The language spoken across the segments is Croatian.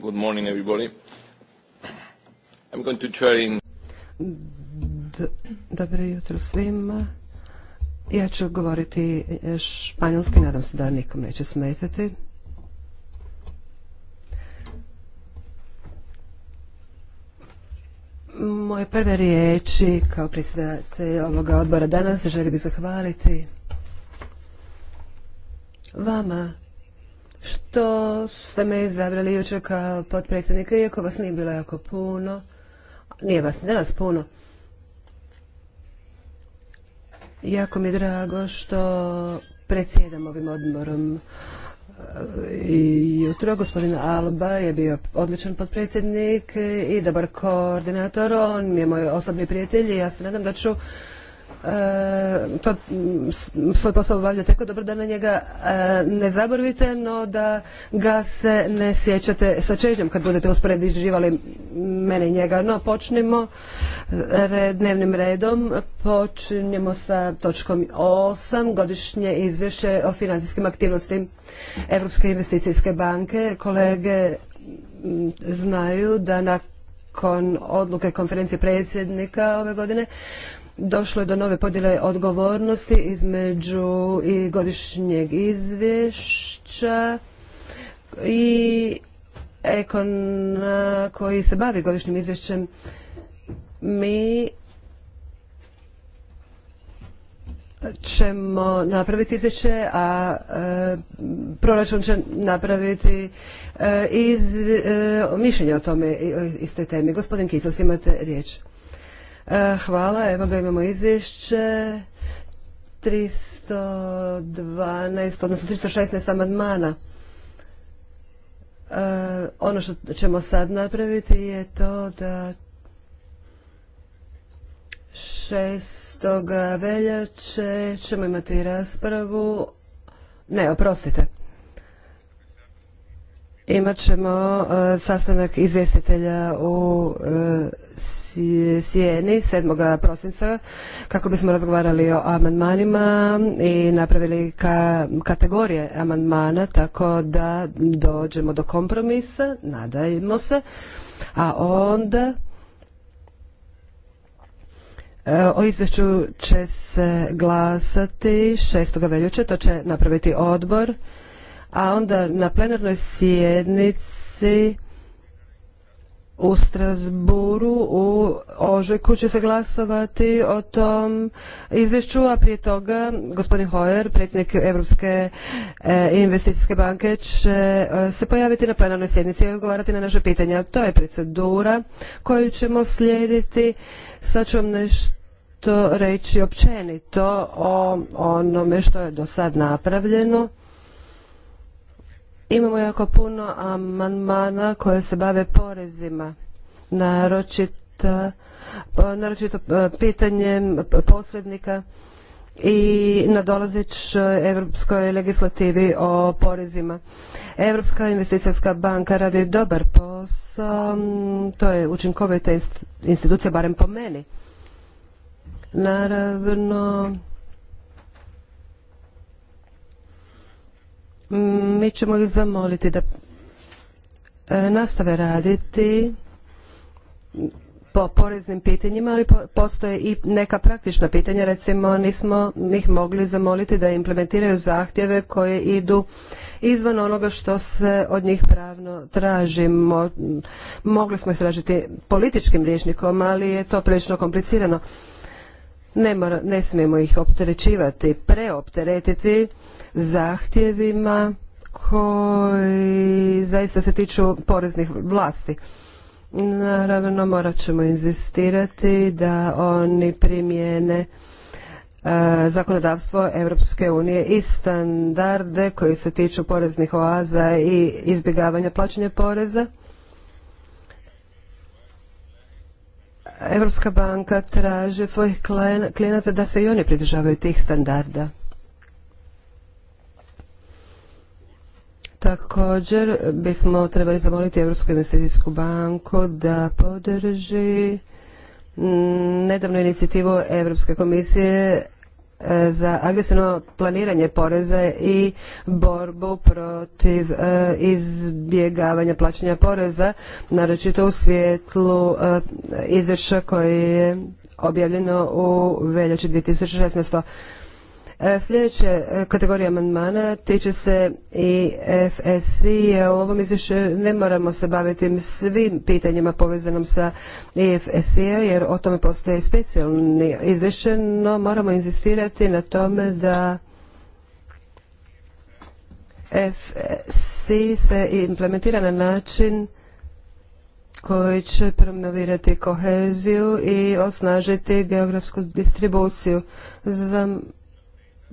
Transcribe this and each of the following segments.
Good morning Dobro jutro svima. Ja ću govoriti španjolski, nadam se da nikom neće smetati. Moje prve riječi kao predsjedatelj ovoga odbora danas želim bih zahvaliti vama to ste me izabrali jučer kao potpredsjednika, iako vas nije bilo jako puno. Nije vas danas puno. Jako mi je drago što predsjedam ovim odmorom. I jutro gospodin Alba je bio odličan potpredsjednik i dobar koordinator. On je moj osobni prijatelj i ja se nadam da ću E, to mm, svoj posao obavlja tako dobro da na njega e, ne zaboravite, no da ga se ne sjećate sa čežnjom kad budete uspoređivali mene i njega. No, počnimo e, dnevnim redom. Počinjemo sa točkom 8, godišnje izvješće o financijskim aktivnostima Europske investicijske banke. Kolege mm, znaju da nakon odluke konferencije predsjednika ove godine Došlo je do nove podjele odgovornosti između i godišnjeg izvješća i ekon koji se bavi godišnjim izvješćem. Mi ćemo napraviti izvješće, a e, proračun će napraviti e, iz, e, mišljenje o tome istoj temi. Gospodin Kicos, imate riječ. E, hvala, evo ga imamo izvješće 312, odnosno 316 amandmana. E, ono što ćemo sad napraviti je to da 6. veljače ćemo imati raspravu. Ne, oprostite. Imat ćemo e, sastanak izvjestitelja u e, Sijeni 7. prosinca kako bismo razgovarali o amandmanima i napravili kategorije amandmana tako da dođemo do kompromisa, nadajmo se, a onda e, o izvješću će se glasati 6. veljače, to će napraviti odbor a onda na plenarnoj sjednici u Strasburu u Ožeku će se glasovati o tom izvješću, a prije toga gospodin Hoyer, predsjednik Europske e, investicijske banke, će e, se pojaviti na plenarnoj sjednici i odgovarati na naše pitanja. To je procedura koju ćemo slijediti. Sad ću vam nešto reći općenito o onome što je do sad napravljeno Imamo jako puno amandmana koje se bave porezima, naročito, e, naročito e, pitanjem posrednika i nadolazeć europskoj legislativi o porezima. Europska investicijska banka radi dobar posao, mm, to je učinkovita institucija, barem po meni. Naravno, Mm, mi ćemo ih zamoliti da e, nastave raditi po poreznim pitanjima, ali postoje i neka praktična pitanja, recimo nismo ih mogli zamoliti da implementiraju zahtjeve koje idu izvan onoga što se od njih pravno tražimo. Mogli smo ih tražiti političkim rječnikom, ali je to prilično komplicirano. Ne, ne smijemo ih opterećivati, preopteretiti zahtjevima koji zaista se tiču poreznih vlasti. Naravno morat ćemo inzistirati da oni primijene e, zakonodavstvo Europske unije i standarde koji se tiču poreznih oaza i izbjegavanja plaćanja poreza. Europska banka traži od svojih klijenata da se i oni pridržavaju tih standarda. Također bismo trebali zamoliti Europsku investicijsku banku da podrži mm, nedavnu inicijativu Europske komisije e, za agresivno planiranje poreza i borbu protiv e, izbjegavanja plaćanja poreza, naročito u svijetlu e, izvješća koje je objavljeno u veljači 2016. E, Sljedeća e, kategorija amandmana tiče se i FSI. E, u ovom izvješću ne moramo se baviti svim pitanjima povezanom sa efsi jer o tome postoje specijalni izvješće, no moramo inzistirati na tome da FSI se implementira na način koji će promovirati koheziju i osnažiti geografsku distribuciju. Za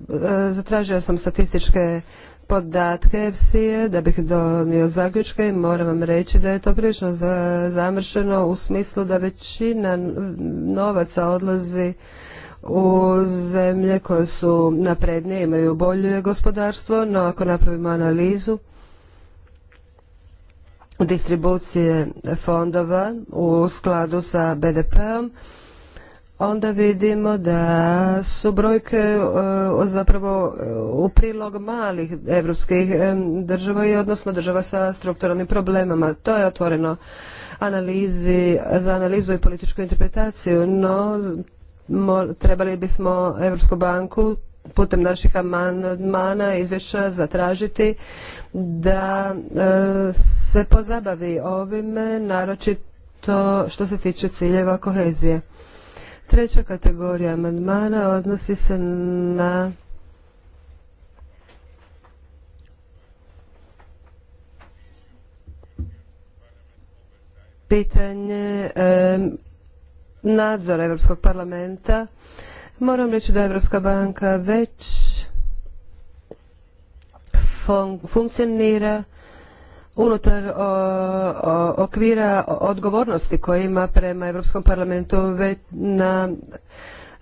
E, zatražio sam statističke podatke FSI da bih donio zaključke i moram vam reći da je to prilično zamršeno u smislu da većina novaca odlazi u zemlje koje su naprednije, imaju bolje gospodarstvo, no ako napravimo analizu distribucije fondova u skladu sa BDP-om, onda vidimo da su brojke e, zapravo e, u prilog malih evropskih e, država i odnosno država sa strukturalnim problemama. To je otvoreno analizi, za analizu i političku interpretaciju, no trebali bismo Europsku banku putem naših amandmana izvješća zatražiti da se pozabavi ovime, naročito što se tiče ciljeva kohezije. Treća kategorija amandmana odnosi se na pitanje nadzora Europskog parlamenta. Moram reći da Europska banka već funkcionira unutar okvira odgovornosti koje ima prema Europskom parlamentu već na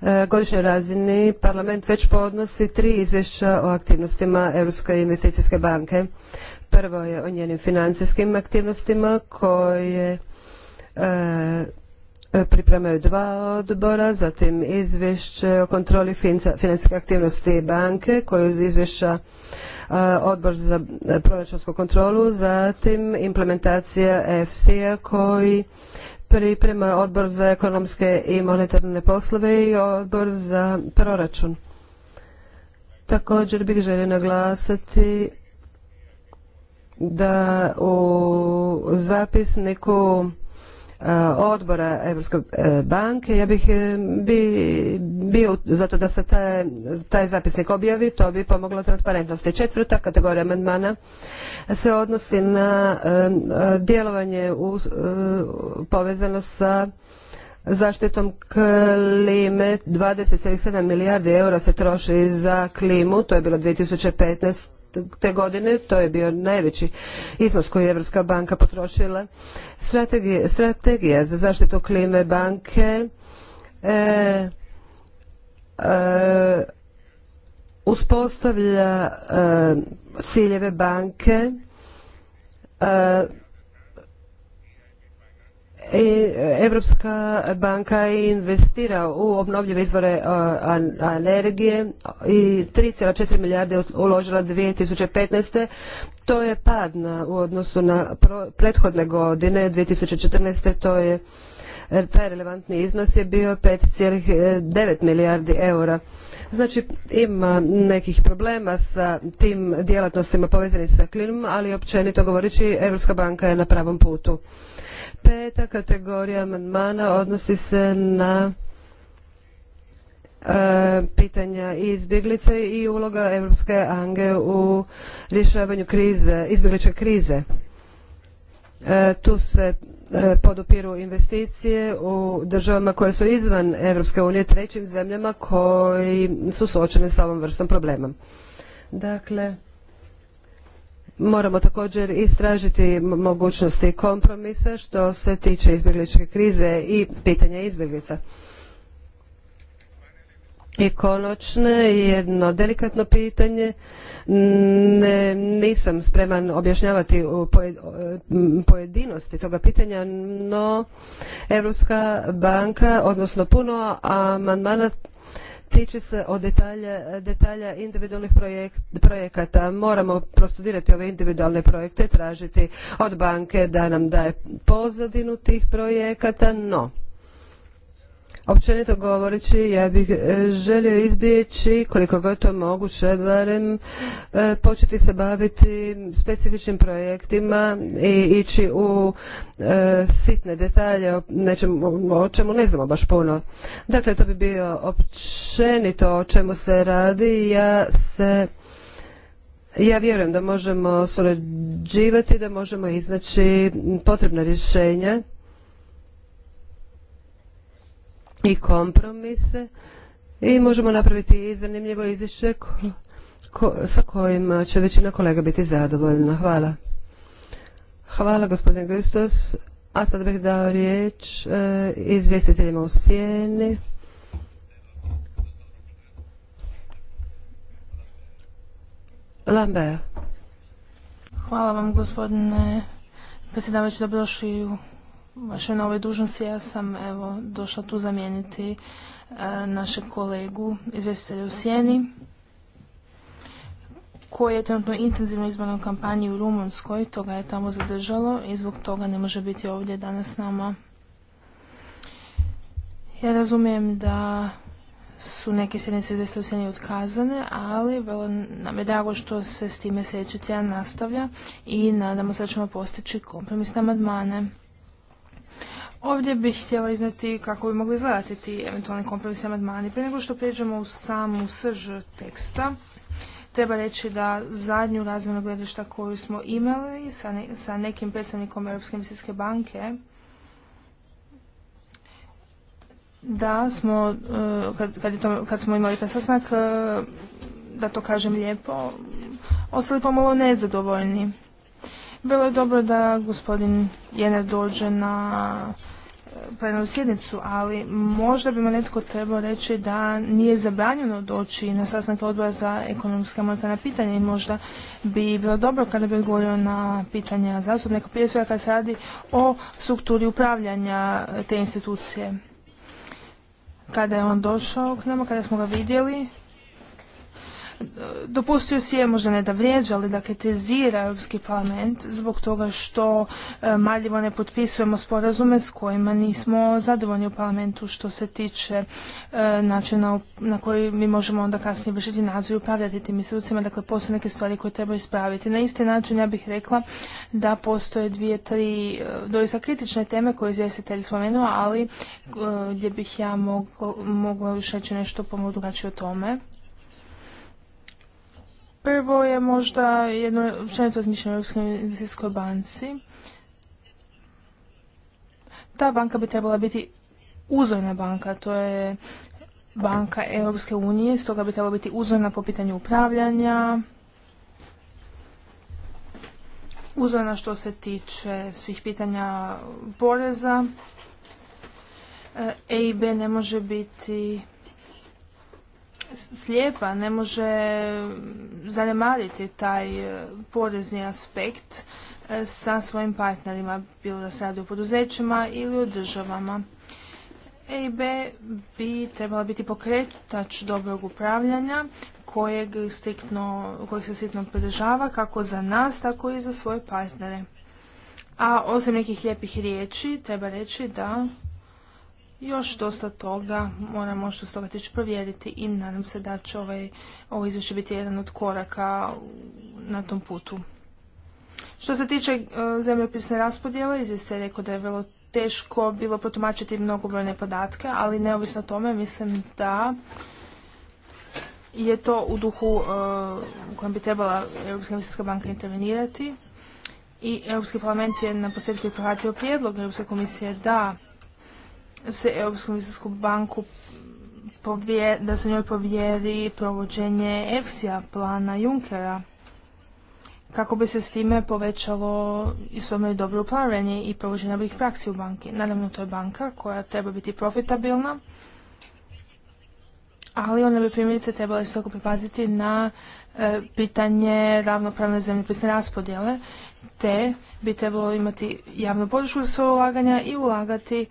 e, godišnjoj razini parlament već podnosi tri izvješća o aktivnostima Europske investicijske banke. Prvo je o njenim financijskim aktivnostima koje e, pripremaju dva odbora, zatim izvješće o kontroli financijske aktivnosti banke koju izvješća E, odbor za proračunsku kontrolu, zatim implementacija EFSI-a koji priprema odbor za ekonomske i monetarne poslove i odbor za proračun. Također bih želio naglasiti da u zapisniku Eh, odbora Europske eh, banke. Ja bih eh, bi bio zato da se taj, taj zapisnik objavi, to bi pomoglo transparentnosti. Četvrta kategorija amandmana se odnosi na djelovanje u, povezano sa zaštitom klime. 20,7 milijardi eura se troši za klimu, to je bilo 2015 te godine, to je bio najveći iznos koji je Evropska banka potrošila. Strategija, za zaštitu klime banke e, e, uspostavlja e, ciljeve banke Europska banka investira u obnovljive izvore e, energije i 3,4 milijarde uložila 2015. To je pad u odnosu na prethodne godine, 2014. to je e, taj relevantni iznos je bio 5,9 milijardi eura. Znači ima nekih problema sa tim djelatnostima povezanim sa klimom, ali općenito govoreći Europska banka je na pravom putu. Peta kategorija amandmana odnosi se na e, pitanja izbjeglice i uloga Europske ange u rješavanju krize, izbjegličke krize. E, tu se e, podupiru investicije u državama koje su izvan Evropske unije, trećim zemljama koji su suočene sa ovom vrstom problema. Dakle, Moramo također istražiti mogućnosti kompromisa što se tiče izbjegličke krize i pitanja izbjeglica. I konačno jedno delikatno pitanje. nisam spreman objašnjavati pojedinosti toga pitanja, no Europska banka, odnosno puno amandmana tiče se o detalja, detalja individualnih projekata. Moramo prostudirati ove individualne projekte, tražiti od banke da nam daje pozadinu tih projekata, no Općenito govoreći, ja bih e, želio izbjeći, koliko god to moguće, barem e, početi se baviti specifičnim projektima i ići u e, sitne detalje o čemu ne znamo baš puno. Dakle, to bi bio općenito o čemu se radi. Ja se ja vjerujem da možemo surađivati, da možemo iznaći potrebna rješenja i kompromise i možemo napraviti i zanimljivo izvješće ko, sa kojim će većina kolega biti zadovoljna. Hvala. Hvala gospodin Gustos. A sad bih dao riječ e, izvjestiteljima u sjeni. Lambert. Hvala vam gospodine predsjedavajući, dobrodošli u vaše nove dužnosti. Ja sam evo došla tu zamijeniti e, našeg kolegu izvjestitelja u Sjeni koji je trenutno intenzivno izbornoj kampanji u Rumunskoj, to ga je tamo zadržalo i zbog toga ne može biti ovdje danas s nama. Ja razumijem da su neke sjednice izvjestitelja otkazane, ali vrlo nam je drago što se s time sljedeći tjedan nastavlja i nadamo se da ćemo postići kompromisne amandmane. Ovdje bih htjela izneti kako bi mogli izgledati ti eventualni kompromisni amandmani. Prije nego što prijeđemo u samu srž teksta, treba reći da zadnju razvojnu gledišta koju smo imali sa, nekim predstavnikom Europske investicijske banke, da smo, e, kad, kad smo imali taj sastanak, e, da to kažem lijepo, ostali pomalo nezadovoljni. Bilo je dobro da gospodin Jener dođe na plenarnu sjednicu, ali možda bi mu netko trebao reći da nije zabranjeno doći na sastanke odbora za ekonomska monetarna pitanja i možda bi bilo dobro kada bi odgovorio na pitanja zastupnika, prije svega kada se radi o strukturi upravljanja te institucije. Kada je on došao k nama, kada smo ga vidjeli, dopustio si je možda ne da vrijeđa, ali da kritizira Europski parlament zbog toga što e, maljivo ne potpisujemo sporazume s kojima nismo zadovoljni u parlamentu što se tiče e, načina na koji mi možemo onda kasnije vršiti nadzor i upravljati tim institucijama. Dakle, postoje neke stvari koje treba ispraviti. Na isti način ja bih rekla da postoje dvije, tri e, doista kritične teme koje je izvjestitelj spomenuo, ali gdje bih ja mogla još reći nešto pomalo drugačije o tome. Prvo je možda jedno općenito razmišljanje o Europskoj investicijskoj banci. Ta banka bi trebala biti uzorna banka, to je banka Europske unije, stoga bi trebala biti uzorna po pitanju upravljanja, uzorna što se tiče svih pitanja poreza. EIB ne može biti slijepa, ne može zanemariti taj e, porezni aspekt e, sa svojim partnerima, bilo da se radi o poduzećima ili u državama. EIB bi trebala biti pokretač dobrog upravljanja kojeg, kojeg se sitno pridržava kako za nas, tako i za svoje partnere. A osim nekih lijepih riječi treba reći da još dosta toga moramo što toga tiče provjeriti i nadam se da će ovaj, ovo izvješće biti jedan od koraka na tom putu. Što se tiče e, zemljopisne raspodjele, izvješće je rekao da je vrlo teško bilo protumačiti mnogobrojne podatke, ali neovisno o tome mislim da je to u duhu e, u kojem bi trebala Europska investicijska banka intervenirati i Europski parlament je na posljedku prihvatio prijedlog Europske komisije da se Europsku investicijsku banku da se njoj povjeri provođenje EFSI-a plana Junkera kako bi se s time povećalo i svome dobro upravljanje i provođenje novih praksi u banki. Naravno, to je banka koja treba biti profitabilna, ali ona bi primjerice trebala isto tako pripaziti na e, pitanje ravnopravne zemljopisne raspodjele, te bi trebalo imati javnu podršku za svoje ulaganja i ulagati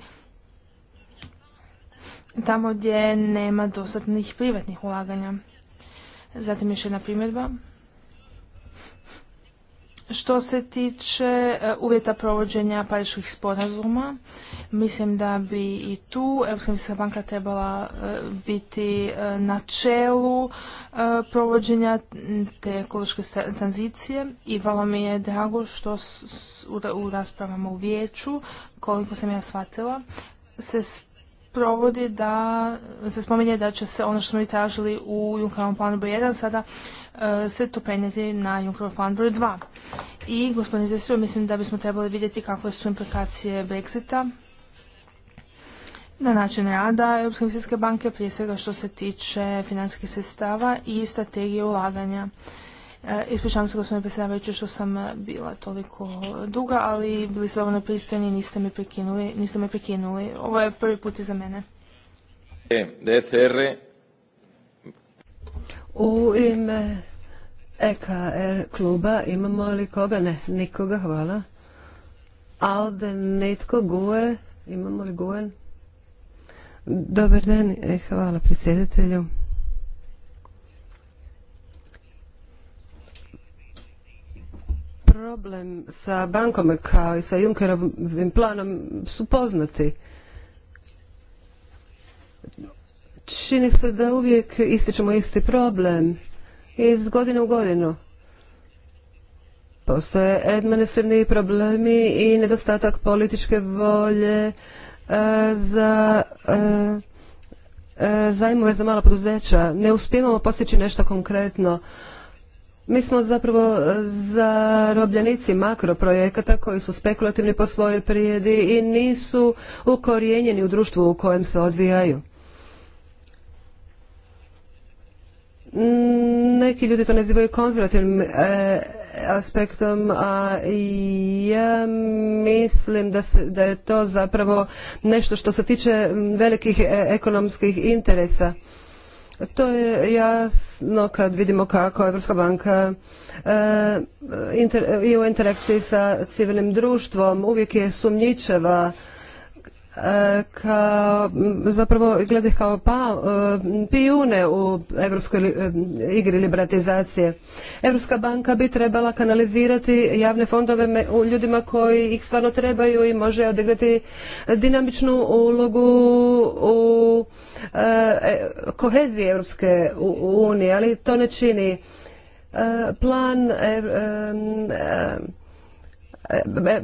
tamo gdje nema dostatnih privatnih ulaganja. Zatim još jedna primjedba. Što se tiče e, uvjeta provođenja pariških sporazuma, mislim da bi i tu Europska investicijska banka trebala e, biti e, na čelu provođenja te ekološke tranzicije i vrlo mi je drago što u raspravama u vijeću, koliko sam ja shvatila, se provodi da se spominje da će se ono što smo i tražili u Junkerovom planu broj 1 sada e, se to na Junkerov plan broj 2. I gospodine mislim da bismo trebali vidjeti kakve su implikacije Brexita na način rada Europske investicijske banke, prije svega što se tiče financijskih sredstava i strategije ulaganja. E, ispričavam se gospodine predsjedavajući što sam e, bila toliko duga, ali bili ste dovoljno pristojni i niste me prekinuli. Niste me prekinuli. Ovo je prvi put i za mene. E, U ime EKR kluba imamo li koga? Ne, nikoga, hvala. Alde, netko, Gue, imamo li Guen? Dobar dan, hvala predsjedatelju. problem sa bankom kao i sa Junkerovim planom su poznati. Čini se da uvijek ističemo isti problem iz godine u godinu. Postoje administrativni problemi i nedostatak političke volje e, za e, e, zajmove za mala poduzeća. Ne uspijemo postići nešto konkretno mi smo zapravo e, zarobljenici makroprojekata koji su spekulativni po svojoj prijedi i nisu ukorijenjeni u društvu u kojem se odvijaju. Neki ljudi to nazivaju konzervativnim e, aspektom, a ja mislim da, da je to zapravo nešto što se tiče velikih e, ekonomskih interesa. To je jasno kad vidimo kako Evropska banka e, je u interakciji sa civilnim društvom, uvijek je sumnjičeva E, kao, zapravo glede kao pa, e, pijune u evropskoj e, igri liberatizacije. Evropska banka bi trebala kanalizirati javne fondove u ljudima koji ih stvarno trebaju i može odigrati dinamičnu ulogu u koheziji Evropske unije, ali to ne čini plan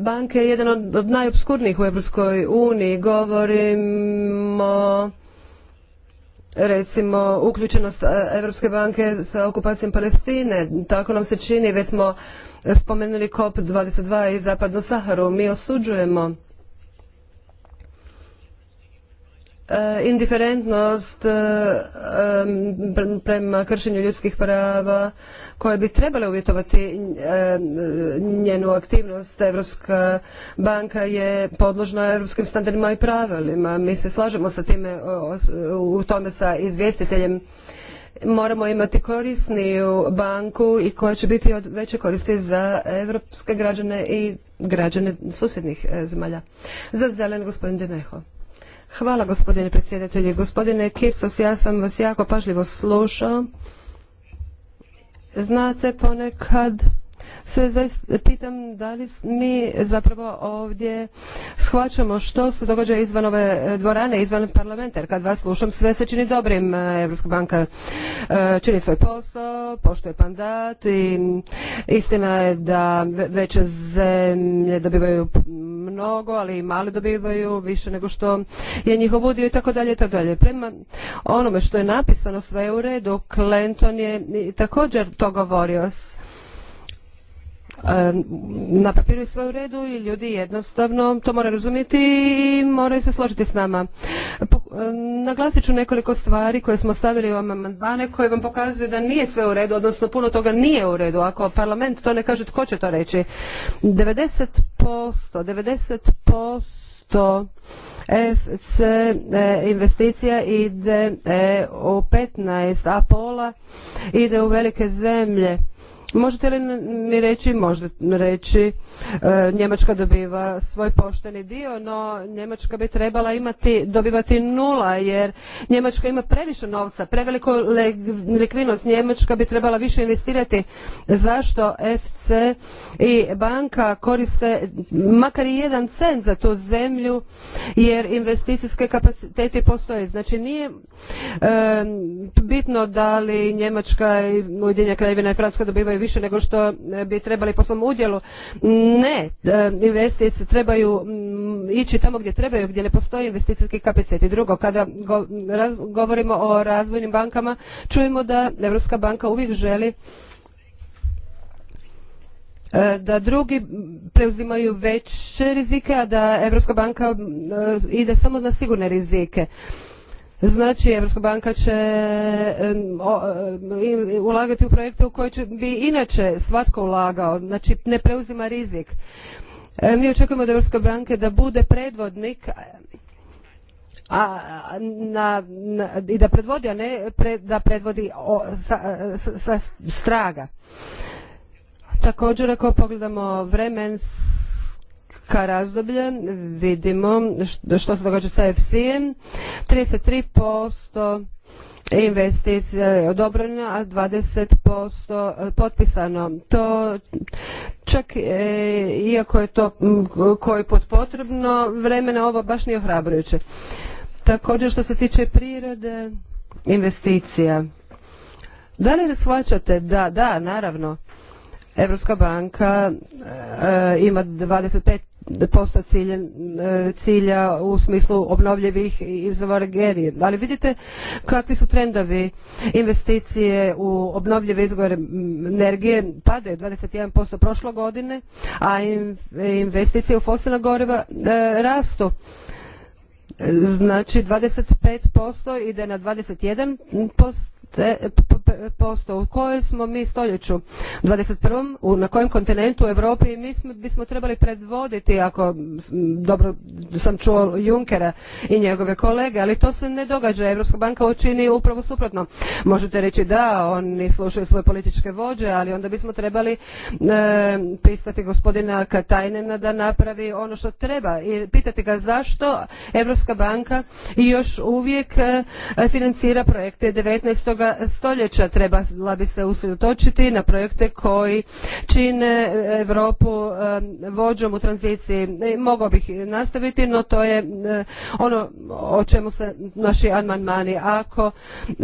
banke je jedan od, od u Europskoj uniji. Govorimo recimo uključenost e, Europske banke sa okupacijom Palestine. Tako nam se čini, već smo spomenuli COP22 i Zapadnu Saharu. Mi osuđujemo E, indiferentnost e, prema kršenju ljudskih prava koje bi trebale uvjetovati e, njenu aktivnost. Europska banka je podložna europskim standardima i pravilima. Mi se slažemo sa time, u tome sa izvjestiteljem. Moramo imati korisniju banku i koja će biti od veće koristi za europske građane i građane susjednih zemalja. Za zelen gospodin Demeho. Hvala gospodine predsjedatelji. Gospodine Kircos, ja sam vas jako pažljivo slušao. Znate, ponekad se zaista pitam da li mi zapravo ovdje shvaćamo što se događa izvan ove e, dvorane, izvan parlamenta, jer kad vas slušam sve se čini dobrim. Europska banka e, čini svoj posao, je pandat i istina je da veće zemlje dobivaju mnogo, ali i male dobivaju više nego što je njihov udio i tako dalje i tako dalje. Prema onome što je napisano sve u redu, Clinton je također to govorio. S na papiru sve u redu i ljudi jednostavno to moraju razumjeti i moraju se složiti s nama. Naglasit ću nekoliko stvari koje smo stavili u amandmane koje vam pokazuju da nije sve u redu, odnosno puno toga nije u redu. Ako parlament to ne kaže, tko će to reći? 90%, 90% FC investicija ide e, u 15, a pola ide u velike zemlje Možete li mi reći, možda reći, e, Njemačka dobiva svoj pošteni dio, no Njemačka bi trebala imati, dobivati nula, jer Njemačka ima previše novca, preveliku likvinost. Njemačka bi trebala više investirati. Zašto FC i banka koriste makar i jedan cent za tu zemlju, jer investicijske kapaciteti postoje. Znači nije e, bitno da li Njemačka i Ujedinja Kraljevina i Francuska dobivaju više nego što eh, bi trebali po svom udjelu. Ne, eh, investicije trebaju mm, ići tamo gdje trebaju, gdje ne postoji investicijski kapacitet. Drugo, kada govorimo o razvojnim bankama, čujemo da Europska banka uvijek želi eh, da drugi preuzimaju veće rizike, a da Europska banka ide samo na sigurne rizike. Znači, Evropska banka će ulagati u projekte u koje bi inače svatko ulagao, znači ne preuzima rizik. Mi očekujemo od Evropske banke da bude predvodnik a, i da predvodi, a ne da predvodi sa, straga. Također, ako pogledamo vremens ka razdoblje vidimo što se događa sa FC-em. 33% investicija je odobreno, a 20% e, potpisano. To čak e, iako je to koji put potrebno, vremena ovo baš nije ohrabrujuće. Također što se tiče prirode investicija. Da li shvaćate? Da, da, naravno. Europska banka eh, ima 25% cilje, eh, cilja u smislu obnovljivih izvora energije. Ali vidite kakvi su trendovi investicije u obnovljive izvore energije padaju 21% prošle godine, a investicije u fosilna goriva eh, rastu. Znači 25% ide na 21%, posto U kojoj smo mi stoljeću? 21. Na kojem kontinentu u Europi mi bismo trebali predvoditi, ako dobro sam čuo Junkera i njegove kolege, ali to se ne događa. Europska banka učini upravo suprotno. Možete reći da, oni slušaju svoje političke vođe, ali onda bismo trebali e, gospodina Katajnena da napravi ono što treba i pitati ga zašto Europska banka još uvijek e, financira projekte 19 stoljeća trebala bi se usredotočiti na projekte koji čine e, Europu vođom u tranziciji. E, mogao bih nastaviti, no to je e, ono o čemu se naši amandmani. Ako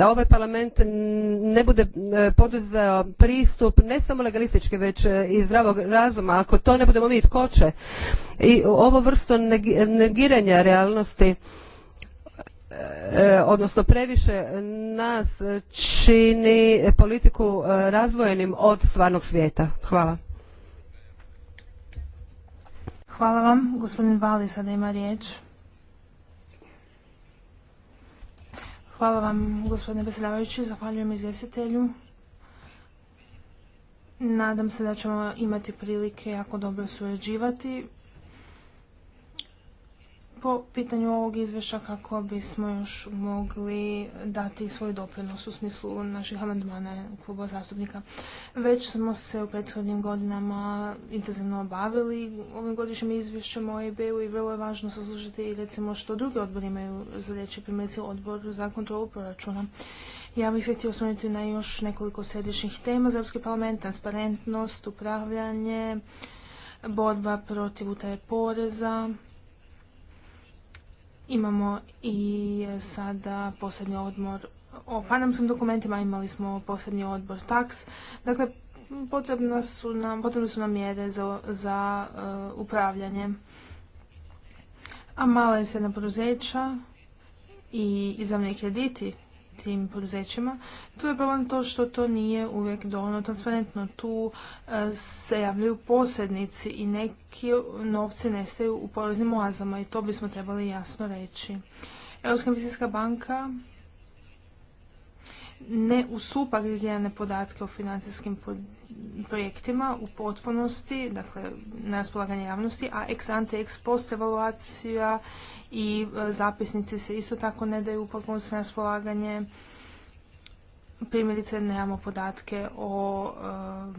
ovaj parlament ne bude poduzeo pristup ne samo legalistički, već i zdravog razuma, ako to ne budemo mi, tko će? I ovo vrsto negiranja realnosti E, odnosno previše nas čini politiku e, razvojenim od stvarnog svijeta. Hvala. Hvala vam. Gospodin Vali sada ima riječ. Hvala vam, gospodine predsjedavajući. Zahvaljujem izvjestitelju. Nadam se da ćemo imati prilike jako dobro surađivati po pitanju ovog izvješća kako bismo još mogli dati svoj doprinos u smislu naših amandmana kluba zastupnika. Već smo se u prethodnim godinama intenzivno obavili ovim godišnjim izvješćem o eib i vrlo je važno i recimo što drugi odbori imaju za reći, primjerice odbor za kontrolu proračuna. Ja bih se htio osvrnuti na još nekoliko središnjih tema za Europski parlament, transparentnost, upravljanje, borba protiv utaje poreza, Imamo i e, sada posljednji odmor o panamskim dokumentima, imali smo posljednji odbor taks. Dakle, potrebne su nam, su mjere za, e, upravljanje. A mala i sredna poduzeća i izravni krediti tim poduzećima. Tu je problem to što to nije uvijek dovoljno transparentno. Tu e, se javljaju posrednici i neki novci nestaju u poreznim oazama i to bismo trebali jasno reći. Europska investicijska banka ne ustupa agregirane podatke o financijskim projektima u potpunosti, dakle na raspolaganje javnosti, a ex ante ex post evaluacija i e, zapisnici se isto tako ne daju potpunosti na raspolaganje. Primjerice nemamo podatke o e,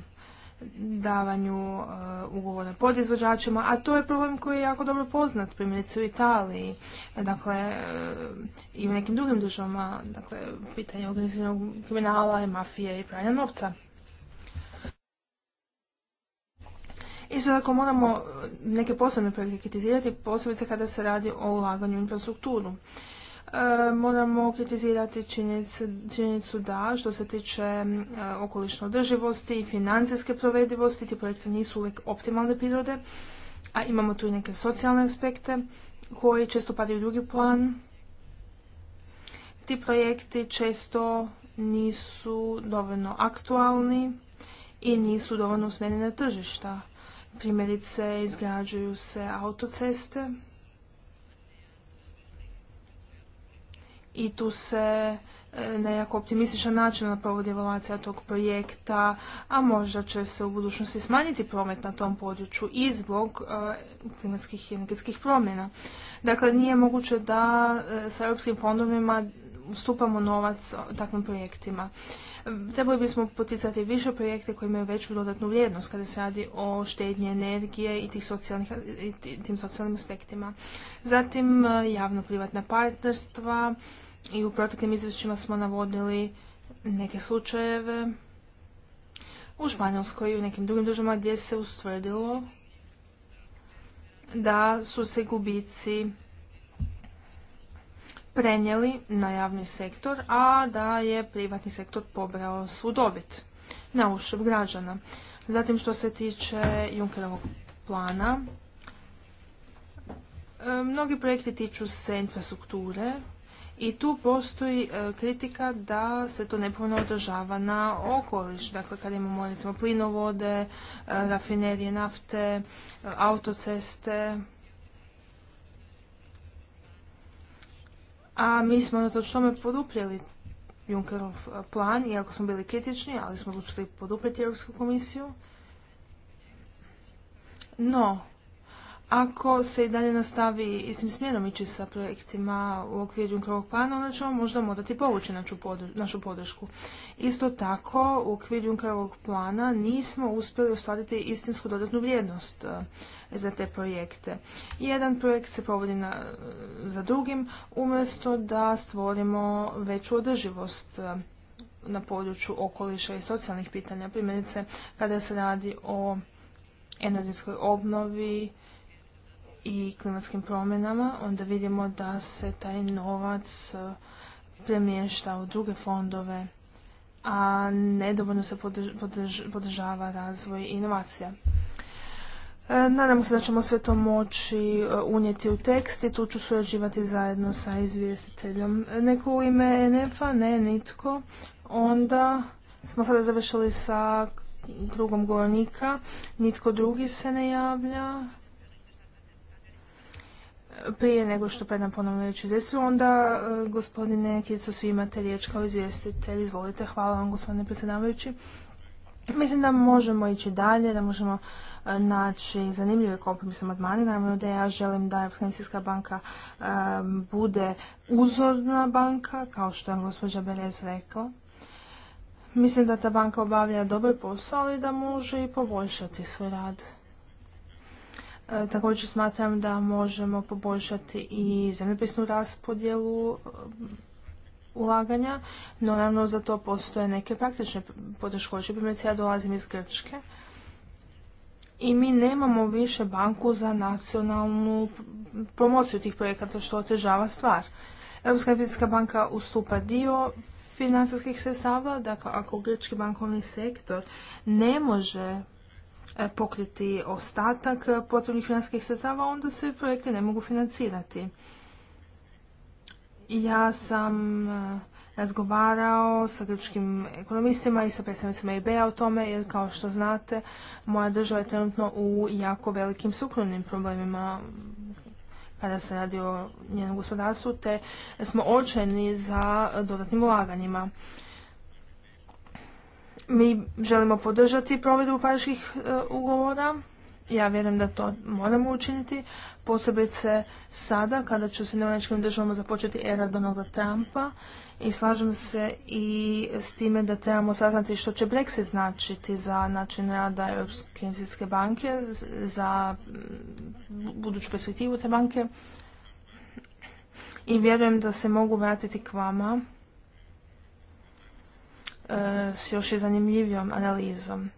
davanju e, ugovora ugovora podizvođačima, a to je problem koji je jako dobro poznat, primjerice u Italiji, dakle i u nekim drugim državama, dakle pitanje organiziranog kriminala i mafije i pranja novca. Isto tako moramo e, neke posebne projekte kritizirati, posebice kada se radi o ulaganju u infrastrukturu. E, moramo kritizirati činjenicu, da što se tiče okolično e, okolišne održivosti i financijske provedivosti, ti projekti nisu uvijek optimalne prirode, a imamo tu i neke socijalne aspekte koji često padaju u drugi plan. Ti projekti često nisu dovoljno aktualni i nisu dovoljno usmjereni na tržišta. Primjerice, izgrađuju se autoceste i tu se e, na jako optimističan način provodi evaluacija tog projekta, a možda će se u budućnosti smanjiti promet na tom području i zbog e, klimatskih i energetskih promjena. Dakle, nije moguće da e, sa europskim fondovima ustupamo novac takvim projektima. Trebali bismo poticati više projekte koji imaju veću dodatnu vrijednost kada se radi o štednji energije i, tim socijalnim aspektima. Zatim e, javno-privatna partnerstva i u proteklim izvješćima smo navodili neke slučajeve u Španjolskoj i u nekim drugim državama gdje se ustvrdilo da su se gubici prenijeli na javni sektor, a da je privatni sektor pobrao svu dobit na uštrb građana. Zatim što se tiče Junkerovog plana, e, mnogi projekti tiču se infrastrukture i tu postoji e, kritika da se to nepovno održava na okoliš. Dakle, kad imamo recimo plinovode, e, rafinerije nafte, autoceste, a mi smo na tome poduprijeli Junkerov e, plan, iako smo bili kritični, ali smo odlučili poduprijeti Europsku komisiju. No, ako se i dalje nastavi istim smjerom ići sa projektima u okviru krvog plana, onda ćemo možda morati povući našu podršku. Isto tako, u okviru krovog plana nismo uspjeli ostvariti istinsku dodatnu vrijednost e, za te projekte. Jedan projekt se provodi e, za drugim, umjesto da stvorimo veću održivost e, na području okoliša i socijalnih pitanja. Primjerice, kada se radi o energetskoj obnovi, i klimatskim promjenama, onda vidimo da se taj novac e, premješta u druge fondove, a nedovoljno se podržava razvoj i inovacija. E, nadamo se da ćemo sve to moći e, unijeti u tekst i tu ću surađivati zajedno sa izvjestiteljom. Neko u ime NF-a? Ne, nitko. Onda smo sada završili sa krugom govornika. Nitko drugi se ne javlja. Prije nego što predam ponovno riječ izvjestitelju, onda e, gospodine su svi imate riječ kao izvjestitelj. Izvolite, hvala vam gospodine predsjedavajući. Mislim da možemo ići dalje, da možemo e, naći zanimljive kompromise amandmane. Naravno da ja želim da Evropska banka e, bude uzorna banka, kao što je gospođa Berez rekla. Mislim da ta banka obavlja dobar posao, ali da može i poboljšati svoj rad. E, također smatram da možemo poboljšati i zemljopisnu raspodjelu e, ulaganja, no naravno za to postoje neke praktične poteškoće. Primjerice ja dolazim iz Grčke i mi nemamo više banku za nacionalnu promociju tih projekata što otežava stvar. Europska investicijska banka ustupa dio financijskih sredstava, dakle ako grčki bankovni sektor ne može pokriti ostatak potrebnih financijskih sredstava, onda se projekte ne mogu financirati. Ja sam eh, razgovarao sa grčkim ekonomistima i sa predstavnicima EBA o tome, jer kao što znate, moja država je trenutno u jako velikim suklonim problemima kada se radi o njenom gospodarstvu, te smo očajni za dodatnim ulaganjima. Mi želimo podržati provedbu pariških e, ugovora. Ja vjerujem da to moramo učiniti, posebice sada kada će se Sjedinjeničkim državama započeti era Donalda Trumpa i slažem se i s time da trebamo saznati što će Brexit značiti za način rada Europske investicijske banke, za mm, buduću perspektivu te banke. I vjerujem da se mogu vratiti k vama s još i zanimljivijom analizom.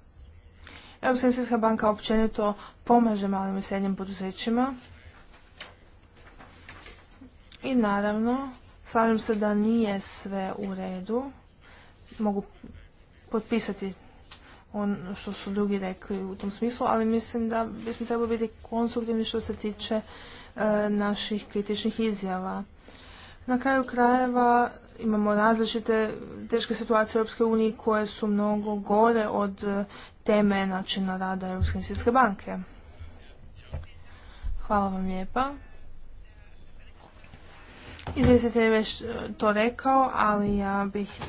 Europska investicijska banka općenito pomaže malim i srednjim poduzećima i naravno slažem se da nije sve u redu. Mogu potpisati ono što su drugi rekli u tom smislu, ali mislim da bismo trebali biti konstruktivni što se tiče e, naših kritičnih izjava. Na kraju krajeva imamo različite teške situacije u Europskoj uniji koje su mnogo gore od e, teme načina rada Europske svjetske banke. Hvala vam lijepa. Izvjestitelj je već e, to rekao, ali ja bih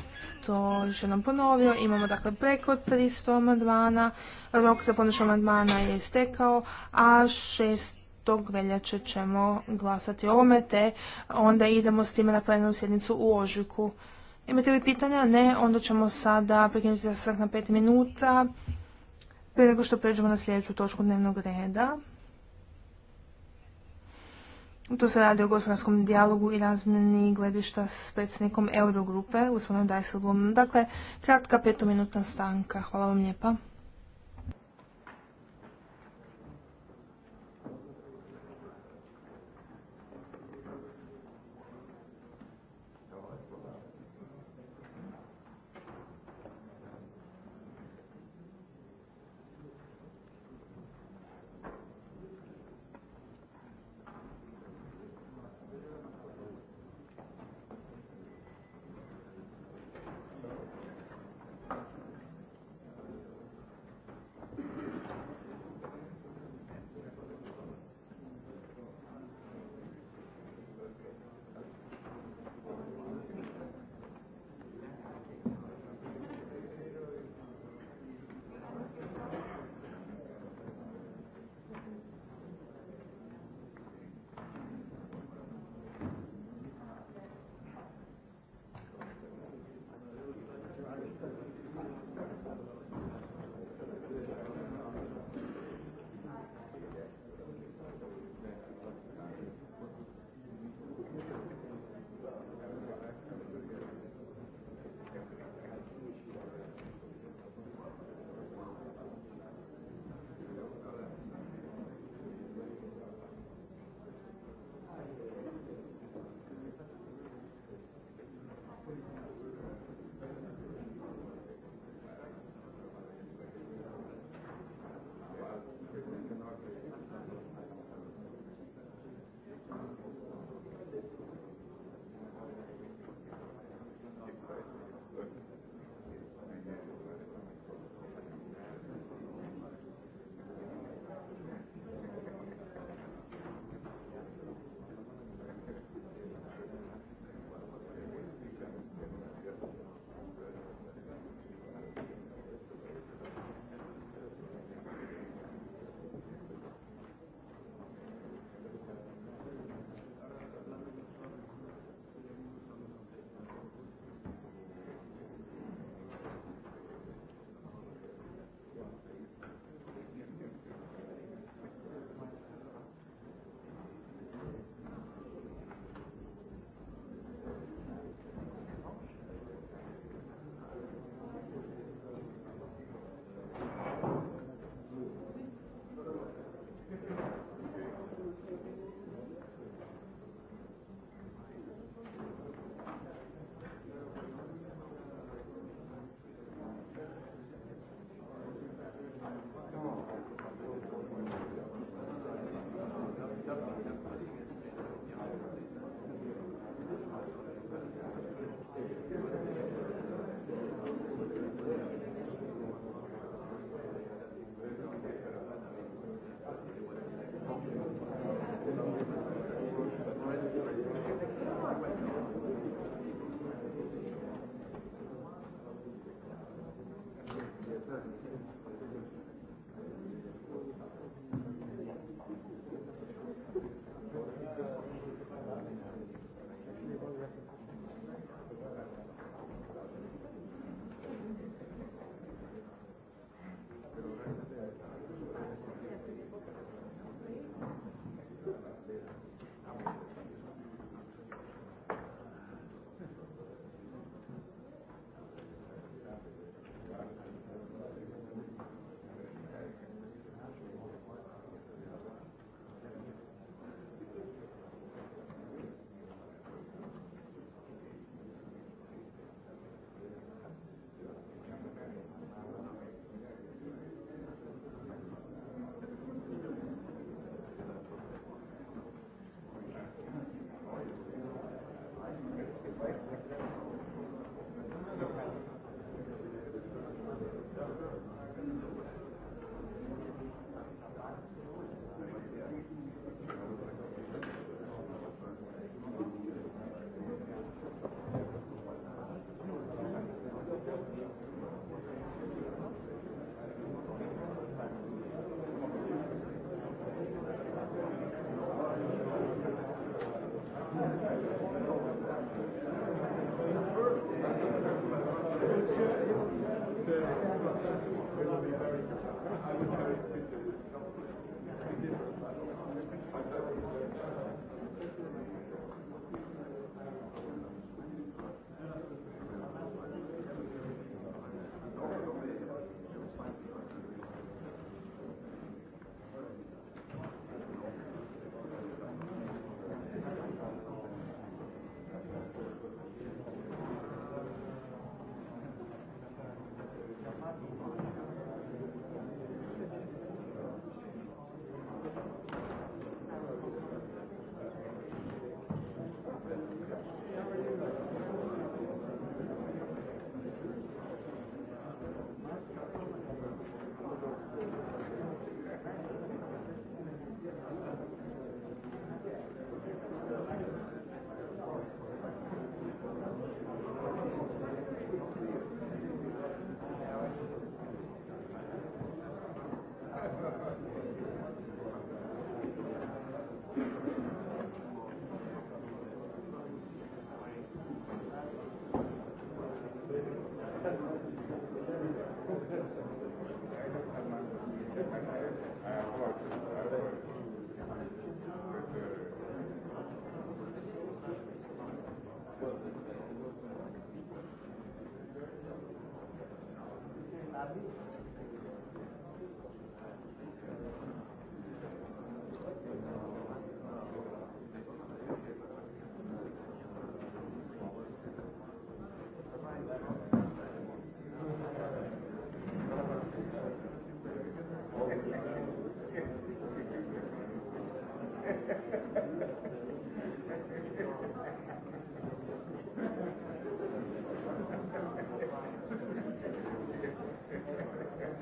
to još jednom ponovio. Imamo dakle preko 300 amandmana, rok za podnošenje amandmana je istekao, a 6 veljače ćemo glasati o ovome, te onda idemo s time na plenarnu sjednicu u ožujku. Imate li pitanja? Ne, onda ćemo sada prekinuti sastanak na pet minuta prije nego što pređemo na sljedeću točku dnevnog reda. Tu se radi o gospodarskom dijalogu i razmjeni gledišta s predsjednikom Eurogrupe, gospodinom Dijsselblomom. Dakle, kratka petominutna stanka. Hvala vam lijepa.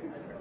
imali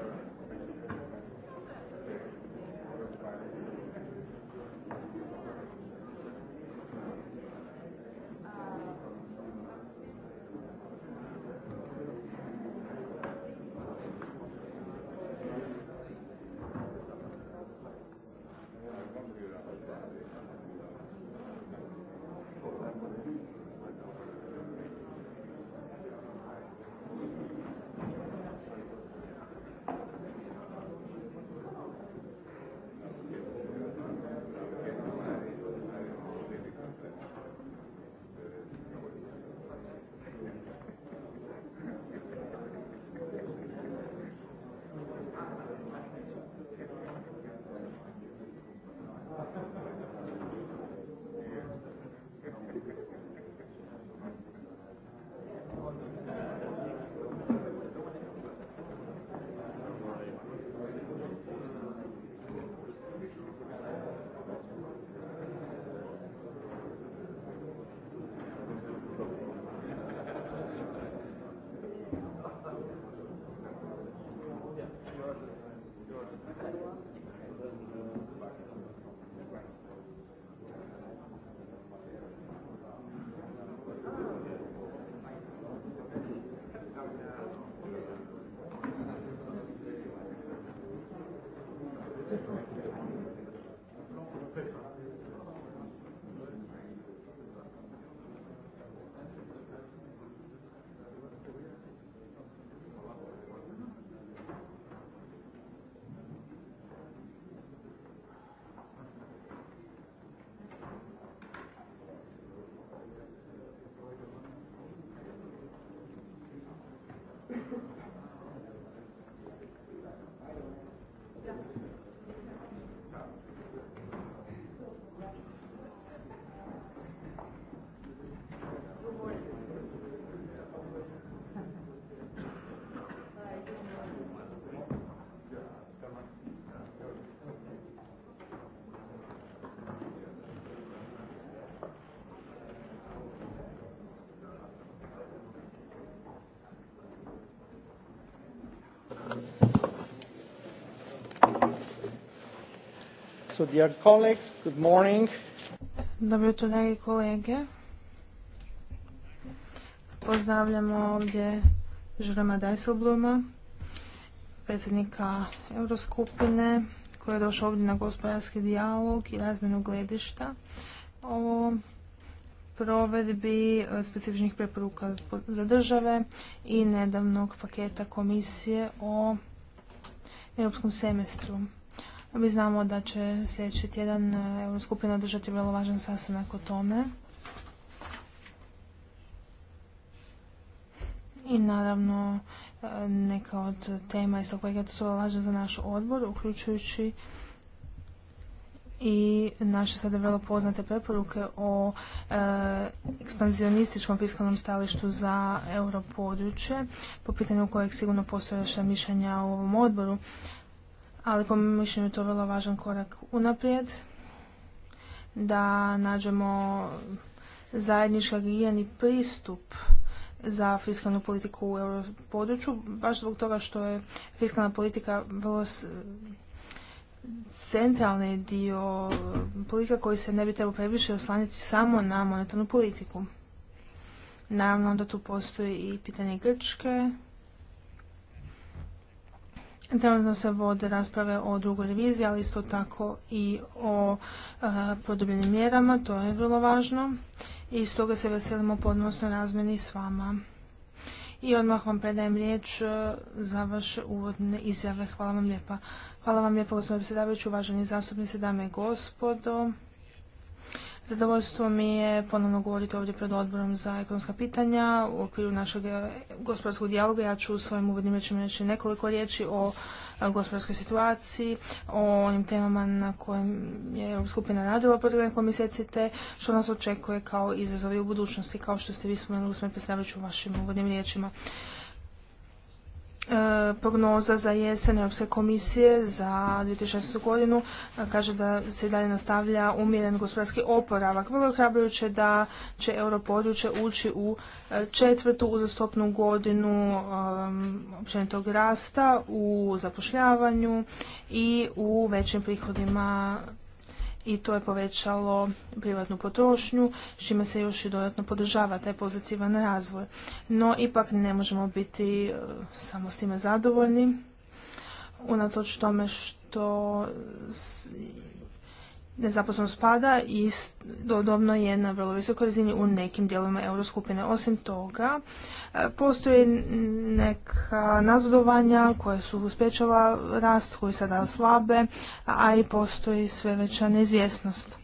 So dear colleagues, good Dobro jutro, dragi kolege. Pozdravljamo ovdje Žurema Dijsselbluma, predsjednika Euroskupine, koji je došao ovdje na gospodarski dijalog i razmjenu gledišta o provedbi e, specifičnih preporuka za države i nedavnog paketa komisije o europskom semestru. Mi znamo da će sljedeći tjedan e, Euroskupina održati vrlo važan sastanak o tome. I naravno e, neka od tema iz tog paketa su važne za naš odbor, uključujući i naše sada vrlo poznate preporuke o e, ekspanzionističkom fiskalnom stalištu za europodručje, po pitanju kojeg sigurno postoje još mišljenja u ovom odboru ali po mojem mišljenju to vrlo važan korak unaprijed da nađemo zajednički agijeni pristup za fiskalnu politiku u europodručju, baš zbog toga što je fiskalna politika vrlo centralni dio politika koji se ne bi trebao previše oslanjati samo na monetarnu politiku. Naravno onda tu postoji i pitanje Grčke, Trenutno se vode rasprave o drugoj reviziji, ali isto tako i o e, podobljenim mjerama, to je vrlo važno. I stoga se veselimo podnosno razmeni s vama. I odmah vam predajem riječ e, za vaše uvodne izjave. Hvala vam lijepa. Hvala vam lijepa, gospodine predsjedavajući, uvaženi zastupnici, dame i gospodo. Zadovoljstvo mi je ponovno govoriti ovdje pred odborom za ekonomska pitanja. U okviru našeg e, gospodarskog dijaloga ja ću u svojim uvodnim rečima reći nekoliko riječi o e, gospodarskoj situaciji, o onim temama na kojim je skupina radila protiv nekoliko mjeseci te što nas očekuje kao izazovi u budućnosti, kao što ste vi spomenuli gospodine predstavljajući u vašim uvodnim riječima. E, prognoza za jesen Europske komisije za 2016. godinu e, kaže da se i dalje nastavlja umjeren gospodarski oporavak. Vrlo hrabrujuće da će europodručje ući u e, četvrtu uzastopnu godinu općenitog rasta u zapošljavanju i u većim prihodima i to je povećalo privatnu potrošnju, s čime se još i dodatno podržava taj pozitivan razvoj. No, ipak ne možemo biti e, samo s time zadovoljni, unatoč tome što nezaposlenost pada i dodobno je na vrlo visokoj razini u nekim dijelovima euroskupine. Osim toga, e, postoje neka nazadovanja koje su uspećala rast, koji sada slabe, a i postoji sve veća neizvjesnost.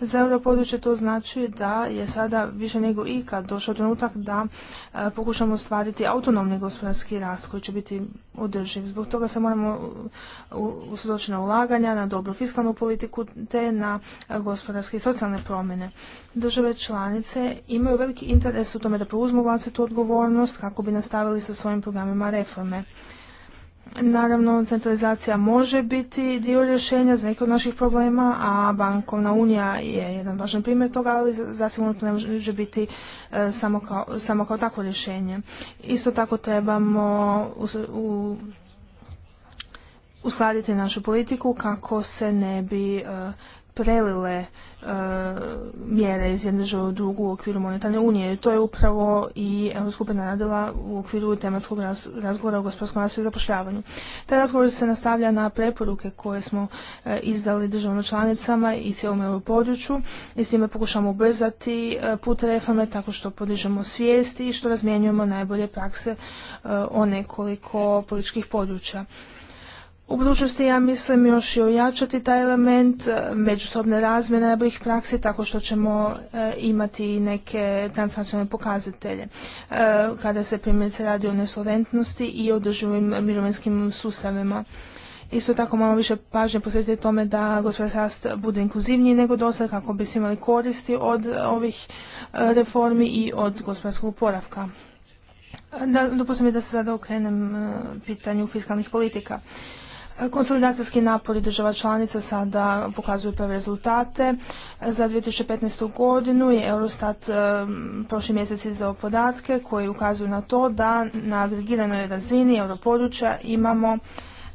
Za europodručje to znači da je sada više nego ikad došao trenutak da e, pokušamo ostvariti autonomni gospodarski rast koji će biti održiv. Zbog toga se moramo e, usudoći na ulaganja, na dobru fiskalnu politiku te na e, gospodarske i socijalne promjene. Države članice imaju veliki interes u tome da preuzmu vlastitu odgovornost kako bi nastavili sa svojim programima reforme. Naravno, centralizacija može biti dio rješenja za neke od naših problema, a bankovna unija je jedan važan primjer toga, ali zasigurno to ne može biti e, samo, kao, samo kao takvo rješenje. Isto tako trebamo uskladiti našu politiku kako se ne bi e, prelile e, mjere iz jedne države u drugu u okviru monetarne unije. To je upravo i skupina radila u okviru tematskog razgovora o gospodarskom rastu i zapošljavanju. Taj razgovor se nastavlja na preporuke koje smo e, izdali državno članicama i cijelom euro području i s time pokušamo ubrzati e, put reforme tako što podižemo svijesti i što razmjenjujemo najbolje prakse o nekoliko političkih područja. U budućnosti ja mislim još i ojačati taj element e, međusobne razmjene najboljih praksi tako što ćemo e, imati i neke transnacionalne pokazatelje. E, kada se primjerice radi o nesolventnosti i održivim mirovinskim sustavima. Isto tako malo više pažnje posvetiti tome da gospodarski rast bude inkluzivniji nego dosad kako bi svi imali koristi od ovih reformi i od gospodarskog oporavka. dopustite mi da se sada okrenem pitanju fiskalnih politika. Konsolidacijski napori država članica sada pokazuju prve rezultate. Za 2015. godinu je Eurostat e, prošli mjesec izdao podatke koji ukazuju na to da na agregiranoj razini europodručja imamo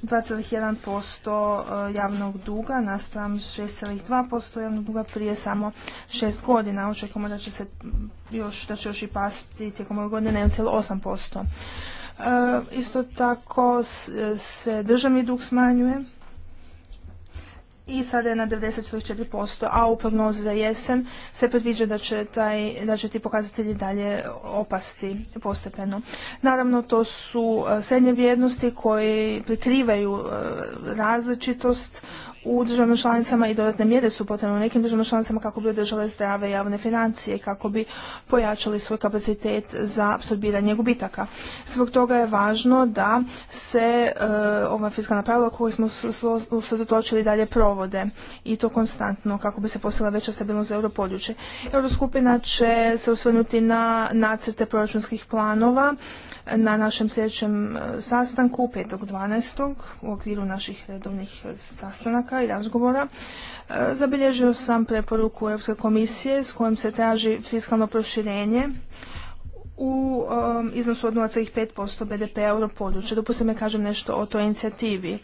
2,1% e, javnog duga naspram 6,2% javnog duga prije samo 6 godina. Očekujemo da će se još, da i pasti tijekom ove godine na 1,8%. E, isto tako se državni dug smanjuje i sada je na 94%, a u prognozi za jesen se predviđa da će, taj, da će ti pokazatelji dalje opasti postepeno. Naravno, to su e, srednje vrijednosti koje prikrivaju e, različitost u državnim članicama i dodatne mjere su potrebne u nekim državnim članicama kako bi održale zdrave javne financije, kako bi pojačali svoj kapacitet za apsorbiranje gubitaka. Zbog toga je važno da se e, ova fiskalna pravila koje smo usredotočili dalje provode i to konstantno kako bi se postala veća stabilnost za europodručje. Euroskupina će se osvrnuti na nacrte proračunskih planova na našem sljedećem e, sastanku 5.12. u okviru naših redovnih sastanaka i razgovora. E, zabilježio sam preporuku Europske komisije s kojom se traži fiskalno proširenje u e, iznosu od 0,5% BDP-a područja. Dopustite me kažem nešto o toj inicijativi.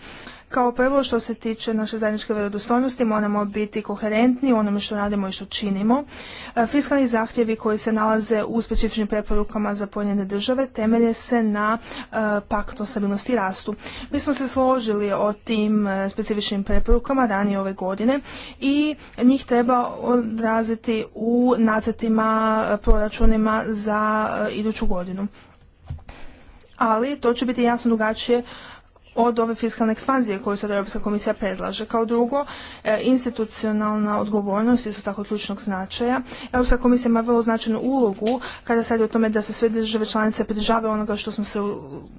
Kao prvo što se tiče naše zajedničke vjerodostojnosti moramo biti koherentni u onome što radimo i što činimo. E, fiskalni zahtjevi koji se nalaze u specifičnim preporukama za pojedine države temelje se na e, paktu o stabilnosti i rastu. Mi smo se složili o tim e, specifičnim preporukama ranije ove godine i njih treba odraziti u nacrtima proračunima za iduću godinu ali to će biti jasno drugačije od ove fiskalne ekspanzije koju sada Europska komisija predlaže. Kao drugo, e, institucionalna odgovornost je su tako ključnog značaja. Europska komisija ima vrlo značajnu ulogu kada se radi o tome da se sve države članice pridržave onoga što smo se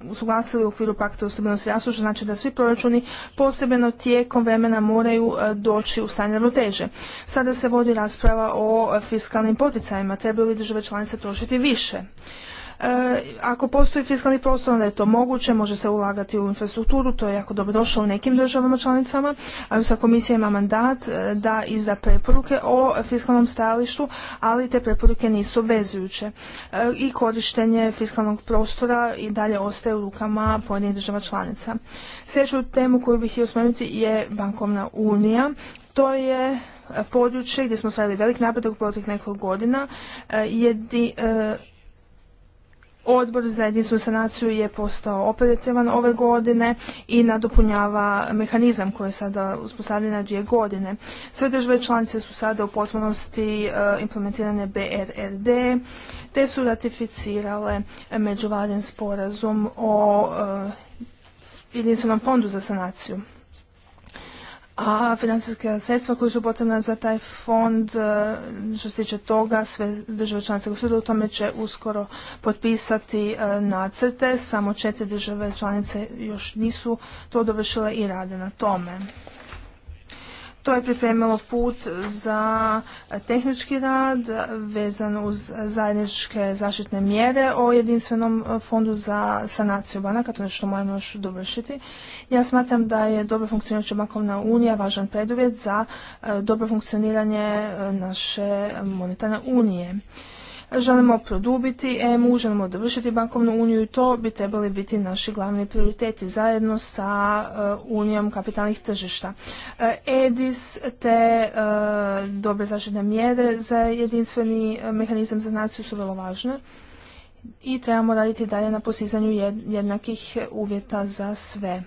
usuglasili u okviru pakta o stabilnosti rastu, što znači da svi proračuni posebno tijekom vremena moraju e, doći u stanje teže. Sada se vodi rasprava o fiskalnim poticajima, trebaju li države članice trošiti više. E, ako postoji fiskalni prostor, onda je to moguće, može se ulagati u infrastrukturu, to je jako dobro došlo u nekim državama članicama, a sa komisija ima mandat e, da izda preporuke o fiskalnom stajalištu, ali te preporuke nisu obvezujuće. E, I korištenje fiskalnog prostora i dalje ostaje u rukama pojedinih država članica. Sljedeću temu koju bih htio spomenuti je bankovna unija. To je područje gdje smo stvarili velik napredak u proteklih nekoliko godina. Jedi, Odbor za jedinstvu sanaciju je postao operativan ove godine i nadopunjava mehanizam koji je sada uspostavljen na dvije godine. Sve države članice su sada u potpunosti e, implementirane BRRD, te su ratificirale međuvladin sporazum o e, jedinstvenom fondu za sanaciju a financijske sredstva koja su potrebna za taj fond, e, što se tiče toga, sve države članice u tome će uskoro potpisati e, nacrte, samo četiri države članice još nisu to dovršile i rade na tome. To je pripremilo put za tehnički rad vezan uz zajedničke zaštitne mjere o jedinstvenom fondu za sanaciju banaka, to je što moramo još dovršiti. Ja smatram da je dobro funkcionirajuća bankovna unija važan preduvjet za e, dobro funkcioniranje e, naše monetarne unije. Želimo produbiti EMU, želimo dovršiti bankovnu uniju i to bi trebali biti naši glavni prioriteti zajedno sa e, Unijom kapitalnih tržišta. E, EDIS te e, dobre zaštitne mjere za jedinstveni mehanizam za naciju su vrlo važne i trebamo raditi dalje na posizanju jednakih uvjeta za sve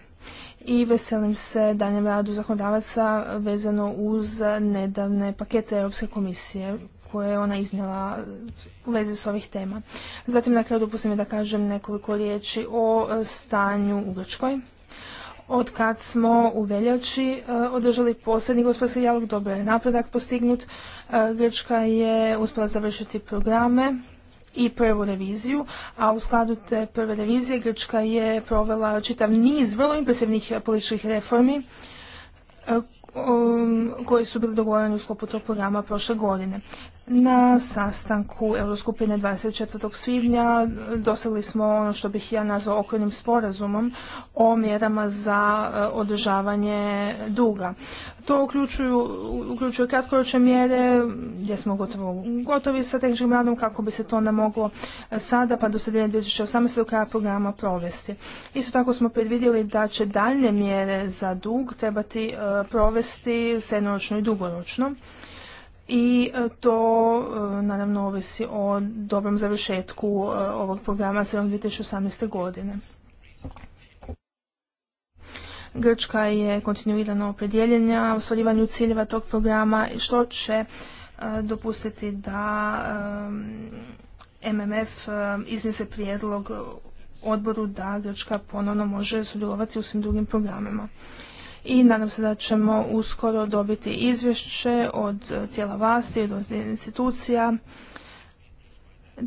i veselim se danjem radu zakonodavaca vezano uz nedavne pakete Europske komisije koje je ona iznijela u vezi s ovih tema. Zatim na kraju dopustim da kažem nekoliko riječi o e, stanju u Grčkoj. Od kad smo u veljači e, održali posljednji gospodarski dijalog, dobro je napredak postignut. E, Grčka je uspjela završiti programe i prvu reviziju, a u skladu te prve revizije Grčka je provela čitav niz vrlo impresivnih političkih reformi koji su bili dogovoreni u sklopu tog programa prošle godine. Na sastanku Euroskupine 24. svibnja dosegli smo ono što bih ja nazvao okvirnim sporazumom o mjerama za e, održavanje duga. To uključuju, kratkoročne mjere gdje smo gotovo gotovi sa tehničkim radom kako bi se to namoglo moglo e, sada pa do sredine 2018. do kraja programa provesti. Isto tako smo predvidjeli da će daljne mjere za dug trebati e, provesti srednoročno i dugoročno i e, to e, naravno ovisi o dobrom završetku e, ovog programa za 2018. godine. Grčka je kontinuirano opredjeljenja u ostvarivanju ciljeva tog programa što će dopustiti da MMF iznese prijedlog odboru da Grčka ponovno može sudjelovati u svim drugim programima i nadam se da ćemo uskoro dobiti izvješće od eh, tijela vlasti, od institucija,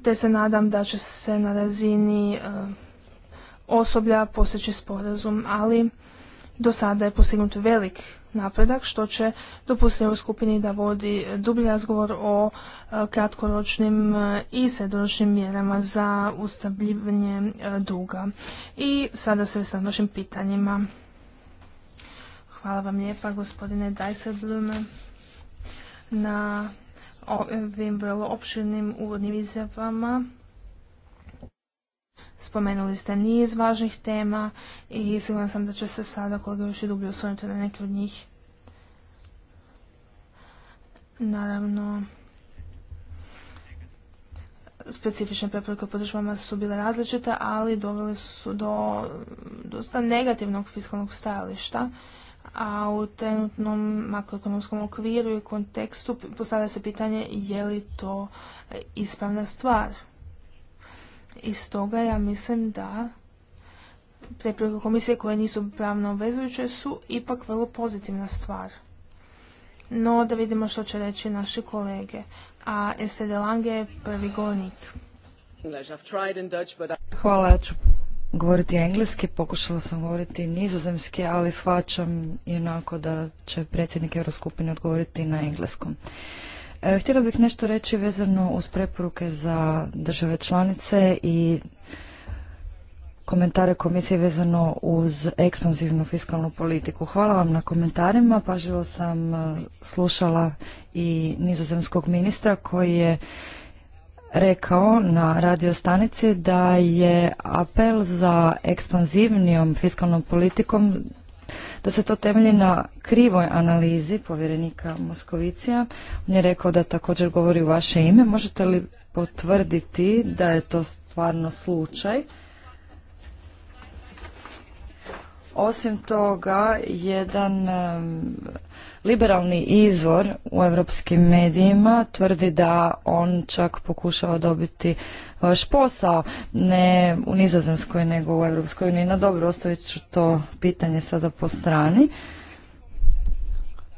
te se nadam da će se na razini eh, osoblja postići sporazum, ali do sada je postignut velik napredak što će dopustiti u skupini da vodi eh, dublji razgovor o kratkoročnim i sredoročnim mjerama za ustavljivanje duga. I sada sve sa našim pitanjima. Hvala vam lijepa gospodine Dijsselblume na ovim vrlo opširnim uvodnim izjavama. Spomenuli ste niz važnih tema i siguran sam da će se sada kolega još i dublje osvrnuti na neke od njih. Naravno, specifične preporuke u podržavama su bile različite, ali doveli su do dosta negativnog fiskalnog stajališta a u trenutnom makroekonomskom okviru i kontekstu postavlja se pitanje je li to ispravna stvar. I stoga ja mislim da preporuke komisije koje nisu pravno obvezujuće su ipak vrlo pozitivna stvar. No da vidimo što će reći naši kolege. A Estede Lange je prvi govornik. Hvala, ja govoriti engleski, pokušala sam govoriti nizozemski, ali shvaćam onako da će predsjednik Euroskupine odgovoriti na engleskom. E, htjela bih nešto reći vezano uz preporuke za države članice i komentare komisije vezano uz ekspanzivnu fiskalnu politiku. Hvala vam na komentarima, pažljivo sam e, slušala i nizozemskog ministra koji je rekao na radiostanici da je apel za ekspanzivnijom fiskalnom politikom da se to temelji na krivoj analizi povjerenika Moskovicija. On je rekao da također govori u vaše ime. Možete li potvrditi da je to stvarno slučaj Osim toga, jedan liberalni izvor u europskim medijima tvrdi da on čak pokušava dobiti vaš posao, ne u Nizozemskoj nego u Europskoj uniji. Na dobro, ostavit ću to pitanje sada po strani.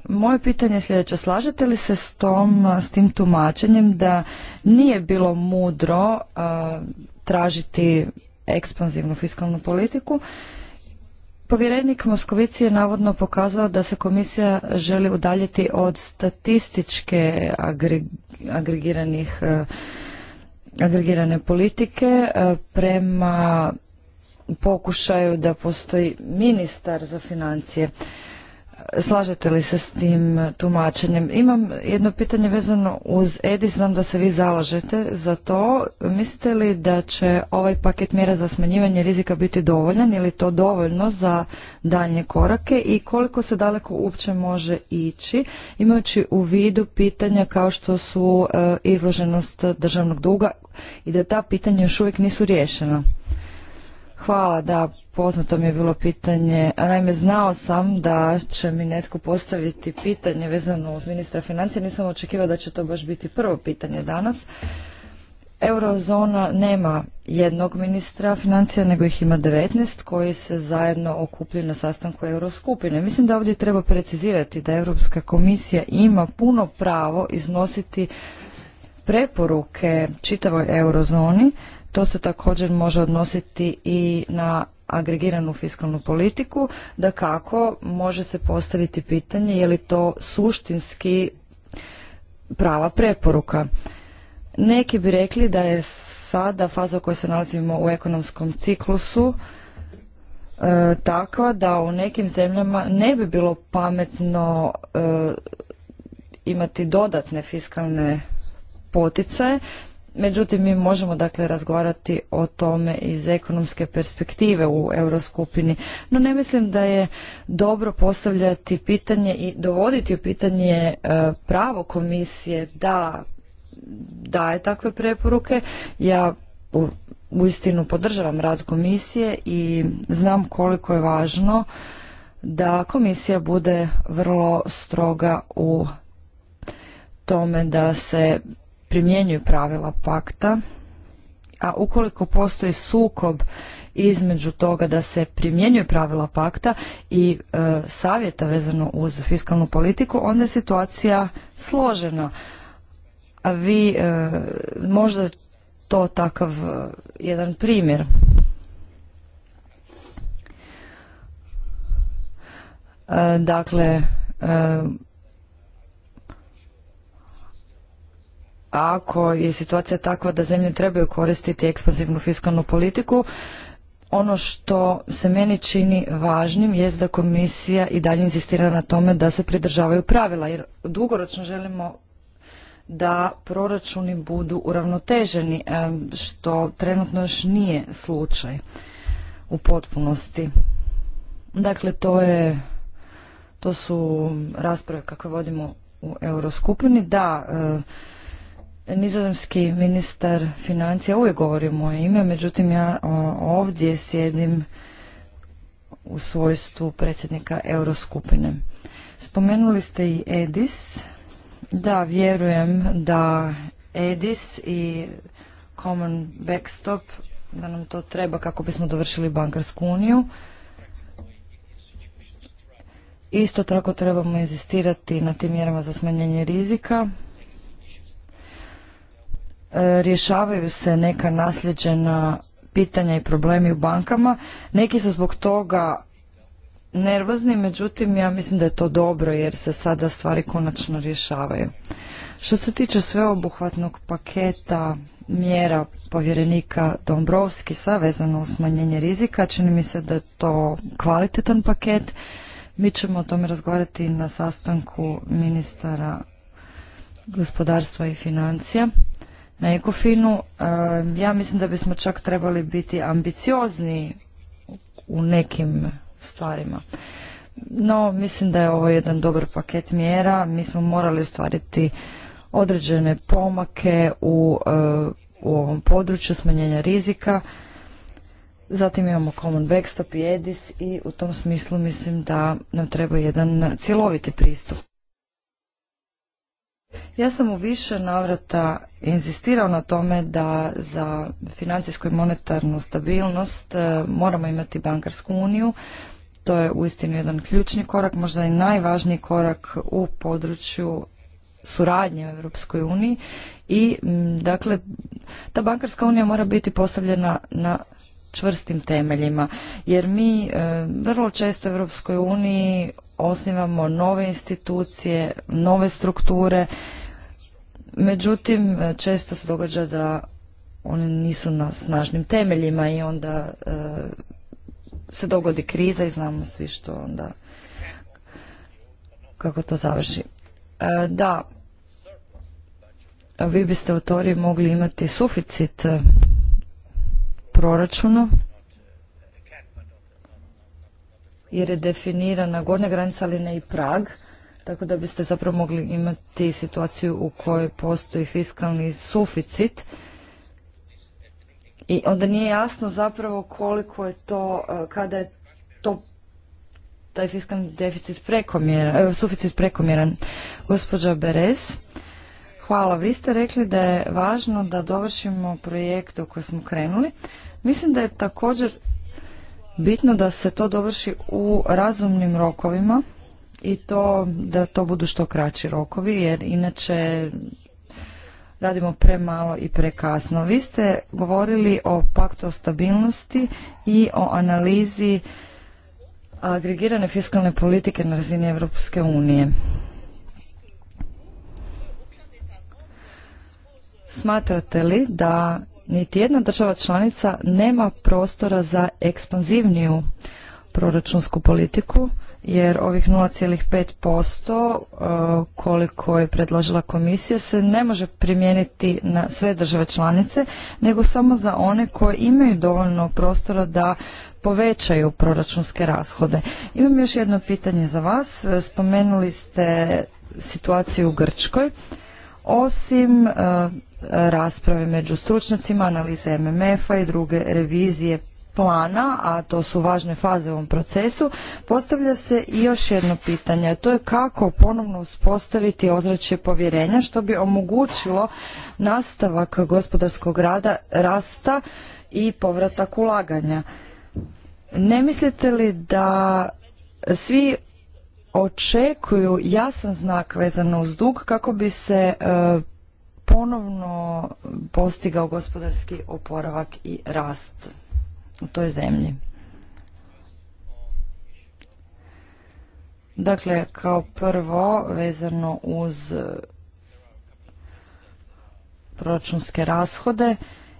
Moje pitanje je sljedeće. Slažete li se s, tom, s tim tumačenjem da nije bilo mudro tražiti ekspanzivnu fiskalnu politiku Povjerenik Moskovici je navodno pokazao da se komisija želi udaljiti od statističke e, agregirane politike e, prema pokušaju da postoji ministar za financije. Slažete li se s tim tumačenjem? Imam jedno pitanje vezano uz EDI, znam da se vi zalažete za to. Mislite li da će ovaj paket mjera za smanjivanje rizika biti dovoljan ili to dovoljno za daljnje korake i koliko se daleko uopće može ići, imajući u vidu pitanja kao što su e, izloženost državnog duga i da ta pitanja još uvijek nisu riješena? Hvala, da, poznato mi je bilo pitanje. Naime, znao sam da će mi netko postaviti pitanje vezano uz ministra financija. Nisam očekivao da će to baš biti prvo pitanje danas. Eurozona nema jednog ministra financija, nego ih ima 19 koji se zajedno okuplju na sastanku Euroskupine. Mislim da ovdje treba precizirati da Europska komisija ima puno pravo iznositi preporuke čitavoj Eurozoni, to se također može odnositi i na agregiranu fiskalnu politiku, da kako može se postaviti pitanje je li to suštinski prava preporuka. Neki bi rekli da je sada faza u kojoj se nalazimo u ekonomskom ciklusu e, takva da u nekim zemljama ne bi bilo pametno e, imati dodatne fiskalne poticaje Međutim, mi možemo dakle razgovarati o tome iz ekonomske perspektive u Euroskupini, no ne mislim da je dobro postavljati pitanje i dovoditi u pitanje e, pravo komisije da daje takve preporuke. Ja uistinu podržavam rad komisije i znam koliko je važno da komisija bude vrlo stroga u tome da se primjenjuju pravila pakta, a ukoliko postoji sukob između toga da se primjenjuju pravila pakta i e, savjeta vezano uz fiskalnu politiku, onda je situacija složena. A vi e, možda to takav e, jedan primjer. dakle, ako je situacija takva da zemlje trebaju koristiti ekspanzivnu fiskalnu politiku, ono što se meni čini važnim jest da komisija i dalje insistira na tome da se pridržavaju pravila, jer dugoročno želimo da proračuni budu uravnoteženi, što trenutno još nije slučaj u potpunosti. Dakle, to je to su rasprave kakve vodimo u Euroskupini. Da, e, Nizozemski ministar financija uvijek govori moje ime, međutim ja ovdje sjedim u svojstvu predsjednika Euroskupine. Spomenuli ste i EDIS. Da, vjerujem da EDIS i Common Backstop, da nam to treba kako bismo dovršili bankarsku uniju. Isto tako trebamo inzistirati na tim mjerama za smanjenje rizika rješavaju se neka nasljeđena pitanja i problemi u bankama. Neki su zbog toga nervozni, međutim ja mislim da je to dobro jer se sada stvari konačno rješavaju. Što se tiče sveobuhvatnog paketa mjera povjerenika Dombrovski sa vezano u smanjenje rizika, čini mi se da je to kvalitetan paket. Mi ćemo o tome razgovarati na sastanku ministara gospodarstva i financija na Ekofinu. Ja mislim da bismo čak trebali biti ambiciozni u nekim stvarima. No, mislim da je ovo jedan dobar paket mjera. Mi smo morali stvariti određene pomake u, eh, u ovom području smanjenja rizika. Zatim imamo Common Backstop i EDIS i u tom smislu mislim da nam treba jedan cjeloviti pristup. Ja sam u više navrata inzistirao na tome da za financijsku i monetarnu stabilnost e, moramo imati bankarsku uniju. To je uistinu jedan ključni korak, možda i najvažniji korak u području suradnje u Europskoj uniji i dakle ta bankarska unija mora biti postavljena na čvrstim temeljima jer mi e, vrlo često u Europskoj uniji osnivamo nove institucije, nove strukture. Međutim, e, često se događa da one nisu na snažnim temeljima i onda e, se dogodi kriza i znamo svi što onda kako to završi. da, vi biste u teoriji mogli imati suficit proračunu jer je definirana gornja granica, ali ne i prag. Tako da biste zapravo mogli imati situaciju u kojoj postoji fiskalni suficit i onda nije jasno zapravo koliko je to, e, kada je to taj fiskalni deficit prekomjeran, e, suficit prekomjeran. Gospođa Beres, hvala. Vi ste rekli da je važno da dovršimo projekt u kojem smo krenuli, Mislim da je također bitno da se to dovrši u razumnim rokovima i to da to budu što kraći rokovi jer inače radimo premalo i prekasno. Vi ste govorili o paktu o stabilnosti i o analizi agregirane fiskalne politike na razini Europske unije. Smatrate li da niti jedna država članica nema prostora za ekspanzivniju proračunsku politiku jer ovih 0,5% e, koliko je predložila komisija se ne može primijeniti na sve države članice nego samo za one koje imaju dovoljno prostora da povećaju proračunske rashode. Imam još jedno pitanje za vas. E, spomenuli ste situaciju u Grčkoj. Osim e, rasprave među stručnjacima, analize MMF-a i druge revizije plana, a to su važne faze u ovom procesu, postavlja se i još jedno pitanje, a to je kako ponovno uspostaviti ozračje povjerenja što bi omogućilo nastavak gospodarskog rada, rasta i povratak ulaganja. Ne mislite li da svi očekuju jasan znak vezano uz dug kako bi se e, ponovno postigao gospodarski oporavak i rast u toj zemlji. Dakle, kao prvo, vezano uz proračunske rashode,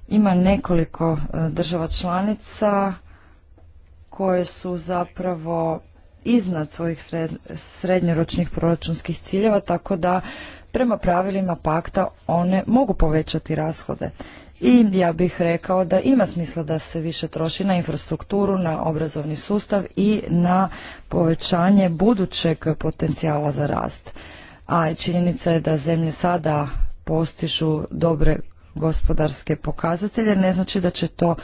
ima nekoliko e, država članica koje su zapravo iznad svojih srednjoročnih proračunskih ciljeva, tako da prema pravilima pakta one mogu povećati rashode. I ja bih rekao da ima smisla da se više troši na infrastrukturu, na obrazovni sustav i na povećanje budućeg potencijala za rast. A činjenica je da zemlje sada postižu dobre gospodarske pokazatelje, ne znači da će to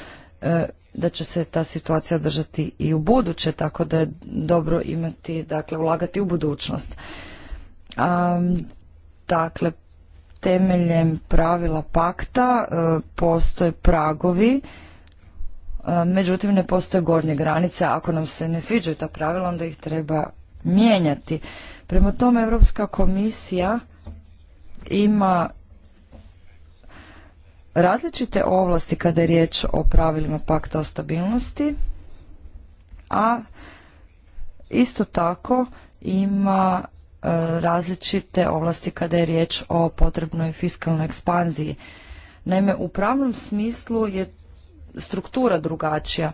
e, da će se ta situacija držati i u buduće, tako da je dobro imati, dakle, ulagati u budućnost. Dakle, temeljem pravila pakta e, postoje pragovi, e, međutim ne postoje gornje granice. Ako nam se ne sviđaju ta pravila, onda ih treba mijenjati. Prema tome, Europska komisija ima različite ovlasti kada je riječ o pravilima pakta o stabilnosti, a isto tako ima E, različite ovlasti kada je riječ o potrebnoj fiskalnoj ekspanziji. Naime, u pravnom smislu je struktura drugačija.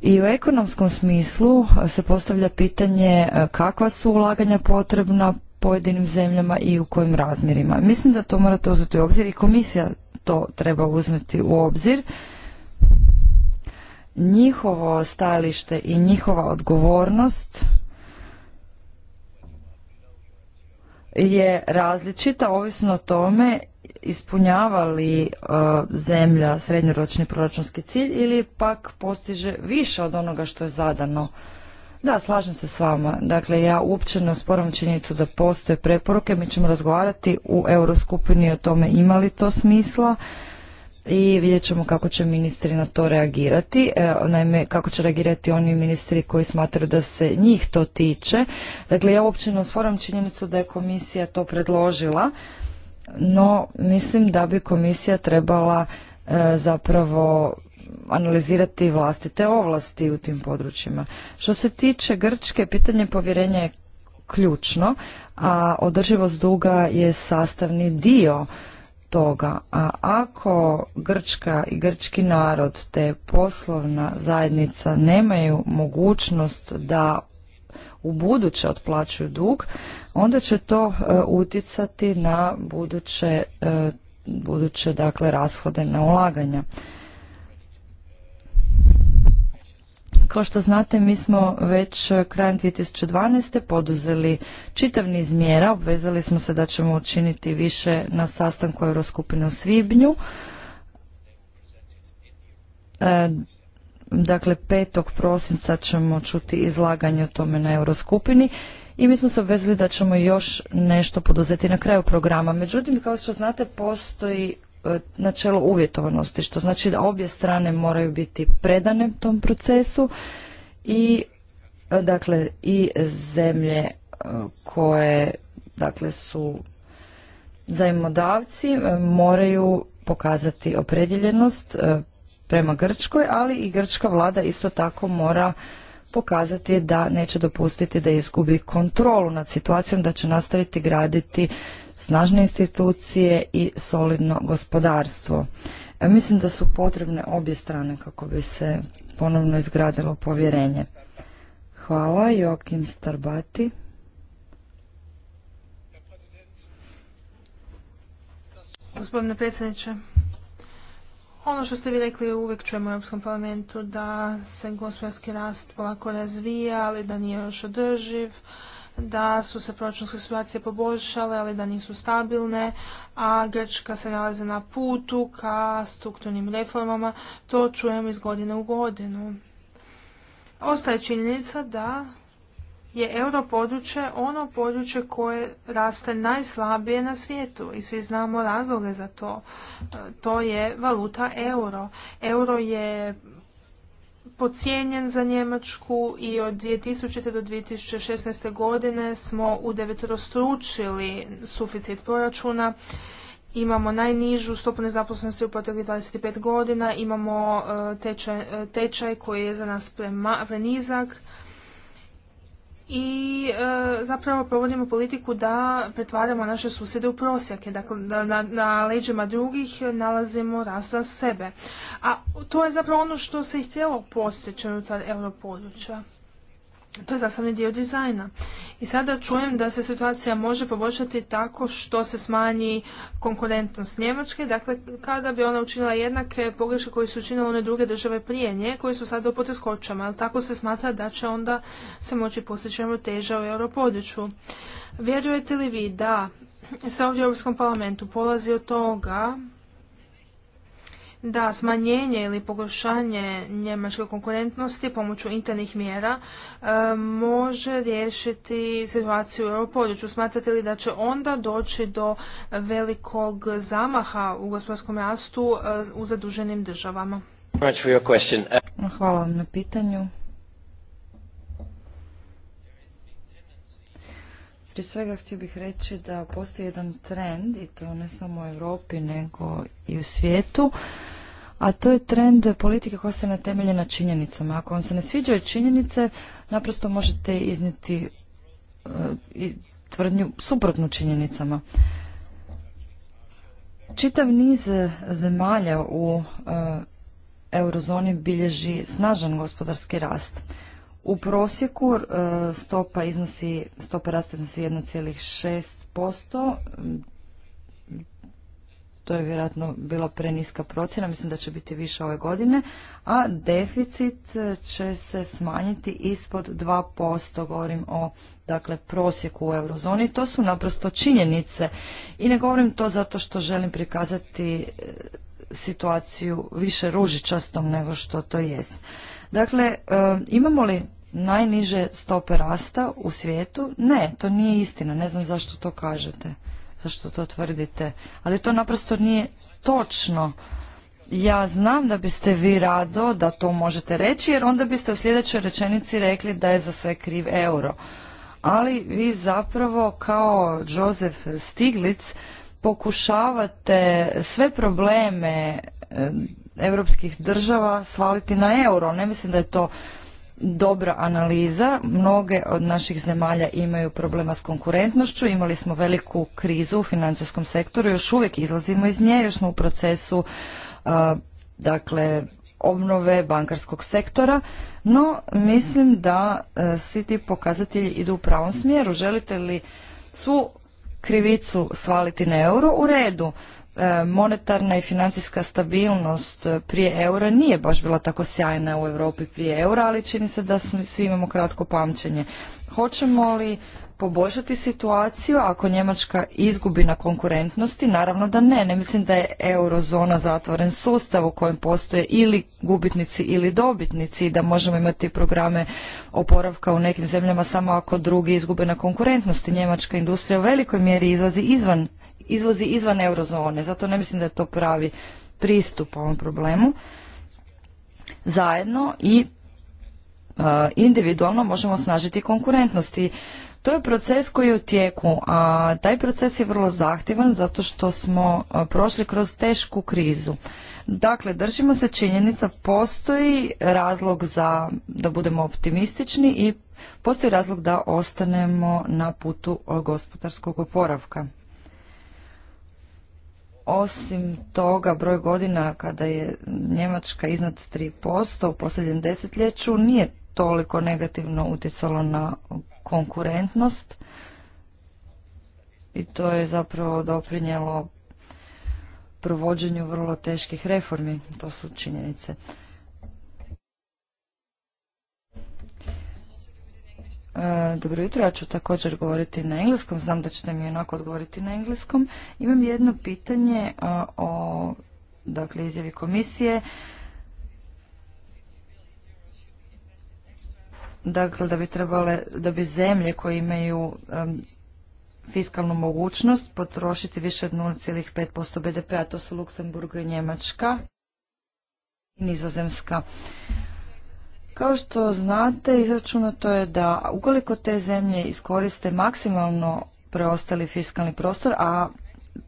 I u ekonomskom smislu se postavlja pitanje e, kakva su ulaganja potrebna pojedinim zemljama i u kojim razmjerima. Mislim da to morate uzeti u obzir i komisija to treba uzmeti u obzir. Njihovo stajalište i njihova odgovornost je različita ovisno o tome ispunjava li e, zemlja srednjoročni proračunski cilj ili pak postiže više od onoga što je zadano. Da, slažem se s vama. Dakle, ja uopće ne osporam činjenicu da postoje preporuke. Mi ćemo razgovarati u Euroskupini o tome ima li to smisla i vidjet ćemo kako će ministri na to reagirati. E, naime, kako će reagirati oni ministri koji smatraju da se njih to tiče. Dakle, ja uopće ne osporam činjenicu da je komisija to predložila, no mislim da bi komisija trebala e, zapravo analizirati vlastite ovlasti u tim područjima. Što se tiče Grčke, pitanje povjerenja je ključno, a održivost duga je sastavni dio toga. A ako Grčka i grčki narod te poslovna zajednica nemaju mogućnost da u buduće otplaćuju dug, onda će to e, uticati na buduće, e, buduće dakle rashode na ulaganja. Kao što znate, mi smo već krajem 2012. poduzeli čitav niz mjera. Obvezali smo se da ćemo učiniti više na sastanku Euroskupine u Svibnju. E, dakle, 5. prosinca ćemo čuti izlaganje o tome na Euroskupini i mi smo se obvezali da ćemo još nešto poduzeti na kraju programa. Međutim, kao što znate, postoji E, načelo uvjetovanosti, što znači da obje strane moraju biti predane tom procesu i e, dakle i zemlje e, koje dakle su zajmodavci moraju pokazati opredjeljenost prema Grčkoj, ali i grčka vlada isto tako mora pokazati da neće dopustiti da izgubi kontrolu nad situacijom, da će nastaviti graditi snažne institucije i solidno gospodarstvo. E, mislim da su potrebne obje strane kako bi se ponovno izgradilo povjerenje. Hvala, Joakim Starbati. Gospodine predsjedniče, ono što ste vi rekli uvijek čujemo u Europskom parlamentu da se gospodarski rast polako razvija, ali da nije još održiv, da su se proračunske situacije poboljšale, ali da nisu stabilne, a Grčka se nalaze na putu ka strukturnim reformama, to čujemo iz godine u godinu. Ostaje činjenica da je europodručje ono područje koje raste najslabije na svijetu i svi znamo razloge za to. E, to je valuta euro. Euro je podcijenjen za Njemačku i od 2000. do 2016. godine smo udevetorostručili suficit proračuna. Imamo najnižu stopu nezaposlenosti u proteklih 25 godina, imamo e, e, tečaj, koji je za nas prenizak i e, zapravo provodimo politiku da pretvaramo naše susjede u prosjake, dakle da na, leđima drugih nalazimo rast za sebe. A to je zapravo ono što se i htjelo postići unutar europodručja. To je zasavni dio dizajna. I sada čujem da se situacija može poboljšati tako što se smanji konkurentnost Njemačke, dakle kada bi ona učinila jednake pogreške koje su učinile one druge države prije nje, koje su sada u poteskoćama, ali tako se smatra da će onda se moći postići teža u europodručju. Vjerujete li vi da se ovdje u Europskom parlamentu polazi od toga da smanjenje ili pogoršanje njemačke konkurentnosti pomoću internih mjera e, može riješiti situaciju u europodručju. Smatrate li da će onda doći do velikog zamaha u gospodarskom rastu e, u zaduženim državama? Hvala vam na pitanju. Prije svega htio bih reći da postoji jedan trend, i to ne samo u Europi nego i u svijetu, a to je trend politike koja se natemelje na činjenicama. Ako vam se ne sviđaju činjenice, naprosto možete izniti e, tvrdnju suprotnu činjenicama. Čitav niz zemalja u e, eurozoni bilježi snažan gospodarski rast. U prosjeku e, stopa iznosi, stopa rasta iznosi 1,6%, to je vjerojatno bila preniska procjena, mislim da će biti više ove godine, a deficit će se smanjiti ispod 2%, govorim o dakle prosjeku u eurozoni, to su naprosto činjenice i ne govorim to zato što želim prikazati e, situaciju više ružičastom nego što to jest. Dakle, e, imamo li najniže stope rasta u svijetu? Ne, to nije istina, ne znam zašto to kažete što to tvrdite, ali to naprosto nije točno. Ja znam da biste vi rado da to možete reći, jer onda biste u sljedećoj rečenici rekli da je za sve kriv euro. Ali vi zapravo kao Josef Stiglic pokušavate sve probleme europskih eh, država svaliti na euro. Ne mislim da je to dobra analiza. Mnoge od naših zemalja imaju problema s konkurentnošću. Imali smo veliku krizu u financijskom sektoru, još uvijek izlazimo iz nje, još smo u procesu e, dakle obnove bankarskog sektora, no mislim da e, svi ti pokazatelji idu u pravom smjeru. Želite li svu krivicu svaliti na euro u redu. E, monetarna i financijska stabilnost e, prije eura nije baš bila tako sjajna u Europi prije eura, ali čini se da svi imamo kratko pamćenje. Hoćemo li poboljšati situaciju ako Njemačka izgubi na konkurentnosti? Naravno da ne. Ne mislim da je eurozona zatvoren sustav u kojem postoje ili gubitnici ili dobitnici i da možemo imati programe oporavka u nekim zemljama samo ako drugi izgube na konkurentnosti. Njemačka industrija u velikoj mjeri izlazi izvan izvozi izvan eurozone. Zato ne mislim da je to pravi pristup ovom problemu. Zajedno i e, individualno možemo snažiti konkurentnosti. To je proces koji je u tijeku, a taj proces je vrlo zahtjevan zato što smo e, prošli kroz tešku krizu. Dakle, držimo se činjenica, postoji razlog za da budemo optimistični i postoji razlog da ostanemo na putu e, gospodarskog oporavka. Osim toga, broj godina kada je Njemačka iznad 3% u posljednjem desetljeću nije toliko negativno utjecalo na konkurentnost i to je zapravo doprinjelo provođenju vrlo teških reformi. To su činjenice. E, dobro jutro, ja ću također govoriti na engleskom, znam da ćete mi onako odgovoriti na engleskom. Imam jedno pitanje e, o dakle, izjavi komisije. Dakle, da bi trebale, da bi zemlje koje imaju e, fiskalnu mogućnost potrošiti više od 0,5% BDP-a, to su Luksemburg i Njemačka i Nizozemska. Kao što znate, izračunato je da ukoliko te zemlje iskoriste maksimalno preostali fiskalni prostor, a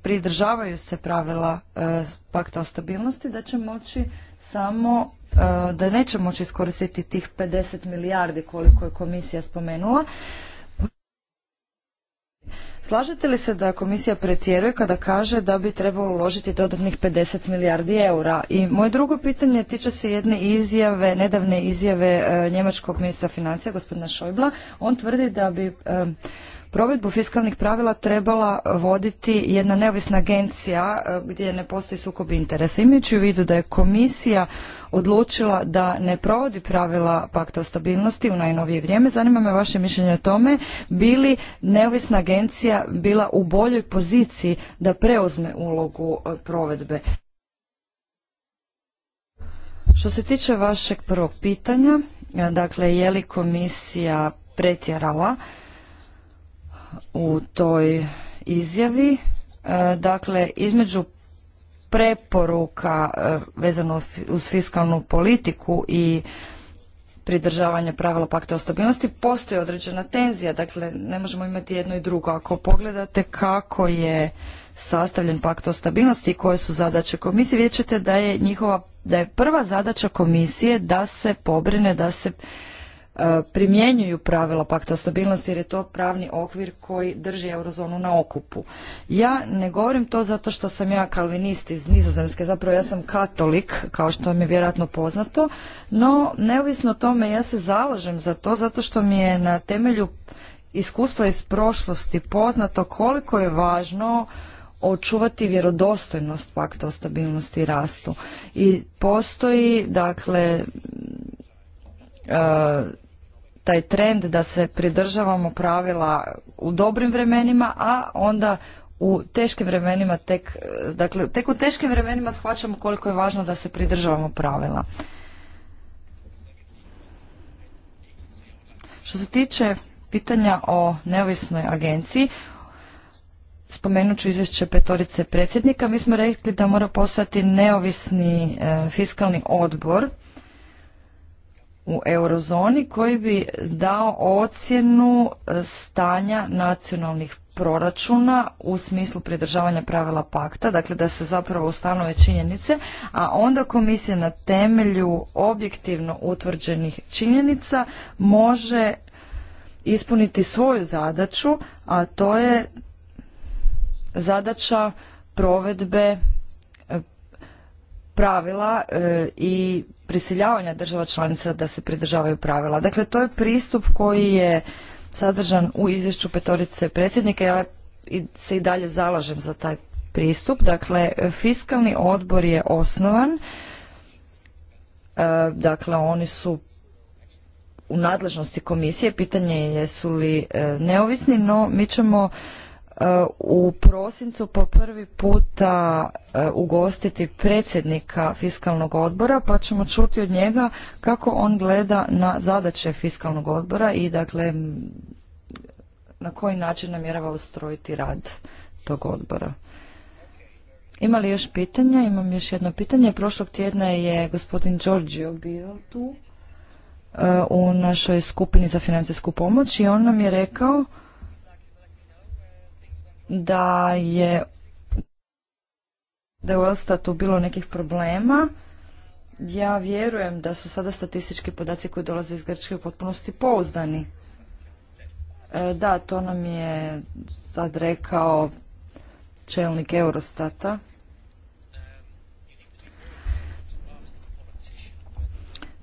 pridržavaju se pravila e, pakta o stabilnosti, da će moći samo e, da neće moći iskoristiti tih 50 milijardi koliko je komisija spomenula, Slažete li se da komisija pretjeruje kada kaže da bi trebalo uložiti dodatnih 50 milijardi eura? I moje drugo pitanje tiče se jedne izjave, nedavne izjave e, njemačkog ministra financija, gospodina Šojbla. On tvrdi da bi e, provedbu fiskalnih pravila trebala voditi jedna neovisna agencija e, gdje ne postoji sukob interesa. Imajući u vidu da je komisija odlučila da ne provodi pravila pakta o stabilnosti u najnovije vrijeme, zanima me vaše mišljenje o tome, bili neovisna agencija bila u boljoj poziciji da preuzme ulogu e, provedbe. Što se tiče vašeg prvog pitanja, e, dakle je li komisija pretjerala u toj izjavi. E, dakle, između preporuka e, vezano uz fiskalnu politiku i pridržavanje pravila pakta o stabilnosti postoji određena tenzija, dakle ne možemo imati jedno i drugo. Ako pogledate kako je sastavljen pakt o stabilnosti i koje su zadaće komisije, vidjet ćete da je njihova, da je prva zadaća komisije da se pobrine, da se E, primjenjuju pravila pakta o stabilnosti jer je to pravni okvir koji drži eurozonu na okupu. Ja ne govorim to zato što sam ja kalvinist iz Nizozemske, zapravo ja sam katolik, kao što mi je vjerojatno poznato, no neovisno o tome ja se zalažem za to zato što mi je na temelju iskustva iz prošlosti poznato koliko je važno očuvati vjerodostojnost pakta o stabilnosti i rastu. I postoji, dakle, e, taj trend da se pridržavamo pravila u dobrim vremenima, a onda u teškim vremenima tek, dakle, tek u teškim vremenima shvaćamo koliko je važno da se pridržavamo pravila. Što se tiče pitanja o neovisnoj agenciji, spomenut ću izvješće petorice predsjednika, mi smo rekli da mora postati neovisni e, fiskalni odbor u eurozoni koji bi dao ocjenu e, stanja nacionalnih proračuna u smislu pridržavanja pravila pakta, dakle da se zapravo ustanove činjenice, a onda komisija na temelju objektivno utvrđenih činjenica može ispuniti svoju zadaću, a to je zadaća provedbe e, pravila e, i prisiljavanja država članica da se pridržavaju pravila. Dakle, to je pristup koji je sadržan u izvješću petorice predsjednika. Ja se i dalje zalažem za taj pristup. Dakle, fiskalni odbor je osnovan. E, dakle, oni su u nadležnosti komisije. Pitanje je jesu li e, neovisni, no mi ćemo E, u prosincu po prvi puta e, ugostiti predsjednika fiskalnog odbora pa ćemo čuti od njega kako on gleda na zadaće fiskalnog odbora i dakle na koji način namjerava ustrojiti rad tog odbora. Ima li još pitanja? Imam još jedno pitanje. Prošlog tjedna je gospodin Giorgio bio tu e, u našoj skupini za financijsku pomoć i on nam je rekao da je da je u Elstatu bilo nekih problema. Ja vjerujem da su sada statistički podaci koji dolaze iz Grčke u potpunosti pouzdani. E, da, to nam je sad rekao čelnik Eurostata.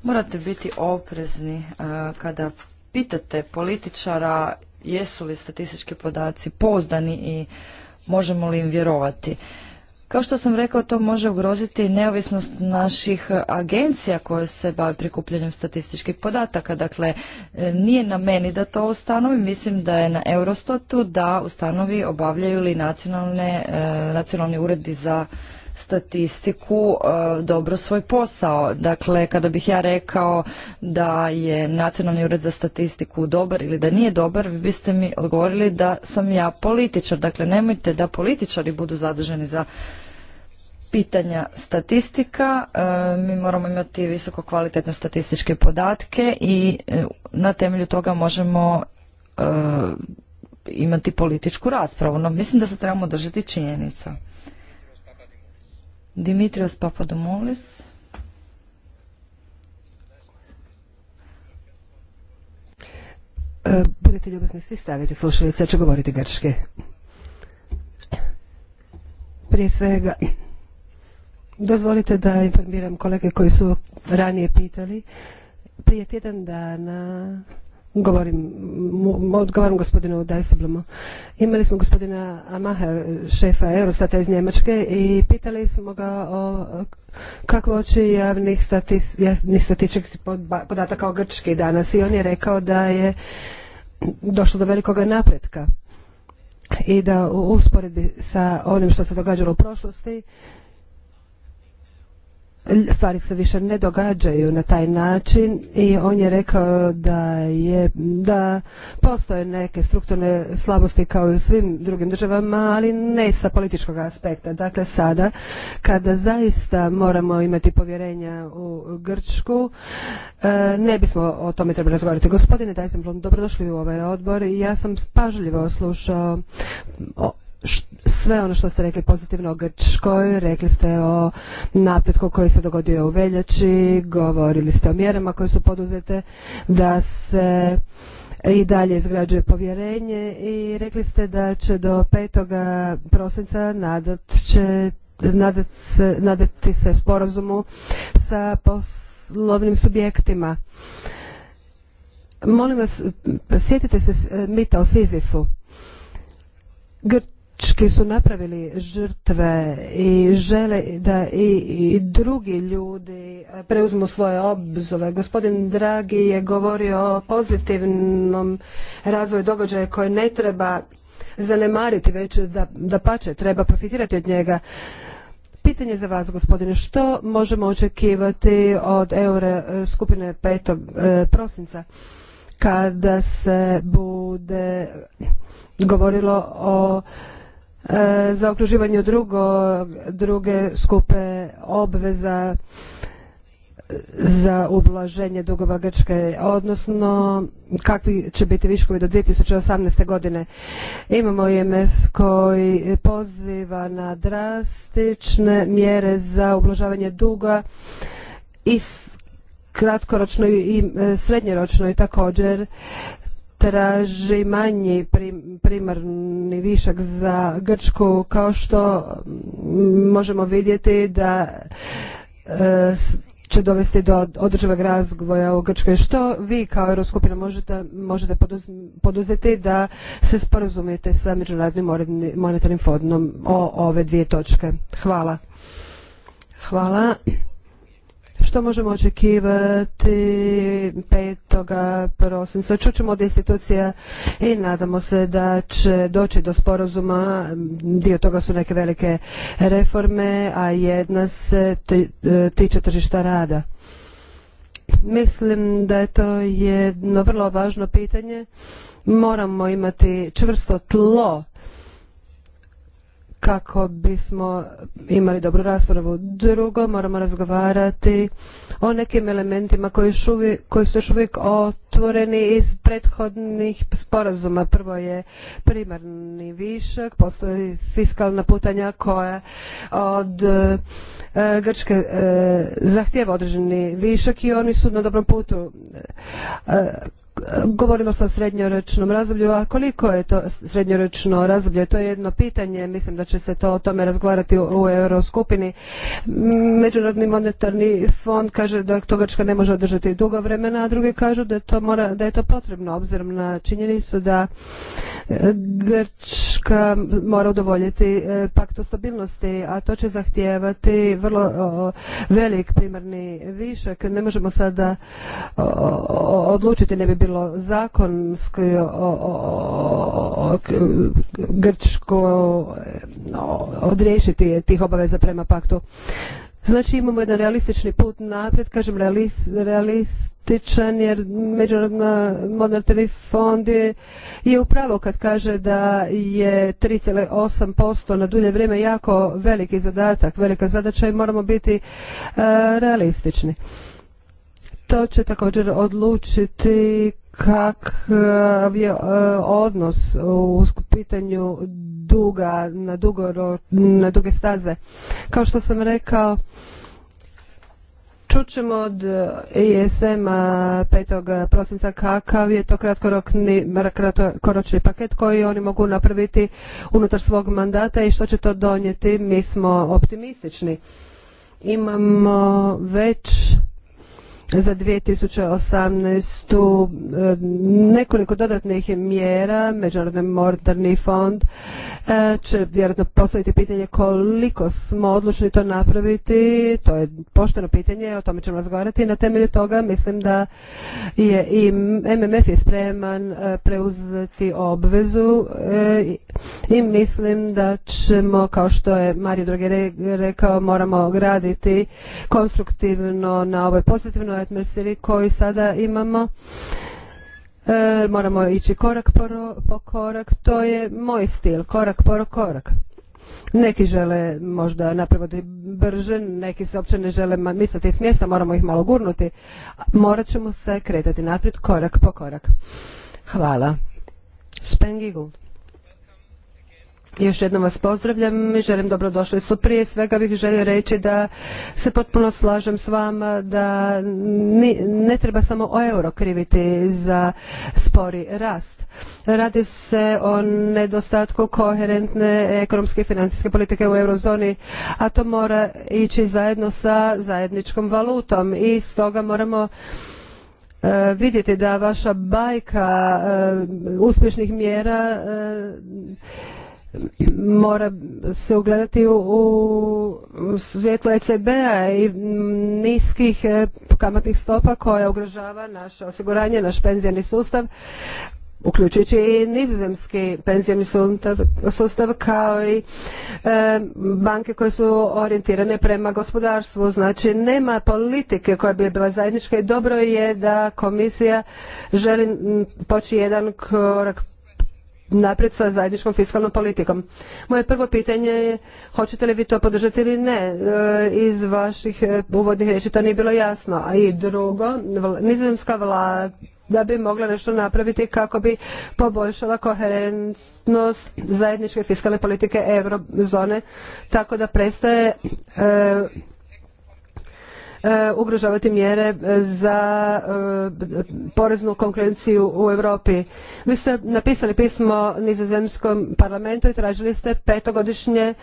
Morate biti oprezni e, kada pitate političara jesu li statistički podaci pouzdani i možemo li im vjerovati. Kao što sam rekao, to može ugroziti neovisnost naših agencija koje se bave prikupljanjem statističkih podataka. Dakle, nije na meni da to ustanovi, mislim da je na Eurostatu da ustanovi obavljaju li e, nacionalni uredi za statistiku e, dobro svoj posao. Dakle, kada bih ja rekao da je Nacionalni ured za statistiku dobar ili da nije dobar, vi biste mi odgovorili da sam ja političar. Dakle, nemojte da političari budu zaduženi za pitanja statistika. E, mi moramo imati visoko kvalitetne statističke podatke i e, na temelju toga možemo imati političku raspravu. No, mislim da se trebamo držati činjenica. Dimitrios Papadomoulis e, Budite ljubazni, svi stavite slušalice, ja ću govoriti grčke. Prije svega, dozvolite da informiram kolege koji su ranije pitali. Prije tjedan dana Govorim, odgovaram gospodinu Dajsoblomu. Imali smo gospodina Amaha, šefa Eurostata iz Njemačke i pitali smo ga o kakvo oči javnih, podataka o Grčki danas i on je rekao da je došlo do velikog napretka i da u usporedbi sa onim što se događalo u prošlosti stvari se više ne događaju na taj način i on je rekao da je da postoje neke strukturne slabosti kao i u svim drugim državama, ali ne sa političkog aspekta. Dakle sada kada zaista moramo imati povjerenja u Grčku, e, ne bismo o tome trebali razgovarati. Gospodine Dijsselblom, dobrodošli u ovaj odbor. Ja sam pažljivo slušao sve ono što ste rekli pozitivno o Grčkoj, rekli ste o napretku koji se dogodio u veljači, govorili ste o mjerama koje su poduzete da se i dalje izgrađuje povjerenje i rekli ste da će do 5. prosinca nadat će nadati se sporazumu sa poslovnim subjektima. Molim vas, sjetite se mita o Sizifu. Grčki su napravili žrtve i žele da i, drugi ljudi eh, preuzmu svoje obzove. Gospodin Dragi je govorio o pozitivnom razvoju događaja koje ne treba zanemariti, već da, da pače, treba profitirati od njega. Pitanje za vas, gospodine, što možemo očekivati od eure eh, skupine 5. Eh, prosinca kada se bude govorilo o E, za okruživanje druge skupe obveza e, za ublaženje dugova Grčke, odnosno kakvi će biti viškovi do 2018. godine. Imamo IMF koji poziva na drastične mjere za ublažavanje duga i kratkoročno i e, srednjeročno i također traži manji primarni višak za Grčku kao što mm, možemo vidjeti da e, će dovesti do održivog razvoja u Grčkoj. Što vi kao Euroskupina možete, možete poduzeti da se sporazumite sa Međunarodnim monetarnim fondom o ove dvije točke? Hvala. Hvala što možemo očekivati 5. prosinca. Čućemo od institucija i nadamo se da će doći do sporazuma. Dio toga su neke velike reforme, a jedna se e, tiče tržišta rada. Mislim da je to jedno vrlo važno pitanje. Moramo imati čvrsto tlo kako bismo imali dobru raspravu. Drugo, moramo razgovarati o nekim elementima koji, koji su još uvijek otvoreni iz prethodnih sporazuma. Prvo je primarni višak, postoji fiskalna putanja koja od e, Grčke e, zahtjeva određeni višak i oni su na dobrom putu. E, govorimo sa o srednjoročnom razdoblju, a koliko je to srednjoročno razdoblje? To je jedno pitanje, mislim da će se to o tome razgovarati u, Euro skupini Međunarodni monetarni fond kaže da to Grčka ne može održati dugo vremena, a drugi kažu da, to mora, da je to potrebno obzirom na činjenicu da Grč Grčka mora udovoljiti e, paktu stabilnosti, a to će zahtijevati vrlo velik primarni višak. Ne možemo sada odlučiti, ne bi bilo zakonsko Grčko e, odriješiti tih obaveza prema paktu Znači imamo jedan realistični put naprijed, kažem realističan jer Međunarodna monetarni fond je, je upravo kad kaže da je 3,8% na dulje vrijeme jako veliki zadatak, velika zadaća i moramo biti e, realistični. To će također odlučiti kakav eh, je eh, odnos u pitanju duga na, dugoro, na duge staze. Kao što sam rekao, Čućemo od ISM-a e 5. prosinca kakav je to kratkoročni paket koji oni mogu napraviti unutar svog mandata i što će to donijeti. Mi smo optimistični. Imamo već za 2018. E, nekoliko dodatnih mjera, Međunarodni monetarni fond e, će vjerojatno postaviti pitanje koliko smo odlučni to napraviti, to je pošteno pitanje, o tome ćemo razgovarati na temelju toga mislim da je i MMF je spreman e, preuzeti obvezu i mislim da ćemo, kao što je Mario Droge rekao, moramo graditi konstruktivno na ovoj pozitivnoj atmosferi koji sada imamo e, moramo ići korak po korak to je moj stil korak po korak neki žele možda napraviti brže, neki se uopće ne žele micati s mjesta, moramo ih malo gurnuti. Morat ćemo se kretati naprijed korak po korak. Hvala. Spengigold. Još jednom vas pozdravljam i želim dobrodošlicu. Prije svega bih želio reći da se potpuno slažem s vama da ne treba samo o euro kriviti za spori rast. Radi se o nedostatku koherentne ekonomske i financijske politike u eurozoni, a to mora ići zajedno sa zajedničkom valutom i stoga moramo e, vidjeti da vaša bajka e, uspješnih mjera e, mora se ugledati u, u svijetlu ECB-a i niskih e, kamatnih stopa koja ugrožava naše osiguranje, naš penzijani sustav uključujući i nizozemski penzijani sustav, kao i e, banke koje su orijentirane prema gospodarstvu. Znači nema politike koja bi bila zajednička i dobro je da komisija želi poći jedan korak naprijed sa zajedničkom fiskalnom politikom. Moje prvo pitanje je hoćete li vi to podržati ili ne? E, iz vaših e, uvodnih riječi to nije bilo jasno. A i drugo, nizozemska vlada da bi mogla nešto napraviti kako bi poboljšala koherentnost zajedničke fiskalne politike eurozone tako da prestaje e, E, ugrožavati mjere e, za e, poreznu konkurenciju u Europi. Vi ste napisali pismo nizozemskom parlamentu i tražili ste petogodišnje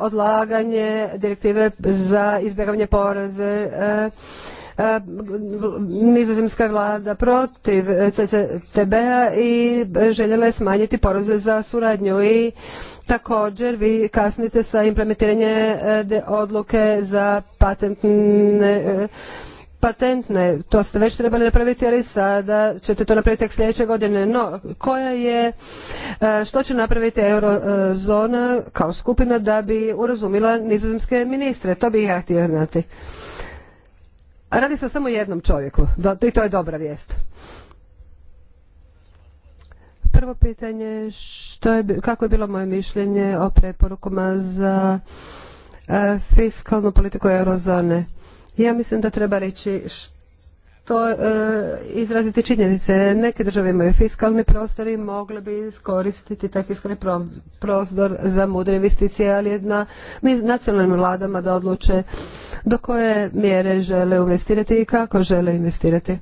odlaganje direktive za izbjegavanje poreze E, nizozemska vlada protiv CCTB-a i željela je smanjiti poroze za suradnju i također vi kasnite sa implementiranje e, odluke za patentne e, patentne, to ste već trebali napraviti, ali sada ćete to napraviti tek sljedeće godine. No, koja je, što će napraviti eurozona kao skupina da bi urazumila nizozemske ministre? To bi ja htio znati. Radi se o samo jednom čovjeku i to je dobra vijest. Prvo pitanje, što je, kako je bilo moje mišljenje o preporukama za e, fiskalnu politiku eurozone? Ja mislim da treba reći što to e, izraziti činjenice. Neke države imaju fiskalni prostor i mogle bi iskoristiti taj fiskalni prostor za mudre investicije, ali jedna nacionalnim vladama da odluče do koje mjere žele investirati i kako žele investirati.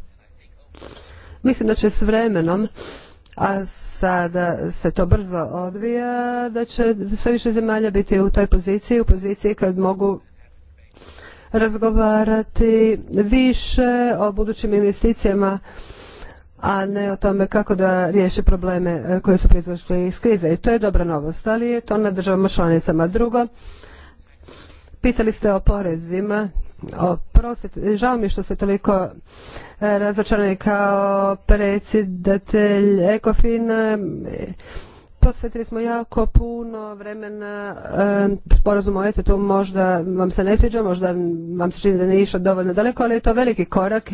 Mislim da će s vremenom a sada se to brzo odvija, da će sve više zemalja biti u toj poziciji, u poziciji kad mogu razgovarati više o budućim investicijama a ne o tome kako da riješi probleme e, koje su proizašle iz krize. I to je dobra novost, ali je to na državama članicama. Drugo, pitali ste o porezima. Oprostite, žao mi što ste toliko e, razočarani kao predsjedatelj Ekofina posvetili smo jako puno vremena sporazum o etetu, možda vam se ne sviđa, možda vam se čini da nije išao dovoljno daleko, ali je to veliki korak.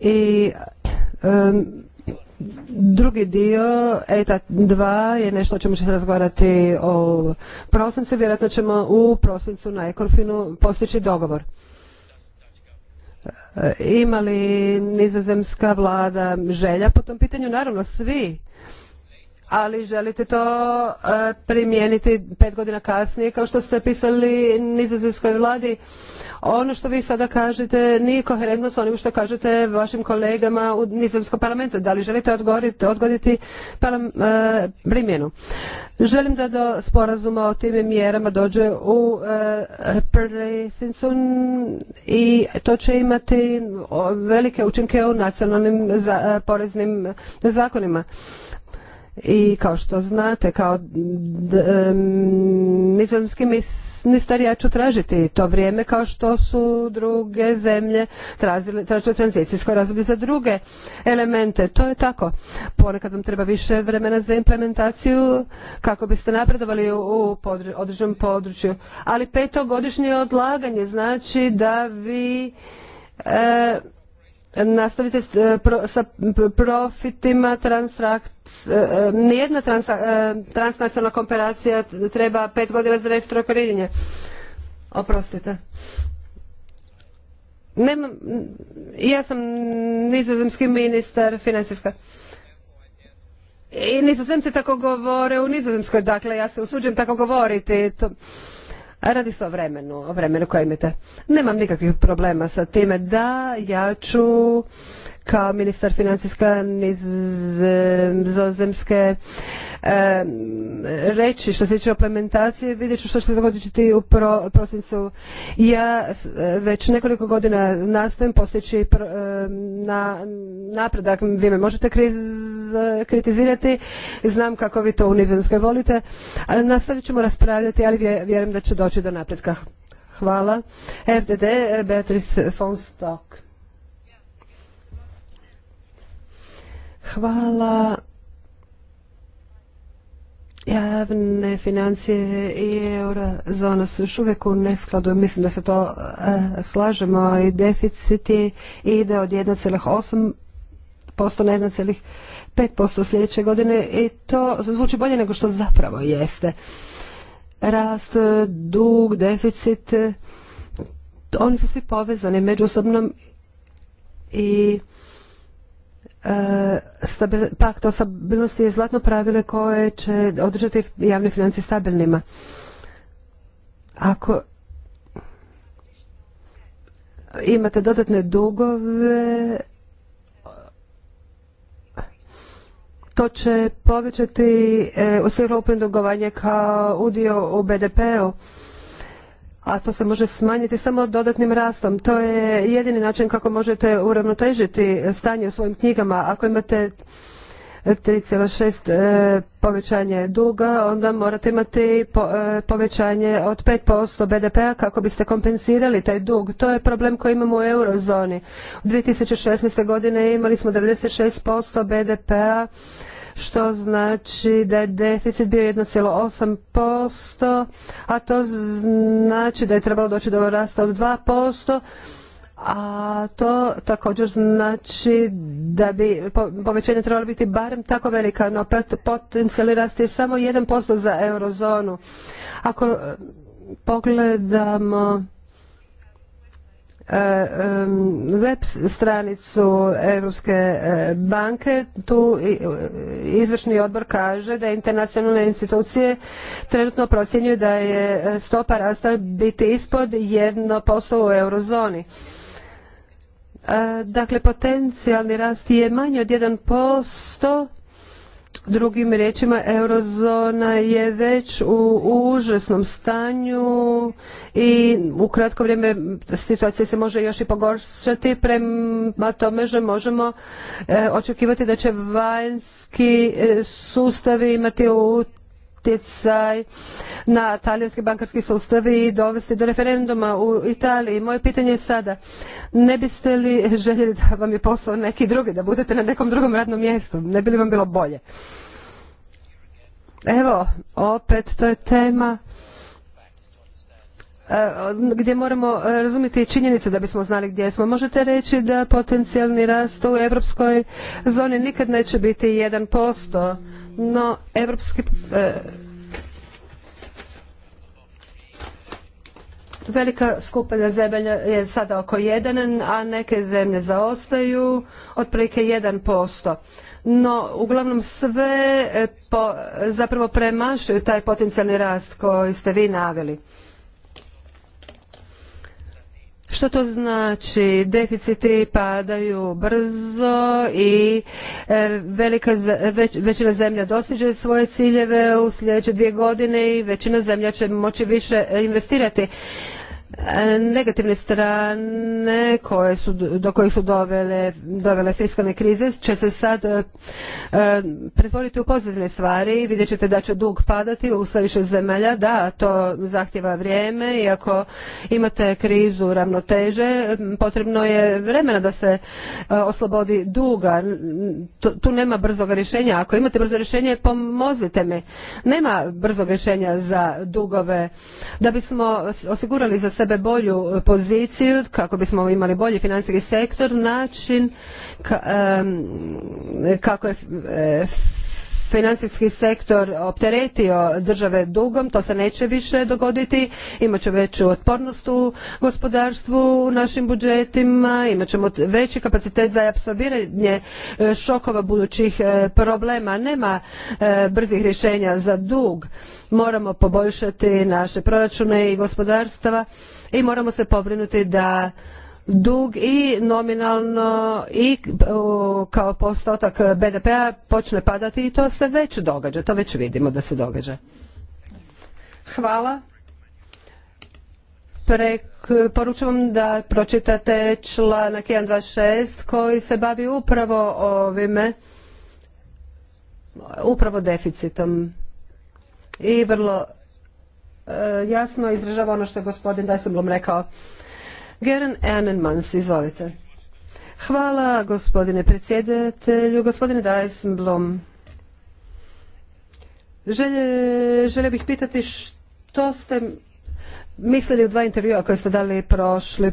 I drugi dio, ETA dva, je nešto o čemu će se razgovarati o prosincu. Vjerojatno ćemo u prosincu na Ekorfinu postići dogovor imali nizozemska vlada želja po tom pitanju? Naravno, svi. Ali želite to e, primijeniti pet godina kasnije, kao što ste pisali nizozemskoj vladi ono što vi sada kažete nije koherentno s onim što kažete vašim kolegama u nizozemskom parlamentu. Da li želite odgoditi, e, primjenu? Želim da do sporazuma o tim mjerama dođe u e, presincu i to će imati velike učinke u nacionalnim poreznim zakonima i kao što znate kao nizozemski ministar ja ću tražiti to vrijeme kao što su druge zemlje tražile tranzicijsko razdoblje za druge elemente. To je tako. Ponekad vam treba više vremena za implementaciju kako biste napredovali u određenom području. Ali petogodišnje odlaganje znači da vi e, nastavite e, sa profitima transakt, e, e, nijedna transnacionalna kooperacija treba pet godina za restrukturiranje. Oprostite. ja sam nizozemski ministar financijska. I nizozemci tako govore u nizozemskoj, dakle ja se usuđem tako govoriti. To, Radi se o vremenu, o vremenu koje imate. Nemam nikakvih problema sa time da ja ću kao ministar financijska nizozemske reći što se tiče implementacije, vidjet ću što će dogoditi u pro, prosincu. Ja već nekoliko godina nastojim postići na napredak. Vi me možete kritizirati, znam kako vi to u nizozemskoj volite. Nastavit ćemo raspravljati, ali vjerujem da će doći do napretka. Hvala. FDD, Beatrice von Stock. Hvala. Javne financije i eurozona su još uvijek u neskladu. Mislim da se to e, slažemo i deficiti ide od 1,8% na 1,5% sljedeće godine i to zvuči bolje nego što zapravo jeste. Rast, dug, deficit, oni su svi povezani međusobno i E, pakt o stabilnosti je zlatno pravile koje će održati javne financije stabilnima. Ako imate dodatne dugove, to će povećati e, dugovanje kao udio u BDP-u a to se može smanjiti samo dodatnim rastom. To je jedini način kako možete uravnotežiti stanje u svojim knjigama. Ako imate 3,6 e, povećanje duga, onda morate imati e, povećanje od 5% BDP-a kako biste kompensirali taj dug. To je problem koji imamo u eurozoni. U 2016. godine imali smo 96% BDP-a što znači da je deficit bio 1,8%, a to znači da je trebalo doći do rasta od 2%, a to također znači da bi povećanje trebalo biti barem tako velika, no potencijali rast je samo 1% za eurozonu. Ako e, pogledamo E, web stranicu Europske e, banke, tu e, izvršni odbor kaže da internacionalne institucije trenutno procjenjuju da je stopa rasta biti ispod 1% u eurozoni. Dakle, potencijalni rast je manji od 1%, Drugim riječima, eurozona je već u užasnom stanju i u kratko vrijeme situacija se može još i pogoršati prema tome že možemo eh, očekivati da će vanjski eh, sustavi imati u utjecaj na talijanski bankarski sustav i dovesti do referenduma u Italiji. Moje pitanje je sada, ne biste li željeli da vam je posao neki drugi, da budete na nekom drugom radnom mjestu? Ne bi li vam bilo bolje? Evo, opet to je tema E, gdje moramo e, razumjeti činjenice da bismo znali gdje smo. Možete reći da potencijalni rast u europskoj zoni nikad neće biti 1%, no europski e, velika skupina zemlja je sada oko 1, a neke zemlje zaostaju otprilike 1%. No, uglavnom sve zapravo premašuju taj potencijalni rast koji ste vi naveli. Što to znači? Deficiti padaju brzo i e, velika, većina zemlja dosiže svoje ciljeve u sljedeće dvije godine i većina zemlja će moći više investirati negativne strane koje su, do kojih su dovele, dovele fiskalne krize će se sad e, e, pretvoriti u pozitivne stvari. Vidjet ćete da će dug padati u sve više zemalja. Da, to zahtjeva vrijeme i ako imate krizu ravnoteže potrebno je vremena da se e, oslobodi duga. Tu nema brzog rješenja. Ako imate brzo rješenje pomozite mi. Nema brzog rješenja za dugove. Da bismo osigurali za sebe sebe bolju e, poziciju kako bismo imali bolji financijski sektor, način kako je e, financijski sektor opteretio države dugom, to se neće više dogoditi, imat će veću otpornost u gospodarstvu, u našim budžetima, imat ćemo veći kapacitet za apsorbiranje e, šokova budućih problema. Nema brzih rješenja za dug, moramo poboljšati naše proračune i gospodarstva i moramo se pobrinuti da dug i nominalno i kao postotak BDP-a počne padati i to se već događa, to već vidimo da se događa. Hvala. Poručujem da pročitate članak 126 koji se bavi upravo ovime, upravo deficitom i vrlo E, jasno izražava ono što je gospodin Dajsemblom rekao. Geren Enenmans, izvolite. Hvala gospodine predsjedatelju, gospodine Dajsemblom. Želje, bih pitati što ste mislili u dva intervjua koje ste dali prošli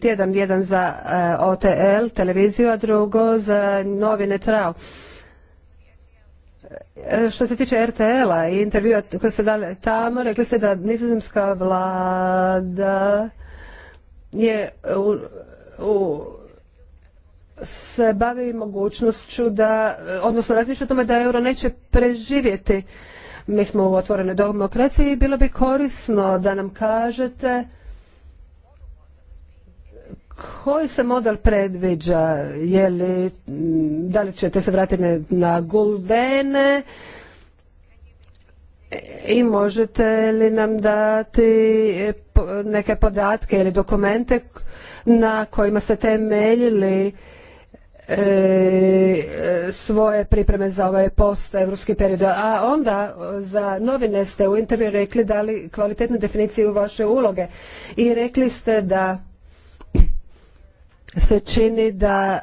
tjedan, jedan za e, OTL, televiziju, a drugo za novine Trao što se tiče RTL-a i intervjua koje ste dali tamo, rekli ste da nizozemska vlada je u, u se bavi mogućnošću da, odnosno razmišlja o tome da euro neće preživjeti. Mi smo u otvorenoj demokraciji i bilo bi korisno da nam kažete koji se model predviđa? Je li, da li ćete se vratiti na guldene? I možete li nam dati neke podatke ili dokumente na kojima ste temeljili e, svoje pripreme za ovaj post europski period. A onda za novine ste u intervju rekli dali kvalitetnu definiciju vaše uloge i rekli ste da se čini da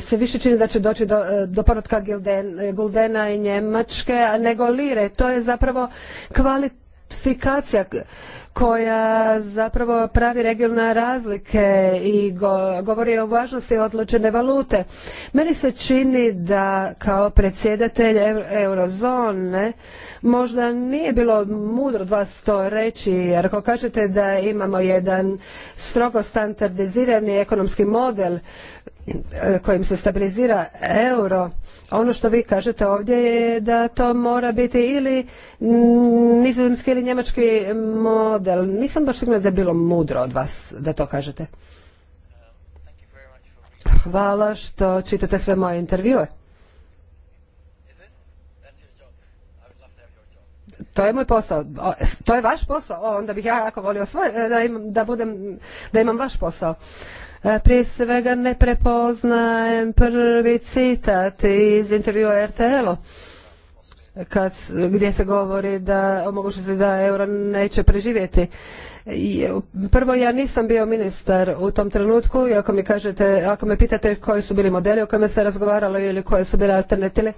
se više čini da će doći do, e, do porotka Guldena i Njemačke, nego Lire. To je zapravo kvalifikacija koja zapravo pravi regionalne razlike i govori o važnosti odločene valute. Meni se čini da kao predsjedatelj eurozone možda nije bilo mudro od vas to reći, jer ako kažete da imamo jedan strogo standardizirani ekonomski model kojim se stabilizira euro, ono što vi kažete ovdje je da to mora biti ili nizozemski ili njemački model. Nisam baš sigurna da je bilo mudro od vas da to kažete. Hvala što čitate sve moje intervjue. To je moj posao. To je vaš posao. onda bih ja jako volio svoj, eh, da, da, budem, da imam vaš posao. E, prije svega ne prepoznajem prvi citat iz intervjua RTL-u gdje se govori da omoguće se da euro neće preživjeti. E, prvo, ja nisam bio ministar u tom trenutku i ako mi kažete, ako me pitate koji su bili modeli o kojima se razgovaralo ili koje su bile alternative,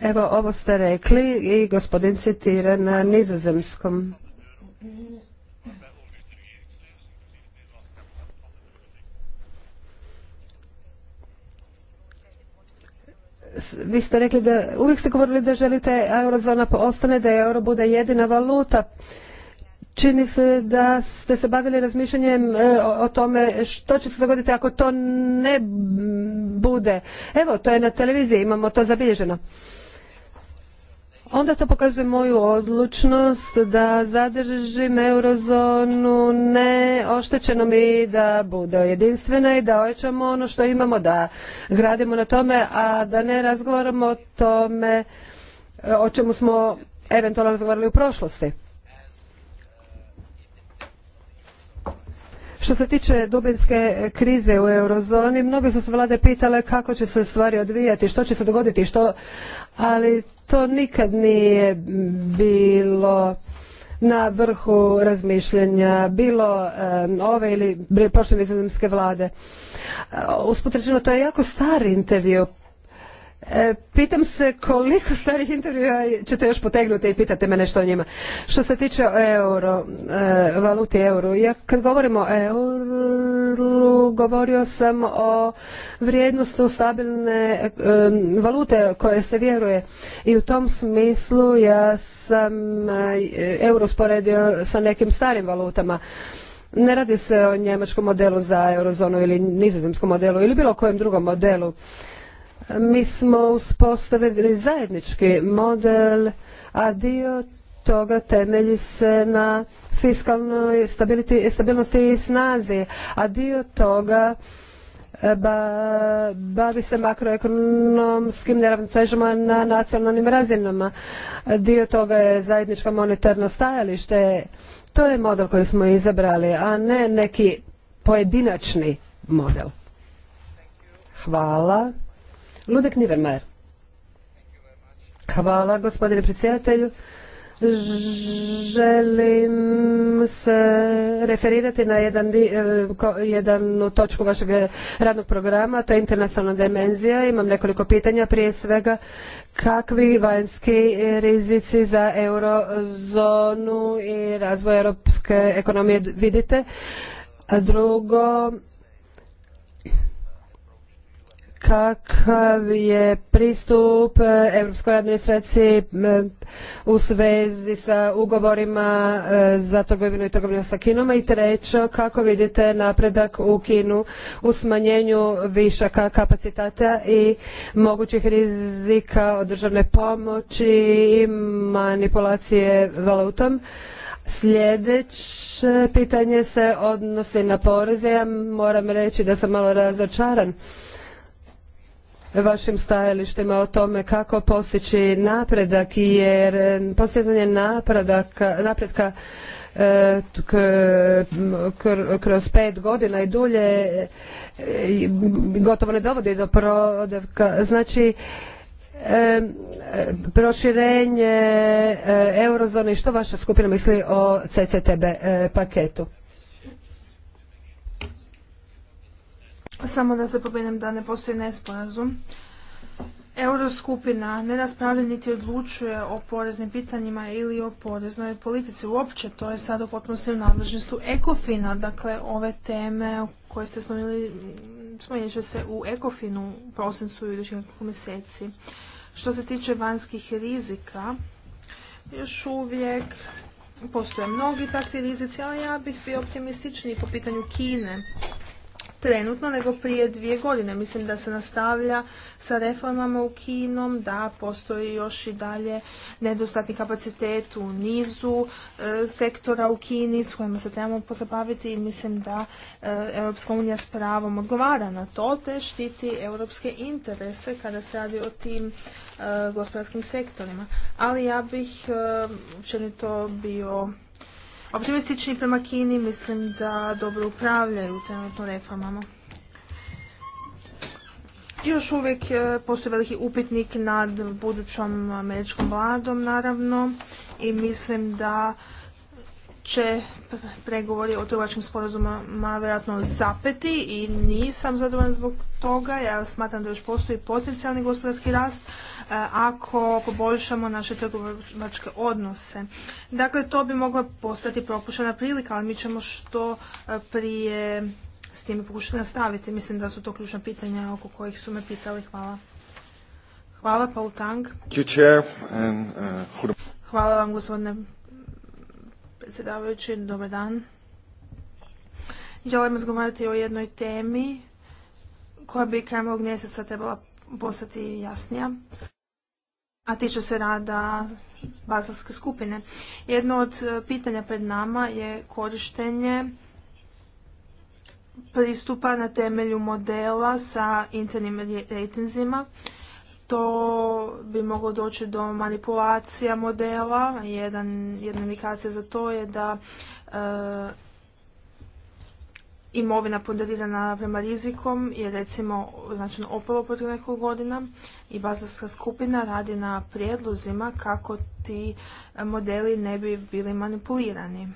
Evo, ovo ste rekli i gospodin citira na nizozemskom. vi ste rekli da uvijek ste govorili da želite eurozona ostane, da euro bude jedina valuta. Čini se da ste se bavili razmišljanjem e, o tome što će se dogoditi ako to ne bude. Evo, to je na televiziji, imamo to zabilježeno onda to pokazuje moju odlučnost da zadržim eurozonu ne oštećeno mi da bude jedinstvena i da ojačamo ono što imamo, da gradimo na tome, a da ne razgovaramo o tome e, o čemu smo eventualno razgovarali u prošlosti. Što se tiče dubinske krize u eurozoni, mnoge su se vlade pitale kako će se stvari odvijati, što će se dogoditi, što... ali to nikad nije bilo na vrhu razmišljanja bilo ove ili prošle nizozemske vlade. usput to je jako stari intervju. E, pitam se koliko starih intervjua ćete još potegnuti i pitate me nešto o njima. Što se tiče euro, e, valuti euro, ja kad govorimo o euro, govorio sam o vrijednosti stabilne e, valute koje se vjeruje i u tom smislu ja sam euro sporedio sa nekim starim valutama. Ne radi se o njemačkom modelu za eurozonu ili nizozemskom modelu ili bilo kojem drugom modelu mi smo uspostavili zajednički model, a dio toga temelji se na fiskalnoj stabilnosti i snazi, a dio toga e, bavi se makroekonomskim neravnotežama na nacionalnim razinama. Dio toga je zajedničko monetarno stajalište. To je model koji smo izabrali, a ne neki pojedinačni model. Hvala. Ludek Nivermajer. Hvala gospodine predsjedatelju. Želim se referirati na jedan, e, jednu točku vašeg radnog programa, to je internacionalna dimenzija. Imam nekoliko pitanja, prije svega kakvi vanjski rizici za eurozonu i razvoj europske ekonomije vidite. drugo, kakav je pristup Europskoj administraciji u svezi sa ugovorima e, za trgovinu i trgovinu sa Kinom i treće kako vidite napredak u Kinu u smanjenju višaka kapacitata i mogućih rizika od državne pomoći i manipulacije valutom. Sljedeće pitanje se odnosi na poreze. Ja moram reći da sam malo razočaran vašim stajalištima o tome kako postići napredak jer eh, postizanje napredaka, napretka eh, kroz pet godina i dulje eh, gotovo ne dovodi do prodavka. Znači, proširenje eurozone i što vaša skupina misli o CCTB paketu? Samo da se pobinem da ne postoji nesporazum. Euroskupina ne raspravlja niti odlučuje o poreznim pitanjima ili o poreznoj politici. Uopće to je sad u potpunosti u nadležnosti Ekofina. Dakle, ove teme koje ste spomenuli, spomenuli će se u Ekofinu u prosincu i idućih nekoliko mjeseci. Što se tiče vanjskih rizika, još uvijek postoje mnogi takvi rizici, ali ja bih bio optimističniji po pitanju Kine trenutno nego prije dvije godine. Mislim da se nastavlja sa reformama u Kinom, da postoji još i dalje nedostatni kapacitet u nizu e, sektora u Kini s kojima se trebamo pozabaviti i mislim da EU Europska unija s pravom odgovara na to te štiti europske interese kada se radi o tim e, gospodarskim sektorima. Ali ja bih e, općenito bio optimistični prema Kini, mislim da dobro upravljaju trenutno reformama. Još uvijek e, postoji veliki upitnik nad budućom američkom vladom, naravno, i mislim da će pregovori o trgovačkim sporazumama vjerojatno zapeti i nisam zadovoljan zbog toga. Ja smatram da još postoji potencijalni gospodarski rast, E, ako poboljšamo naše trgovačke odnose. Dakle, to bi mogla postati propušena prilika, ali mi ćemo što e, prije s time pokušati nastaviti. Mislim da su to ključna pitanja oko kojih su me pitali. Hvala. Hvala, Paul Tang. E, Hvala vam, gospodine predsjedavajući. Dobar dan. Želim razgovarati o jednoj temi koja bi krajem ovog mjeseca trebala postati jasnija a tiče se rada bazarske skupine. Jedno od e, pitanja pred nama je korištenje pristupa na temelju modela sa internim rejtinzima. To bi moglo doći do manipulacija modela. Jedan, jedna indikacija za to je da e, imovina ponderirana prema rizikom je recimo značajno opalo protiv nekog godina i bazarska skupina radi na prijedlozima kako ti modeli ne bi bili manipulirani.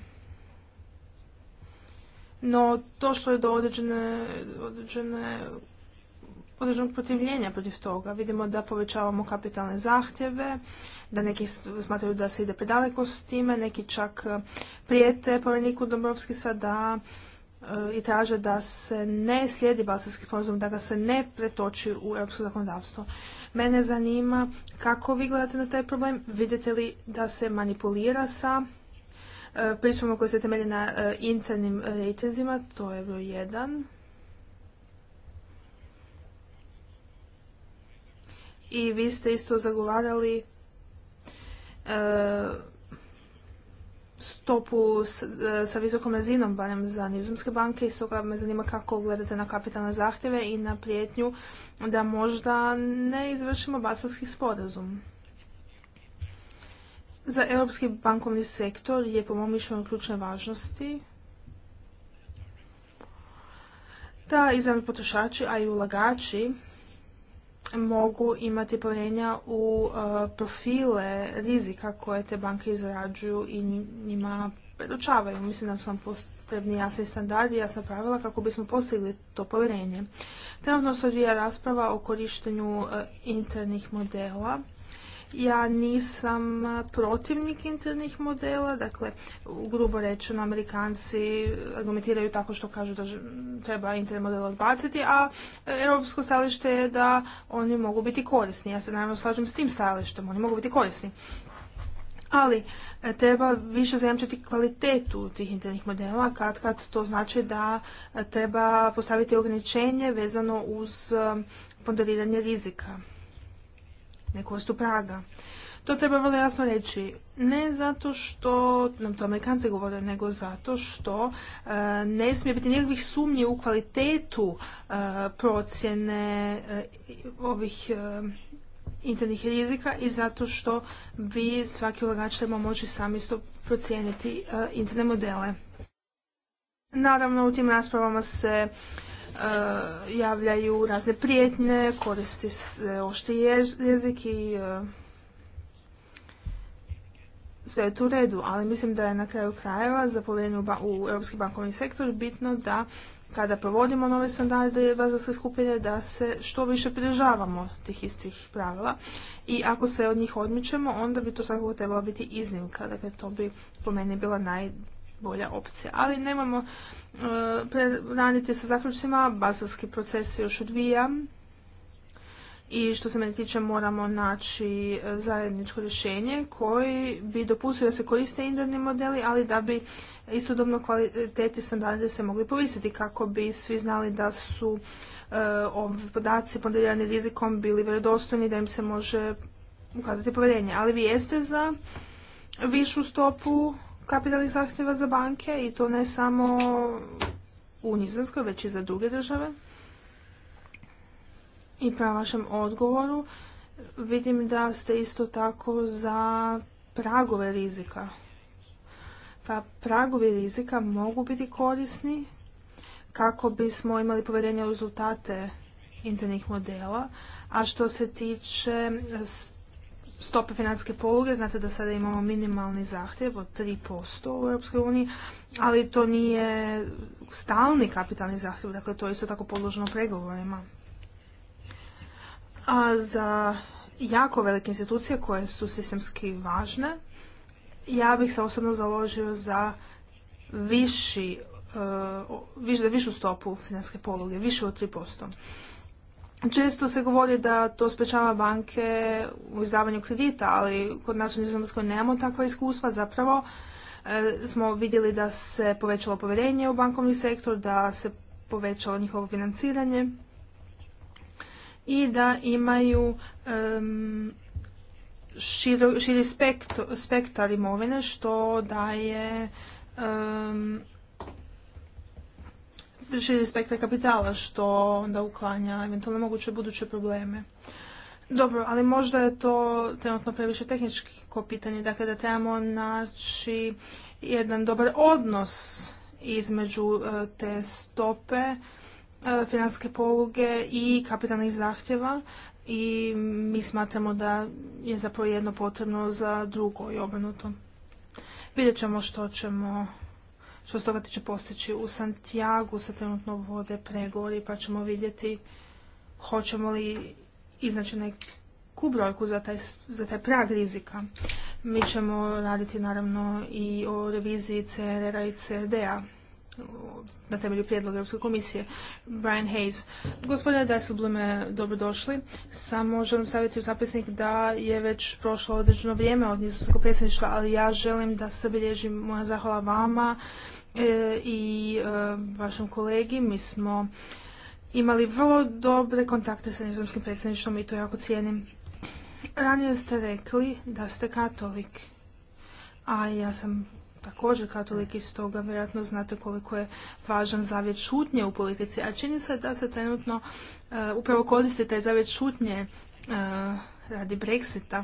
No, to što je do određene, određene određenog protivljenja protiv toga. Vidimo da povećavamo kapitalne zahtjeve, da neki smatraju da se ide predaleko s time, neki čak prijete povjereniku Dombrovskisa da i traže da se ne slijedi balsanski sporazum, da ga se ne pretoči u europsko zakonodavstvo. Mene zanima kako vi gledate na taj problem, vidite li da se manipulira sa e, pristupom koji se temelji na e, internim rejtenzima, to je broj jedan. I vi ste isto zagovarali e, stopu e, sa visokom razinom, barem za nizumske banke, i stoga me zanima kako gledate na kapitalne zahtjeve i na prijetnju da možda ne izvršimo basalski sporazum. Za europski bankovni sektor je po mom mišljenju ključne važnosti da izravni potrošači, a i ulagači mogu imati povjerenja u e, profile rizika koje te banke izrađuju i njima predočavaju. Mislim da su nam potrebni jasni standardi i jasna pravila kako bismo postigli to povjerenje. Trenutno se odvija rasprava o korištenju e, internih modela ja nisam protivnik internih modela, dakle, grubo rečeno, Amerikanci argumentiraju tako što kažu da treba interne model odbaciti, a europsko stajalište je da oni mogu biti korisni. Ja se naravno slažem s tim stajalištem, oni mogu biti korisni. Ali e, treba više zajamčiti kvalitetu tih internih modela, kad kad to znači da treba postaviti ograničenje vezano uz e, ponderiranje rizika neku vrstu praga. To treba vrlo jasno reći. Ne zato što nam to Amerikanci govore, nego zato što e, ne smije biti nikakvih sumnji u kvalitetu e, procjene e, ovih internih rizika i zato što bi svaki ulagač treba moći sam isto procijeniti interne modele. Naravno, u tim raspravama se Eh, javljaju razne prijetnje, koristi se eh, jezik i eh, sve je tu u redu, ali mislim da je na kraju krajeva za u europski bankovni sektor bitno da kada provodimo nove standarde sve skupine da se što više pridržavamo tih istih pravila i ako se od njih odmičemo onda bi to svakako trebala biti iznimka, dakle to bi po meni bila naj, bolja opcija. Ali nemamo e, raditi sa zaključcima, bazarski proces se još odvija i što se mene tiče moramo naći e, zajedničko rješenje koji bi dopustio da se koriste interni modeli, ali da bi istodobno kvaliteti standarde se mogli povisiti kako bi svi znali da su e, ovi podaci ponderirani rizikom bili vjerodostojni da im se može ukazati povjerenje. Ali vi jeste za višu stopu kapitalnih zahtjeva za banke i to ne samo u Nizozemskoj, već i za druge države. I prema vašem odgovoru vidim da ste isto tako za pragove rizika. Pa pragovi rizika mogu biti korisni kako bismo imali povjerenje rezultate internih modela, a što se tiče stope financijske poluge, znate da sada imamo minimalni zahtjev od 3% u EU, ali to nije stalni kapitalni zahtjev, dakle to je isto tako podloženo pregovorima. A za jako velike institucije koje su sistemski važne, ja bih se osobno založio za viši, e, višu stopu financijske poluge, više od 3%. Često se govori da to sprečava banke u izdavanju kredita, ali kod nas u Nizozemskoj nemamo takva iskustva. Zapravo e, smo vidjeli da se povećalo povjerenje u bankovni sektor, da se povećalo njihovo financiranje i da imaju širi spektar, imovine što daje širi spektra kapitala, što onda uklanja eventualno moguće buduće probleme. Dobro, ali možda je to trenutno previše tehničko pitanje, dakle da trebamo naći jedan dobar odnos između e, te stope e, finanske poluge i kapitalnih zahtjeva i mi smatramo da je zapravo jedno potrebno za drugo i obrnuto. Vidjet ćemo što ćemo što se toga tiče postići. U Santiago sa trenutno vode pregovori pa ćemo vidjeti hoćemo li iznaći neku brojku za taj, za taj prag rizika. Mi ćemo raditi naravno i o reviziji CRR-a i CRD-a na temelju prijedloga Europske komisije. Brian Hayes. Gospodine dobro dobrodošli. Samo želim staviti u zapisnik da je već prošlo određeno vrijeme od nizozemskog predsjedništva, ali ja želim da se bilježi moja zahvala vama e, i e, vašem kolegi. Mi smo imali vrlo dobre kontakte sa nizozemskim predsjedništvom i to jako cijenim. Ranije ste rekli da ste katolik, a ja sam također katolik i stoga vjerojatno znate koliko je važan zavjet šutnje u politici, a čini se da se trenutno e, upravo koristi taj zavjet šutnje e, radi Brexita.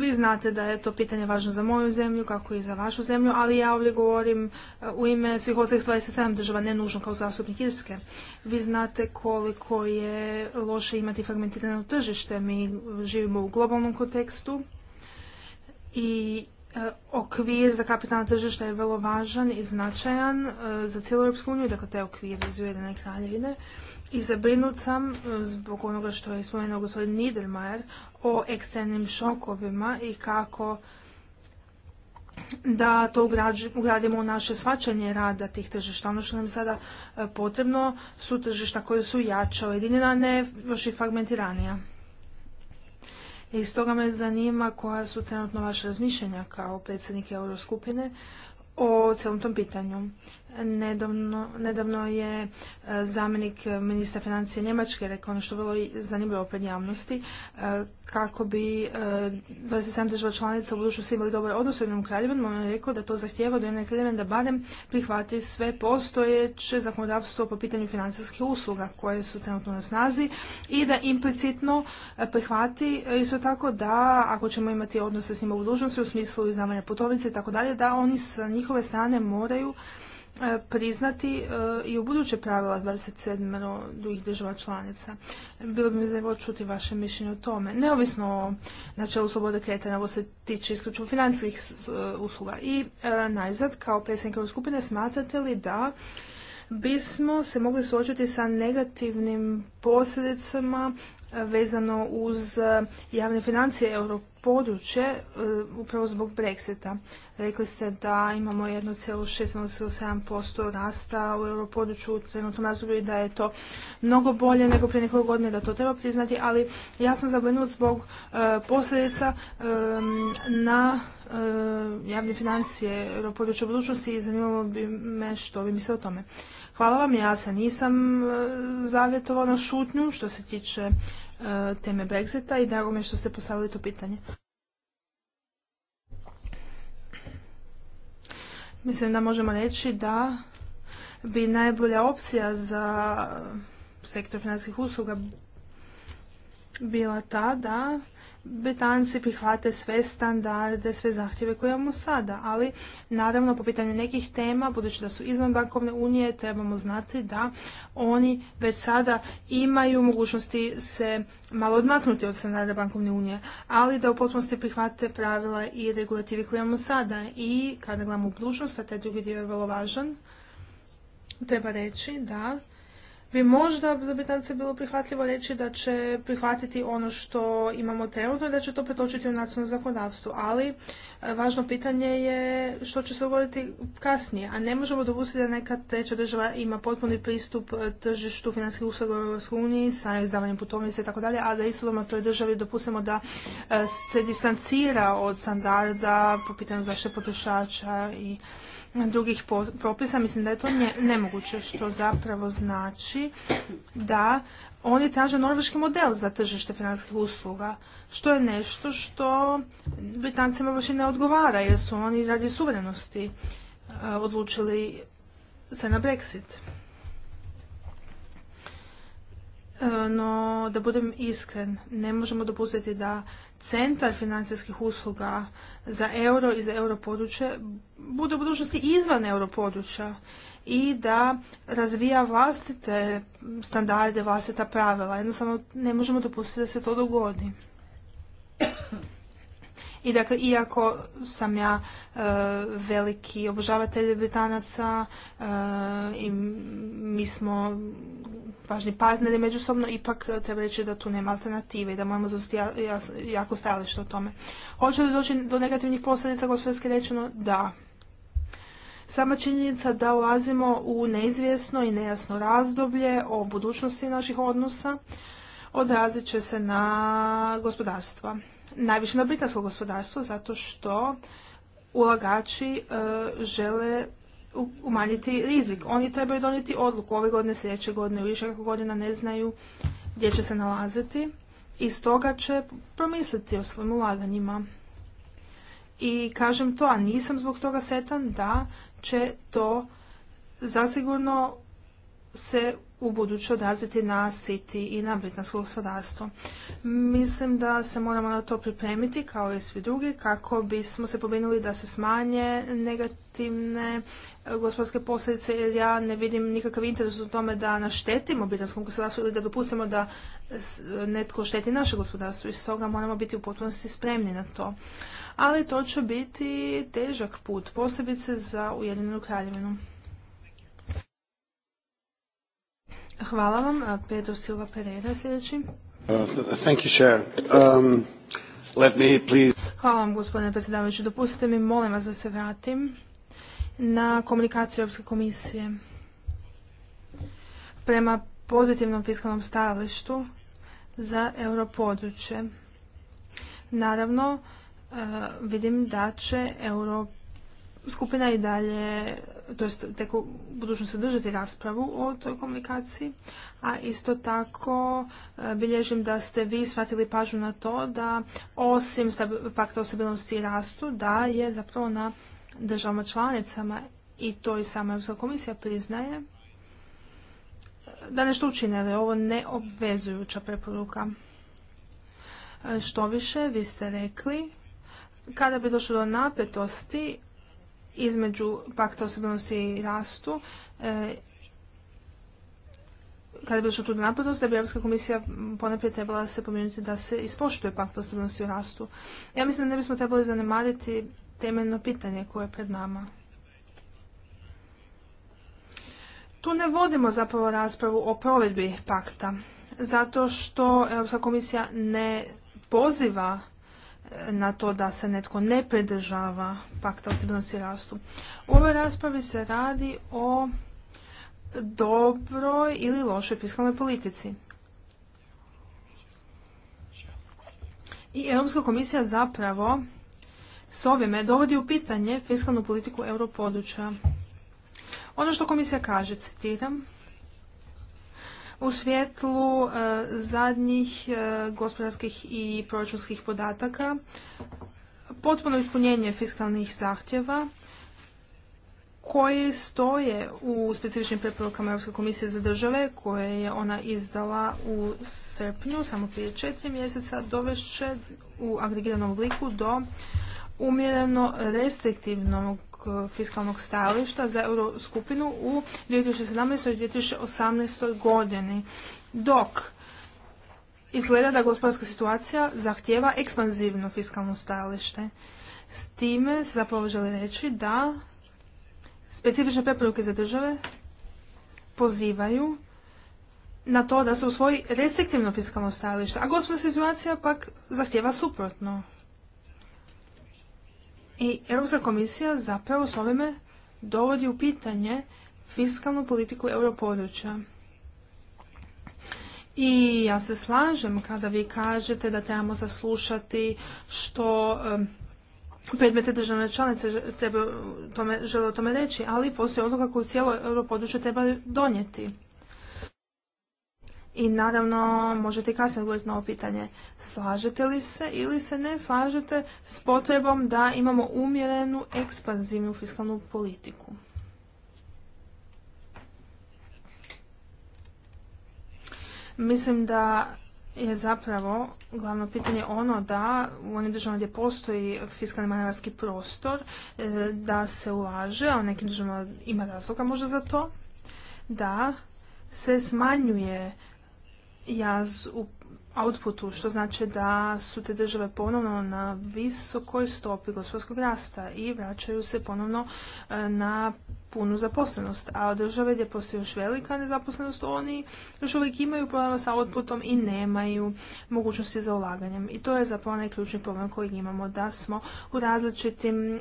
Vi znate da je to pitanje važno za moju zemlju, kako i za vašu zemlju, ali ja ovdje govorim e, u ime svih dvadeset 27 država, ne nužno kao zastupnik Irske. Vi znate koliko je loše imati fragmentirano tržište. Mi živimo u globalnom kontekstu i e, okvir za kapitalna tržišta je vrlo važan i značajan e, za cijelu Europsku uniju, dakle taj okvir iz Ujedine kraljevine. I zabrinut sam e, zbog onoga što je spomenuo gospodin Niedermayer o eksternim šokovima i kako da to ugradimo u naše svačanje rada tih tržišta. Ono što nam je sada potrebno su tržišta koje su jače, ujedinjena ne još i fragmentiranija. I stoga me zanima koja su trenutno vaša razmišljanja kao predsjednik Euroskupine o celom tom pitanju. Nedavno, je e, zamjenik ministra financije Njemačke rekao ono što je bilo zanimljivo pred javnosti, e, kako bi 27 e, država članica u budućnosti svi imali dobar odnos u jednom on je rekao da to zahtijeva do jednog kraljevine da barem prihvati sve postojeće zakonodavstvo po pitanju financijskih usluga koje su trenutno na snazi i da implicitno prihvati isto tako da ako ćemo imati odnose s njima u dužnosti u smislu izdavanja putovnice i tako dalje, da oni s njihove strane moraju E, priznati e, i u buduće pravila 27 drugih država članica. Bilo bi mi zanimljivo čuti vaše mišljenje o tome. Neovisno o načelu slobode kretanja, ovo se tiče isključivo financijskih e, usluga. I najzad, kao predsjednik ove skupine, smatrate li da bismo se mogli suočiti sa negativnim posljedicama vezano uz e, javne financije europodručje e, upravo zbog Brexita. Rekli ste da imamo 1,6-1,7% rasta u europodručju u trenutnom razdoblju i da je to mnogo bolje nego prije nekoliko godina da to treba priznati, ali ja sam zabrinut zbog e, posljedica na javne financije europodručja budućnosti i zanimalo bi me što vi mislite o tome. Hvala vam, ja se nisam e, zavjetovala na šutnju što se tiče e, teme Brexita i drago mi je što ste postavili to pitanje. Mislim da možemo reći da bi najbolja opcija za sektor financijskih usluga bila ta da Britanci prihvate sve standarde, sve zahtjeve koje imamo sada, ali naravno po pitanju nekih tema, budući da su izvan bankovne unije, trebamo znati da oni već sada imaju mogućnosti se malo odmaknuti od standarda bankovne unije, ali da u potpunosti prihvate pravila i regulativi koje imamo sada. I kada gledamo budućnost, a taj drugi dio je vrlo važan, treba reći da bi možda za Britance bilo prihvatljivo reći da će prihvatiti ono što imamo trenutno i da će to pretočiti u nacionalno zakonodavstvo. Ali e, važno pitanje je što će se dogoditi kasnije. A ne možemo dopustiti da neka treća država ima potpuni pristup e, tržištu financijskih usluga u EU sa izdavanjem putovnice i tako dalje, a da istodobno toj državi dopustimo da e, se distancira od standarda po pitanju zaštite potrošača i drugih propisa. Mislim da je to nemoguće što zapravo znači da oni traže norveški model za tržište financijskih usluga, što je nešto što Britancima baš i ne odgovara jer su oni radi suverenosti e, odlučili se na Brexit. E, no, da budem iskren, ne možemo dopustiti da centar financijskih usluga za euro i za euro područje bude u budućnosti izvan euro područja i da razvija vlastite standarde, vlastita pravila. Jednostavno ne možemo dopustiti da se to dogodi. I dakle, iako sam ja e, veliki obožavatelj Britanaca e, i mi smo važni partneri međusobno, ipak treba reći da tu nema alternative i da moramo zauzeti jako stajalište o tome. Hoće li doći do negativnih posljedica gospodarske rečeno? Da. Sama činjenica da ulazimo u neizvjesno i nejasno razdoblje o budućnosti naših odnosa odrazit će se na gospodarstva najviše na britansko gospodarstvo zato što ulagači e, žele umanjiti rizik. Oni trebaju donijeti odluku ove godine, sljedeće godine ili više kako godina ne znaju gdje će se nalaziti i stoga će promisliti o svojim ulaganjima. I kažem to, a nisam zbog toga setan da će to zasigurno se u buduću odraziti na siti i na britansko gospodarstvo. Mislim da se moramo na to pripremiti kao i svi drugi kako bismo se pobrinuli da se smanje negativne e, gospodarske posljedice jer ja ne vidim nikakav interes u tome da naštetimo britanskom gospodarstvu ili da dopustimo da netko šteti naše gospodarstvo i stoga moramo biti u potpunosti spremni na to. Ali to će biti težak put, posebice za Ujedinjenu kraljevinu. Hvala vam. Pedro Silva Pereira sljedeći. Uh, um, Hvala vam gospodine predsjedavajući. Dopustite mi, molim vas da se vratim na komunikaciju Europske komisije. Prema pozitivnom fiskalnom stajalištu za europodručje. Naravno, uh, vidim da će euro skupina i dalje to jest tek u budućnosti držati raspravu o toj komunikaciji, a isto tako e, bilježim da ste vi shvatili pažnju na to da osim pakta o stabilnosti i rastu, da je zapravo na državama članicama i to i sama Europska komisija priznaje e, da nešto učine, je ovo neobvezujuća preporuka. E, Što više, vi ste rekli, kada bi došlo do napetosti, između pakta o i rastu e, kada bi došlo tu do da bi Europska komisija ponaprijed trebala se pominuti da se ispoštuje pakt o i rastu. Ja mislim da ne bismo trebali zanemariti temeljno pitanje koje je pred nama. Tu ne vodimo zapravo raspravu o provedbi pakta, zato što Europska komisija ne poziva na to da se netko ne pridržava pakta o sigurnosti rastu. U ovoj raspravi se radi o dobroj ili lošoj fiskalnoj politici. I Europska komisija zapravo s ovime dovodi u pitanje fiskalnu politiku europodručja. Ono što komisija kaže, citiram, u svjetlu e, zadnjih e, gospodarskih i proračunskih podataka, potpuno ispunjenje fiskalnih zahtjeva koji stoje u specifičnim preporukama Europske komisije za države koje je ona izdala u srpnju, samo prije četiri mjeseca, dovešće u agregiranom obliku do umjereno restriktivnog Eh, fiskalnog stajališta za euroskupinu u 2017. i 2018. godini, dok izgleda da gospodarska situacija zahtjeva ekspanzivno fiskalno stajalište. S time zapravo želi reći da specifične preporuke za države pozivaju na to da se usvoji restriktivno fiskalno stajalište, a gospodarska situacija pak zahtjeva suprotno. I Europska komisija zapravo s ovime dovodi u pitanje fiskalnu politiku europodručja. I ja se slažem kada vi kažete da trebamo saslušati što predmete državne članice žele o tome reći, ali postoji odluka koju cijelo europodručje treba donijeti. I naravno, možete kasnije odgovoriti na ovo pitanje. Slažete li se ili se ne slažete s potrebom da imamo umjerenu ekspanzivnu fiskalnu politiku? Mislim da je zapravo glavno pitanje ono da u onim državama gdje postoji fiskalni manevarski prostor, e, da se ulaže, a u nekim državama ima razloga možda za to, da se smanjuje jaz u outputu, što znači da su te države ponovno na visokoj stopi gospodarskog rasta i vraćaju se ponovno e, na punu zaposlenost. A države gdje postoji još velika nezaposlenost, oni još uvijek imaju problema sa outputom i nemaju mogućnosti za ulaganjem. I to je zapravo onaj problem koji imamo, da smo u različitim e,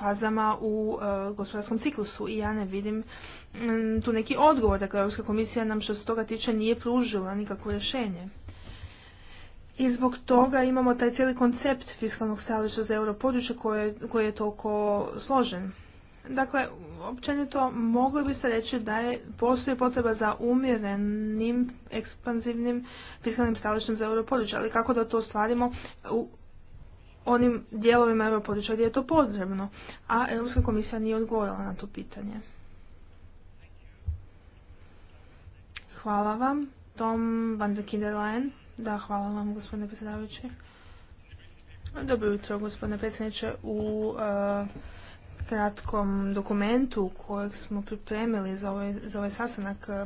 fazama u e, gospodarskom ciklusu i ja ne vidim mm, tu neki odgovor. Dakle, Europska komisija nam što se toga tiče nije pružila nikakvo rješenje. I zbog toga imamo taj cijeli koncept fiskalnog stajališta za europodručje koji je toliko složen. Dakle, općenito mogli biste reći da je, postoji potreba za umjerenim, ekspanzivnim fiskalnim stajalištem za europodručje, ali kako da to ostvarimo u onim dijelovima europodručja gdje je to potrebno, a Europska komisija nije odgovorila na to pitanje. Hvala vam, Tom van der Kinderlein. Da, hvala vam, gospodine predsjedavajući. Dobro jutro, gospodine predsjedniče. U uh, kratkom dokumentu kojeg smo pripremili za ovaj, za ovaj sastanak, e,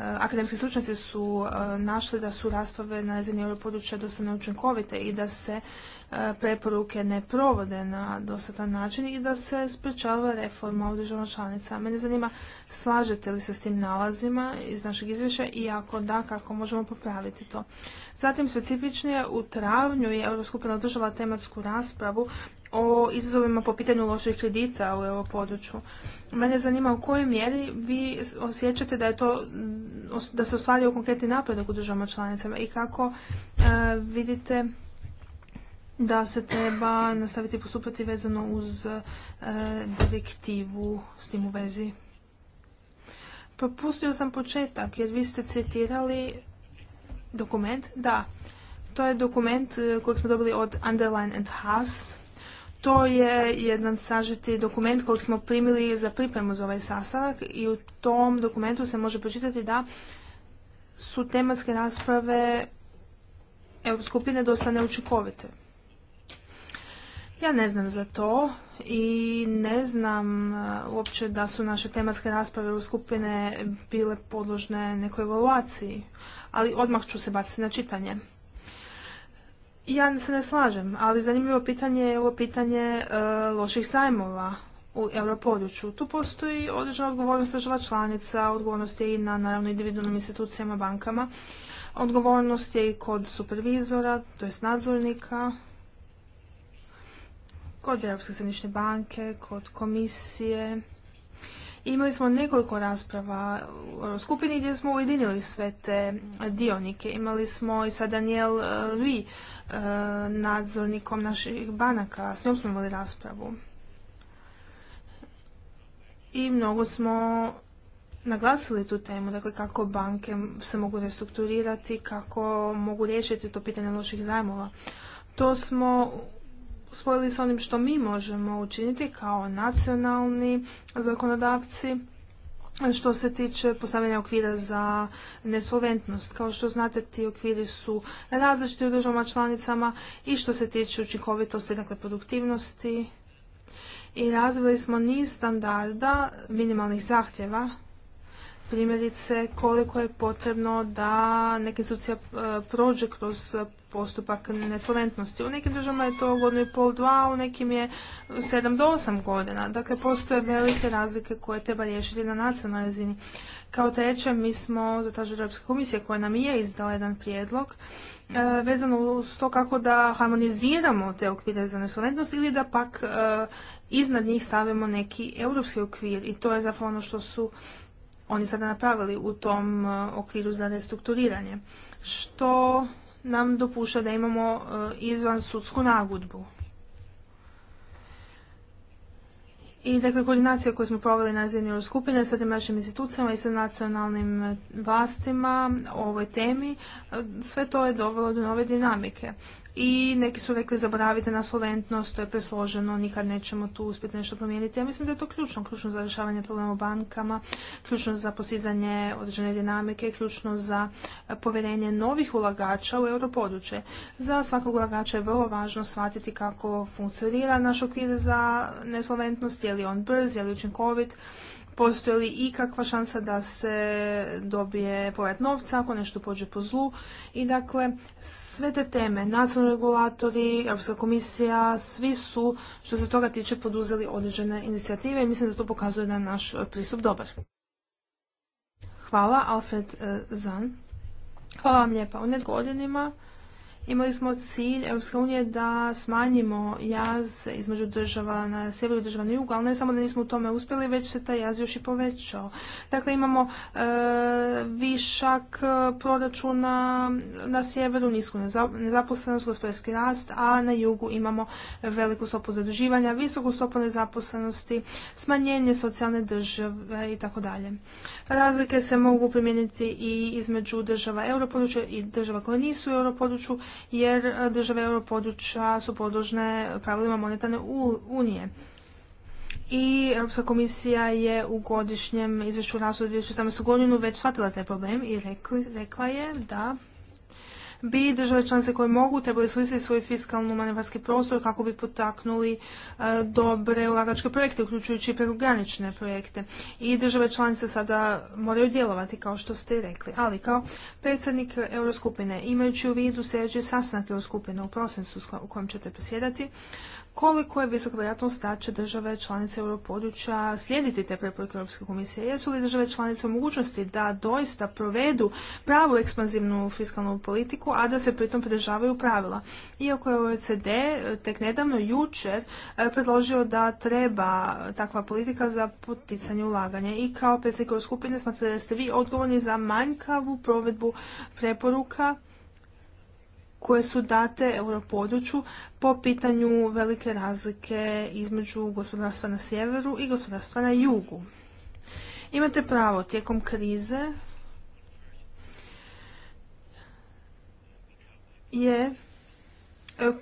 akademski stručnjaci su e, našli da su rasprave na razini područja dosta neučinkovite i da se e, preporuke ne provode na dosadan način i da se sprečava reforma u državama članica. Mene zanima, slažete li se s tim nalazima iz našeg izvješća i ako da, kako možemo popraviti to. Zatim, specifičnije, u travnju je Euroskupina održala tematsku raspravu o izazovima po pitanju loših kredita u području. Mene zanima u kojoj mjeri vi osjećate da je to, da se ostvario konkretni napredak u državama članicama i kako e, vidite da se treba nastaviti postupati vezano uz e, direktivu s tim u vezi. Propustio sam početak jer vi ste citirali dokument, da, to je dokument e, koji smo dobili od Underline and Haas to je jedan sažeti dokument kojeg smo primili za pripremu za ovaj sastanak i u tom dokumentu se može pročitati da su tematske rasprave skupine dosta neučinkovite. Ja ne znam za to i ne znam e, uopće da su naše tematske rasprave u skupine bile podložne nekoj evaluaciji, ali odmah ću se baciti na čitanje. Ja se ne slažem, ali zanimljivo pitanje je ovo pitanje e, loših sajmova u europodručju. Tu postoji određena odgovornost država članica, odgovornost je i na naravno individualnim institucijama, bankama. Odgovornost je i kod supervizora, to jest nadzornika, kod Europske središnje banke, kod komisije. Imali smo nekoliko rasprava u skupini gdje smo ujedinili sve te dionike. Imali smo i sa Daniel Rui E, nadzornikom naših banaka. S njom smo imali raspravu. I mnogo smo naglasili tu temu, dakle kako banke se mogu restrukturirati, kako mogu riješiti to pitanje loših zajmova. To smo spojili sa onim što mi možemo učiniti kao nacionalni zakonodavci što se tiče postavljanja okvira za nesolventnost. Kao što znate, ti okviri su različiti u državama članicama i što se tiče učinkovitosti, dakle produktivnosti. I razvili smo niz standarda minimalnih zahtjeva primjerice koliko je potrebno da neka institucija e, prođe kroz postupak nesolventnosti. U nekim državama je to godinu i pol, dva, u nekim je sedam do osam godina. Dakle, postoje velike razlike koje treba riješiti na nacionalnoj razini. Kao treće, mi smo zatražili Europske komisije koja nam je izdala jedan prijedlog e, vezano uz to kako da harmoniziramo te okvire za nesolventnost ili da pak e, iznad njih stavimo neki europski okvir i to je zapravo ono što su oni sada napravili u tom e, okviru za restrukturiranje, što nam dopušta da imamo e, izvan sudsku nagodbu. I dakle, koordinacija koju smo proveli na razini skupine sa našim institucijama i sa nacionalnim e, vlastima o ovoj temi, sve to je dovelo do nove dinamike i neki su rekli zaboravite na solventnost, to je presloženo, nikad nećemo tu uspjeti nešto promijeniti. Ja mislim da je to ključno, ključno za rješavanje problema u bankama, ključno za posizanje određene dinamike, ključno za povjerenje novih ulagača u europodručje. Za svakog ulagača je vrlo važno shvatiti kako funkcionira naš okvir za nesolventnost, je li on brz, je li učinkovit, postoji li ikakva šansa da se dobije povrat novca ako nešto pođe po zlu. I dakle, sve te teme, nacionalni regulatori, Europska komisija, svi su što se toga tiče poduzeli određene inicijative i mislim da to pokazuje da naš pristup dobar. Hvala, Alfred eh, Zan. Hvala vam lijepa. U net godinima imali smo cilj Europske unije da smanjimo jaz između država na sjeveru i država na jugu, ali ne samo da nismo u tome uspjeli, već se taj jaz još i povećao. Dakle, imamo e, višak e, proračuna na sjeveru, nisku nezaposlenost, gospodarski rast, a na jugu imamo veliku stopu zaduživanja, visoku stopu nezaposlenosti, smanjenje socijalne države i tako dalje. Razlike se mogu primijeniti i između država europodručja i država koje nisu u europodručju, jer države europodručja su podložne pravilima monetarne unije. I Europska komisija je u godišnjem izvješću tisuće 2017. godinu već shvatila taj problem i rekla je da bi države članice koje mogu trebali iskoristiti svoj fiskalno manevarski prostor kako bi potaknuli e, dobre ulagačke projekte, uključujući i prekogranične projekte. I države članice sada moraju djelovati, kao što ste rekli. Ali kao predsjednik Euroskupine, imajući u vidu sljedeći sastanak Euroskupine u prosincu u kojem ćete presjedati, koliko je visoka vjerojatnost da će države članice europodručja slijediti te preporuke Europske komisije? Jesu li države članice u mogućnosti da doista provedu pravu ekspanzivnu fiskalnu politiku, a da se pritom pridržavaju pravila? Iako je OECD eh, tek nedavno jučer eh, predložio da treba takva politika za poticanje ulaganja i kao predsjednik skupine smatrate da ste vi odgovorni za manjkavu provedbu preporuka koje su date europodručju po pitanju velike razlike između gospodarstva na sjeveru i gospodarstva na jugu. Imate pravo, tijekom krize je e,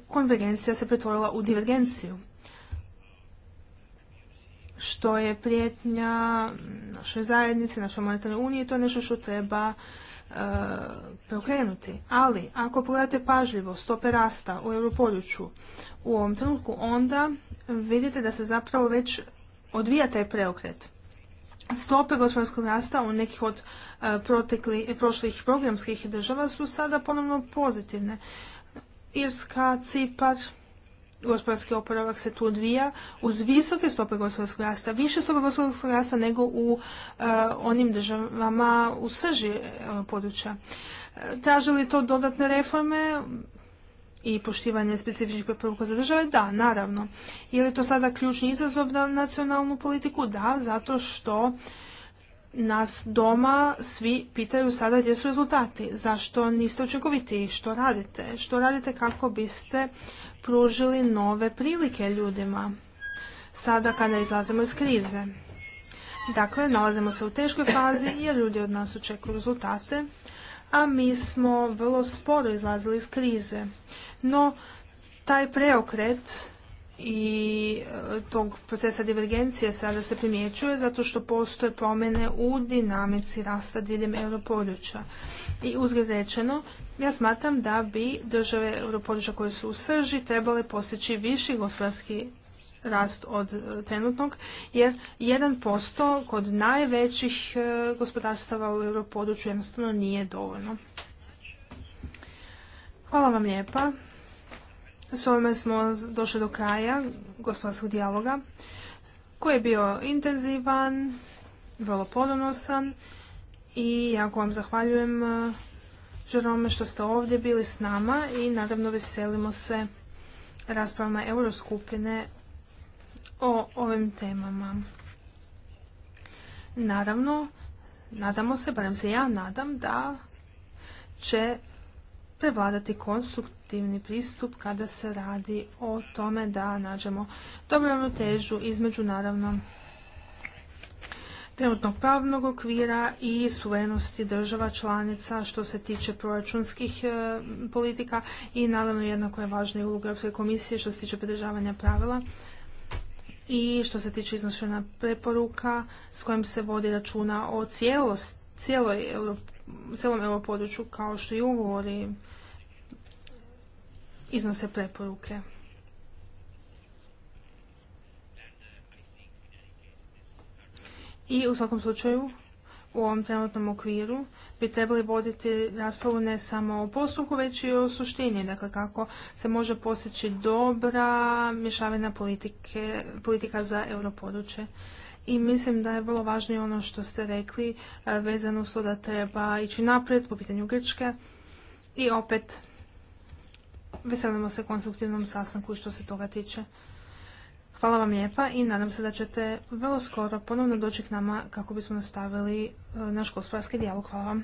konvergencija se pretvorila u divergenciju, što je prijetnja našoj zajednici, našoj monetarnoj uniji i to je nešto što treba preokrenuti. Ali, ako pogledate pažljivo stope rasta u Europoljuću u ovom trenutku, onda vidite da se zapravo već odvija taj preokret. Stope gospodarskog rasta u nekih od e, prošlih programskih država su sada ponovno pozitivne. Irska, Cipar, gospodarski oporavak se tu odvija uz visoke stope gospodarskog rasta, više stope gospodarskog rasta nego u e, onim državama u srži e, područja. E, traže li to dodatne reforme i poštivanje specifičnih preporuka za države? Da, naravno. Je li to sada ključni izazov na nacionalnu politiku? Da, zato što nas doma svi pitaju sada gdje su rezultati, zašto niste učinkoviti, što radite, što radite kako biste pružili nove prilike ljudima sada kada izlazimo iz krize. Dakle, nalazimo se u teškoj fazi jer ljudi od nas očekuju rezultate, a mi smo vrlo sporo izlazili iz krize. No, taj preokret i e, tog procesa divergencije sada se primjećuje zato što postoje promjene u dinamici rasta diljem europodručja. I uzgled rečeno, ja smatram da bi države europodručja koje su u srži trebale postići viši gospodarski rast od e, trenutnog, jer 1% kod najvećih e, gospodarstava u europodručju jednostavno nije dovoljno. Hvala vam lijepa s ovime smo došli do kraja gospodarskog dijaloga koji je bio intenzivan, vrlo podonosan i jako vam zahvaljujem e, Žerome što ste ovdje bili s nama i naravno veselimo se raspravama Euroskupine o ovim temama. Naravno, nadamo se, barem se ja nadam, da će prevladati konstrukt konstruktivni pristup kada se radi o tome da nađemo dobru ravnotežu između naravno trenutnog pravnog okvira i suverenosti država članica što se tiče proračunskih e, politika i naravno jednako je važna i uloga Europske komisije što se tiče pridržavanja pravila i što se tiče iznošenja preporuka s kojim se vodi računa o cijelost, euro, cijelom europodručju kao što i ugovori iznose preporuke. I u svakom slučaju u ovom trenutnom okviru bi trebali voditi raspravu ne samo o postupku, već i o suštini, dakle kako se može postići dobra mješavina politika za europodručje. I mislim da je vrlo važno ono što ste rekli vezano s to da treba ići naprijed po pitanju Grčke i opet Veselimo se konstruktivnom sastanku što se toga tiče. Hvala vam lijepa i nadam se da ćete vrlo skoro ponovno doći k nama kako bismo nastavili e, naš gospodarski dijalog. Hvala vam.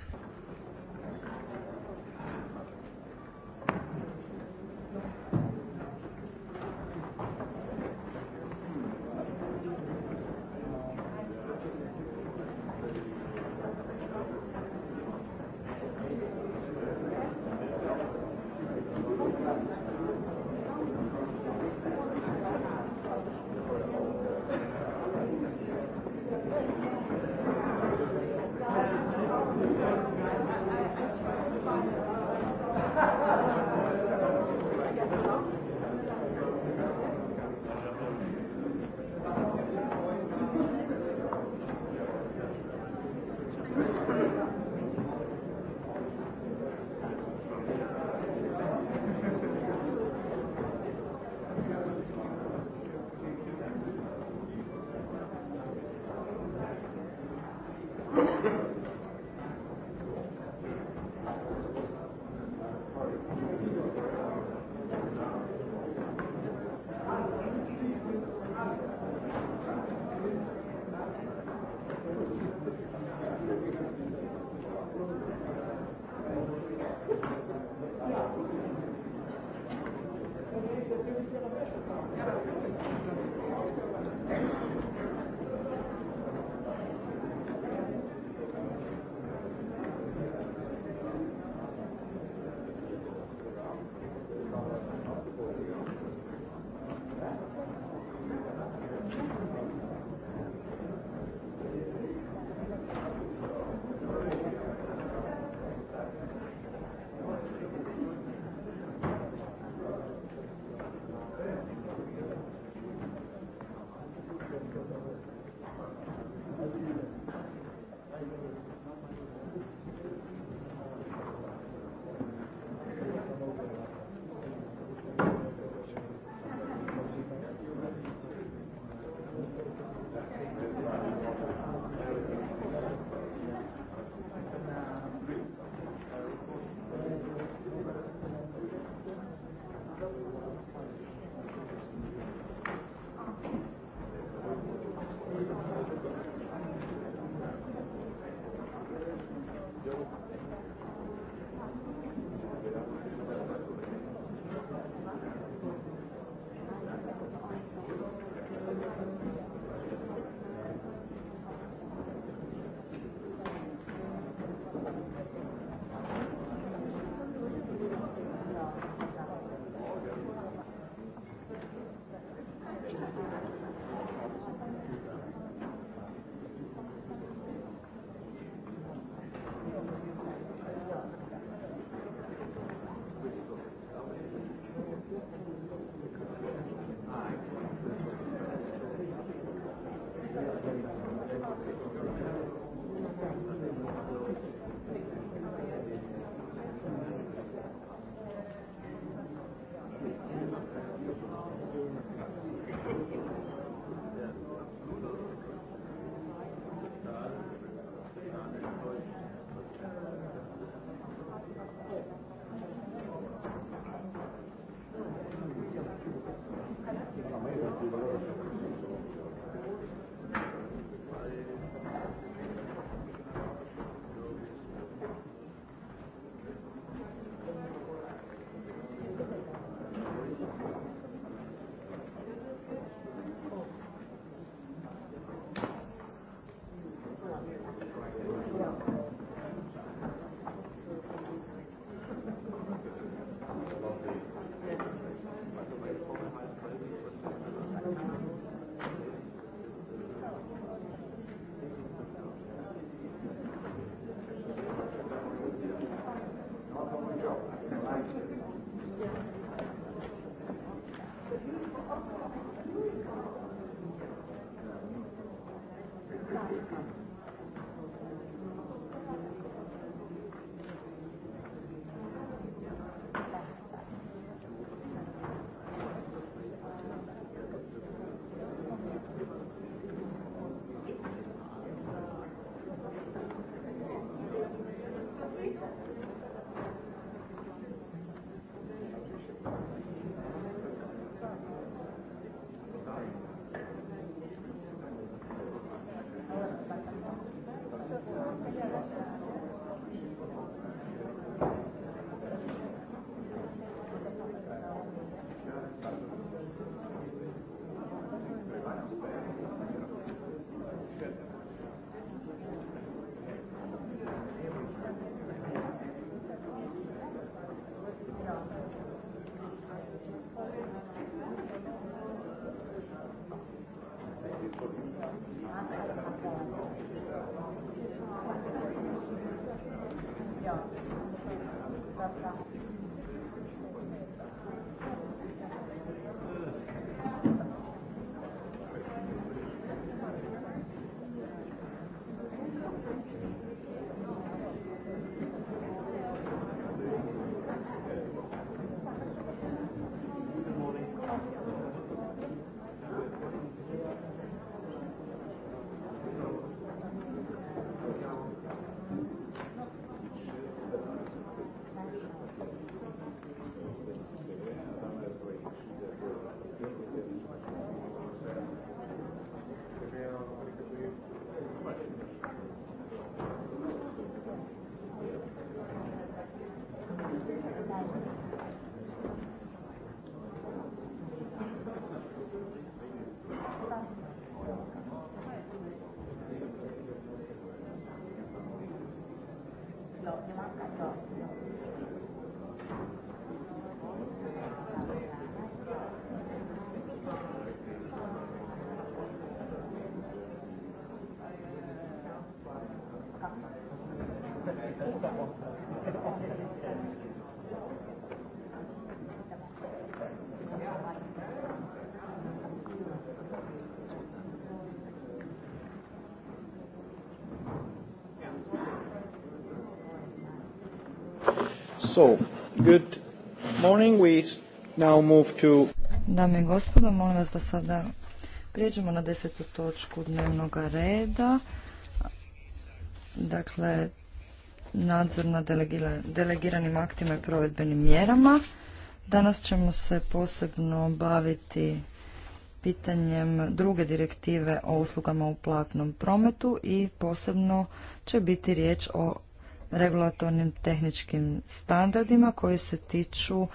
good morning. We now move to... Dame i gospodo, molim vas da sada prijeđemo na desetu točku dnevnog reda. Dakle, nadzor na delegiranim aktima i provedbenim mjerama. Danas ćemo se posebno baviti pitanjem druge direktive o uslugama u platnom prometu i posebno će biti riječ o regulatornim tehničkim standardima koji se tiču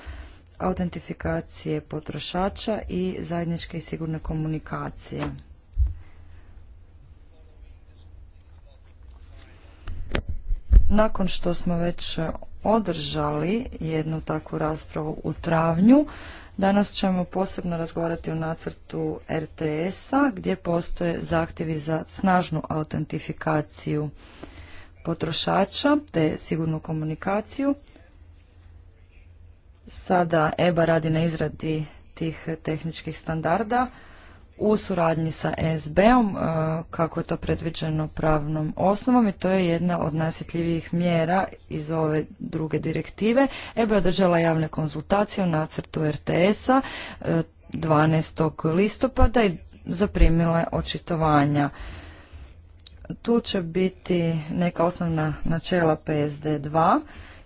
autentifikacije potrošača i zajedničke i sigurne komunikacije. Nakon što smo već održali jednu takvu raspravu u travnju, danas ćemo posebno razgovarati o nacrtu RTS-a gdje postoje zahtjevi za snažnu autentifikaciju potrošača te sigurnu komunikaciju. Sada EBA radi na izradi tih tehničkih standarda u suradnji sa ESB-om e, kako je to predviđeno pravnom osnovom i to je jedna od najsjetljivijih mjera iz ove druge direktive. EBA je održala javne konzultacije u nacrtu RTS-a 12. E, listopada i zaprimila je očitovanja tu će biti neka osnovna načela PSD2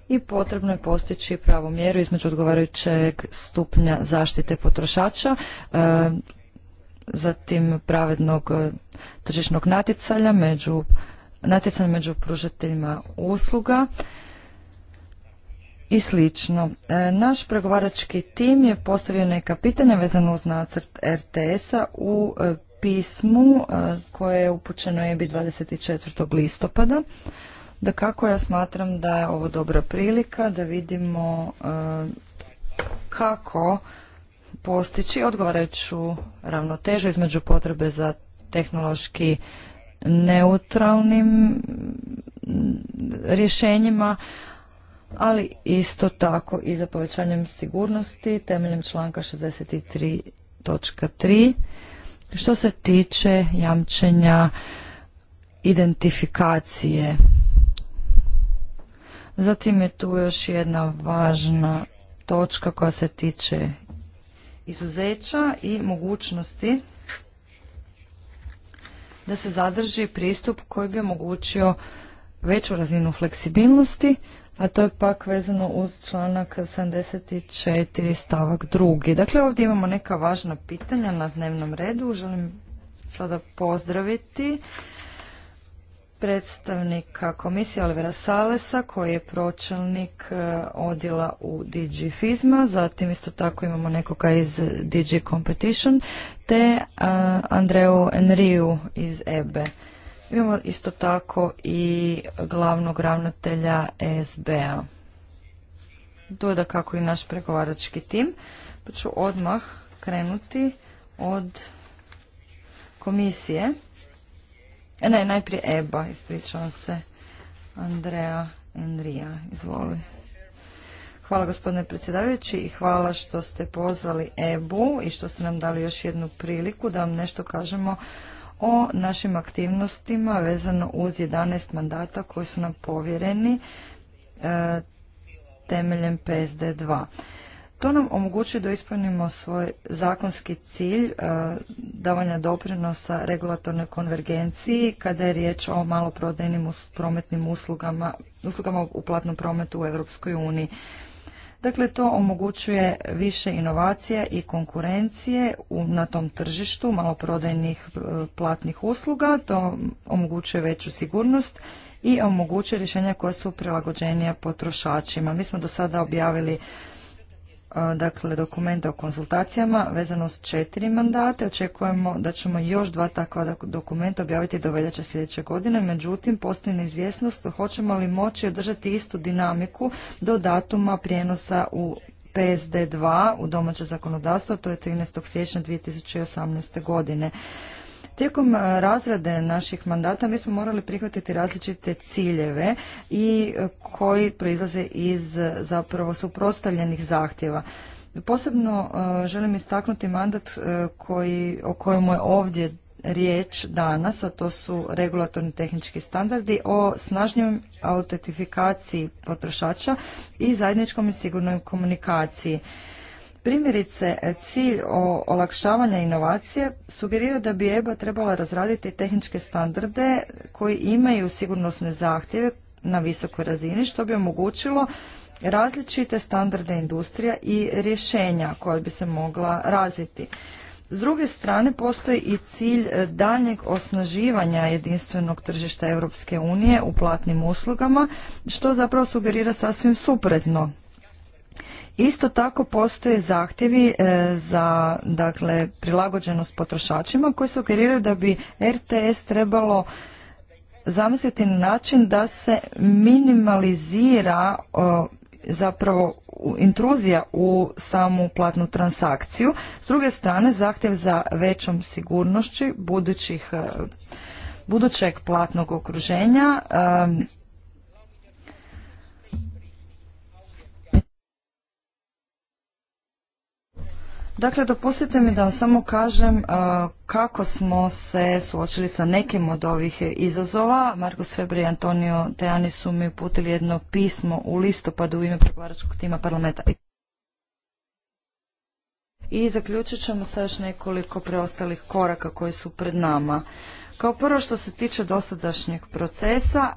i potrebno je postići pravu mjeru između odgovarajućeg stupnja zaštite potrošača, e, zatim pravednog e, tržišnog natjecanja među, natjecanja među pružateljima usluga i slično. E, naš pregovarački tim je postavio neka pitanja vezano uz nacrt RTS-a u pismu e, koje je upućeno EBI 24. listopada. Da kako ja smatram da je ovo dobra prilika da vidimo e, kako postići odgovarajuću ravnotežu između potrebe za tehnološki neutralnim mm, rješenjima, ali isto tako i za povećanjem sigurnosti temeljem članka 63.3 što se tiče jamčenja identifikacije, zatim je tu još jedna važna točka koja se tiče izuzeća i mogućnosti da se zadrži pristup koji bi omogućio veću razinu fleksibilnosti, a to je pak vezano uz članak 74 stavak 2. Dakle, ovdje imamo neka važna pitanja na dnevnom redu. Želim sada pozdraviti predstavnika komisije Olivera Salesa koji je pročelnik e, odjela u DG Fizma, zatim isto tako imamo nekoga iz DG Competition te Andreu Enriju iz EBE. Imamo isto tako i glavnog ravnatelja ESB-a. To da kako i naš pregovarački tim. Pa ću odmah krenuti od komisije. E, ne, najprije EBA, ispričavam se. Andrea Enrija, izvoli. Hvala gospodine predsjedavajući i hvala što ste pozvali EBU i što ste nam dali još jednu priliku da vam nešto kažemo o našim aktivnostima vezano uz 11 mandata koji su nam povjereni e, temeljem PSD2. To nam omogućuje da ispunimo svoj zakonski cilj e, davanja doprinosa regulatornoj konvergenciji kada je riječ o maloprodajnim prometnim uslugama, uslugama u platnom prometu u Europskoj uniji. Dakle, to omogućuje više inovacija i konkurencije na tom tržištu maloprodajnih e, platnih usluga, to omogućuje veću sigurnost i omogućuje rješenja koja su prilagođenija potrošačima. Mi smo do sada objavili E, dakle dokumenta o konsultacijama vezano s četiri mandate. Očekujemo da ćemo još dva takva dokumenta objaviti do veljače sljedeće godine. Međutim, postoji neizvjesnost hoćemo li moći održati istu dinamiku do datuma prijenosa u PSD2 u domaće zakonodavstvo, to je 13. siječnja 2018. godine. Tijekom e, razrade naših mandata mi smo morali prihvatiti različite ciljeve i e, koji proizlaze iz e, zapravo suprotstavljenih zahtjeva. Posebno želim istaknuti mandat koji, o kojemu je ovdje riječ danas, a to su regulatorni tehnički standardi o snažnjoj autentifikaciji potrošača i zajedničkom i sigurnoj komunikaciji. Primjerice, cilj o olakšavanja inovacije sugerira da bi EBA trebala razraditi tehničke standarde koji imaju sigurnosne zahtjeve na visokoj razini, što bi omogućilo različite standarde industrija i rješenja koja bi se mogla razviti. S druge strane, postoji i cilj daljnjeg osnaživanja jedinstvenog tržišta Europske unije u platnim uslugama, što zapravo sugerira sasvim suprotno Isto tako postoje zahtjevi e, za dakle, prilagođenost potrošačima koji sugeriraju da bi RTS trebalo zamisliti na način da se minimalizira zapravo intruzija u samu platnu transakciju. S druge strane, zahtjev za većom sigurnošću budućih e, budućeg platnog okruženja e, Dakle, dopustite mi da vam samo kažem kako smo se suočili sa nekim od ovih izazova. Markus Febri i Antonio Teani su mi uputili jedno pismo u listopadu u ime pregovaračkog tima parlamenta. I zaključit ćemo sa još nekoliko preostalih koraka koji su pred nama. Kao prvo što se tiče dosadašnjeg procesa,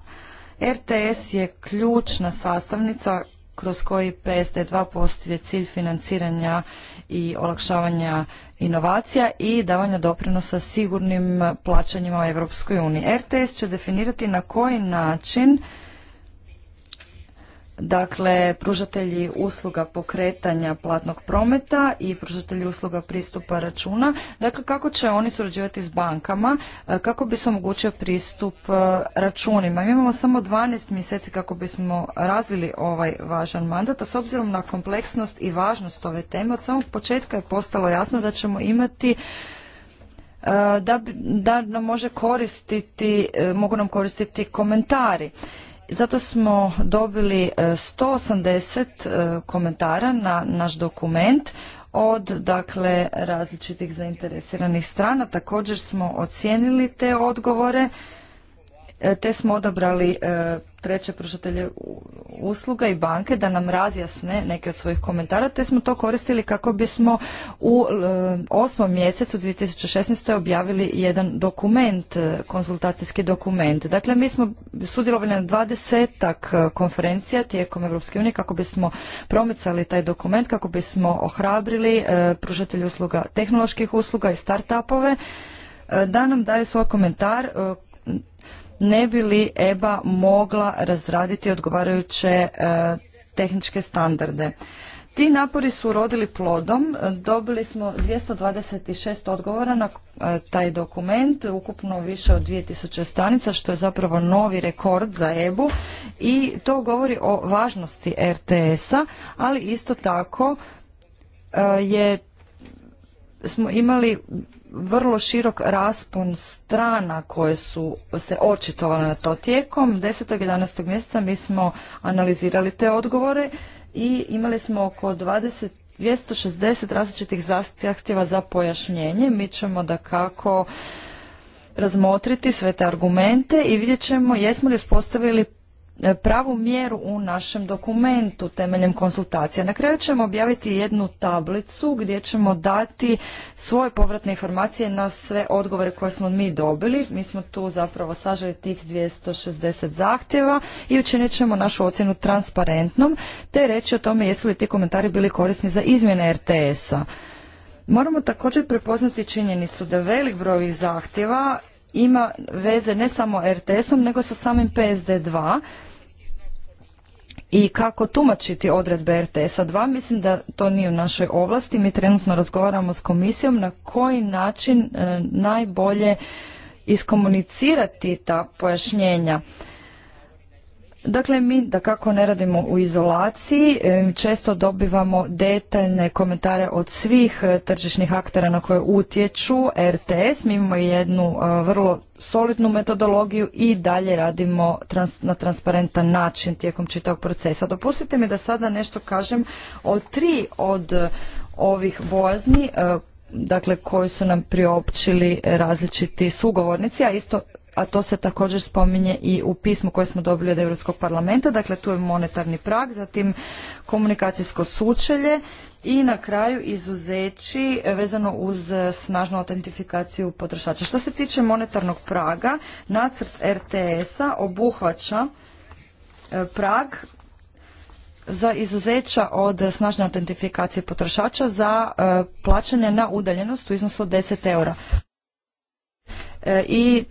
RTS je ključna sastavnica kroz koji PSD2 postoje cilj financiranja i olakšavanja inovacija i davanja doprinosa sigurnim plaćanjima u EU. RTS će definirati na koji način Dakle, pružatelji usluga pokretanja platnog prometa i pružatelji usluga pristupa računa. Dakle, kako će oni surađivati s bankama, e, kako bi se omogućio pristup e, računima. Mi imamo samo 12 mjeseci kako bismo razvili ovaj važan mandat, a s obzirom na kompleksnost i važnost ove teme, od samog početka je postalo jasno da ćemo imati e, da, da nam može koristiti, mogu nam koristiti komentari. Zato smo dobili 180 e, e, komentara na naš dokument od dakle različitih zainteresiranih strana. Također smo ocijenili te odgovore E, te smo odabrali e, treće pružatelje usluga i banke da nam razjasne neke od svojih komentara, te smo to koristili kako bismo u e, osmom mjesecu 2016. objavili jedan dokument, konzultacijski dokument. Dakle, mi smo sudjelovali na dvadesetak konferencija tijekom Evropske unije kako bismo promicali taj dokument, kako bismo ohrabrili pružatelje usluga, tehnoloških usluga i start-upove, da nam daju svoj komentar ne bi li EBA mogla razraditi odgovarajuće e, tehničke standarde. Ti napori su urodili plodom, dobili smo 226 odgovora na e, taj dokument, ukupno više od 2000 stranica, što je zapravo novi rekord za EBU i to govori o važnosti RTS-a, ali isto tako e, je, smo imali vrlo širok raspon strana koje su se očitovale na to tijekom 10. 11. mjeseca mi smo analizirali te odgovore i imali smo oko 20 260 različitih zahtjeva za pojašnjenje. Mi ćemo da kako razmotriti sve te argumente i vidjet ćemo jesmo li uspostavili pravu mjeru u našem dokumentu temeljem konsultacija. Na kraju ćemo objaviti jednu tablicu gdje ćemo dati svoje povratne informacije na sve odgovore koje smo mi dobili. Mi smo tu zapravo saželi tih 260 zahtjeva i učinit ćemo našu ocjenu transparentnom te reći o tome jesu li ti komentari bili korisni za izmjene RTS-a. Moramo također prepoznati činjenicu da velik broj ovih zahtjeva ima veze ne samo RTS-om nego sa samim PSD2 i kako tumačiti odredbe RTS-a 2. Mislim da to nije u našoj ovlasti. Mi trenutno razgovaramo s komisijom na koji način e, najbolje iskomunicirati ta pojašnjenja. Dakle, mi da kako ne radimo u izolaciji, često dobivamo detaljne komentare od svih e, tržišnih aktera na koje utječu RTS. Mi imamo jednu e, vrlo solidnu metodologiju i dalje radimo na transparentan način tijekom čitavog procesa. Dopustite mi da sada nešto kažem o tri od ovih bojazni e, dakle koji su nam priopćili različiti sugovornici, a isto a to se također spominje i u pismu koje smo dobili od Europskog parlamenta, dakle tu je monetarni prag, zatim komunikacijsko sučelje i na kraju izuzeći vezano uz snažnu autentifikaciju potrošača. Što se tiče monetarnog praga, nacrt RTS-a obuhvaća e, prag za izuzeća od snažne autentifikacije potrošača za e, plaćanje na udaljenost u iznosu od 10 eura. E, I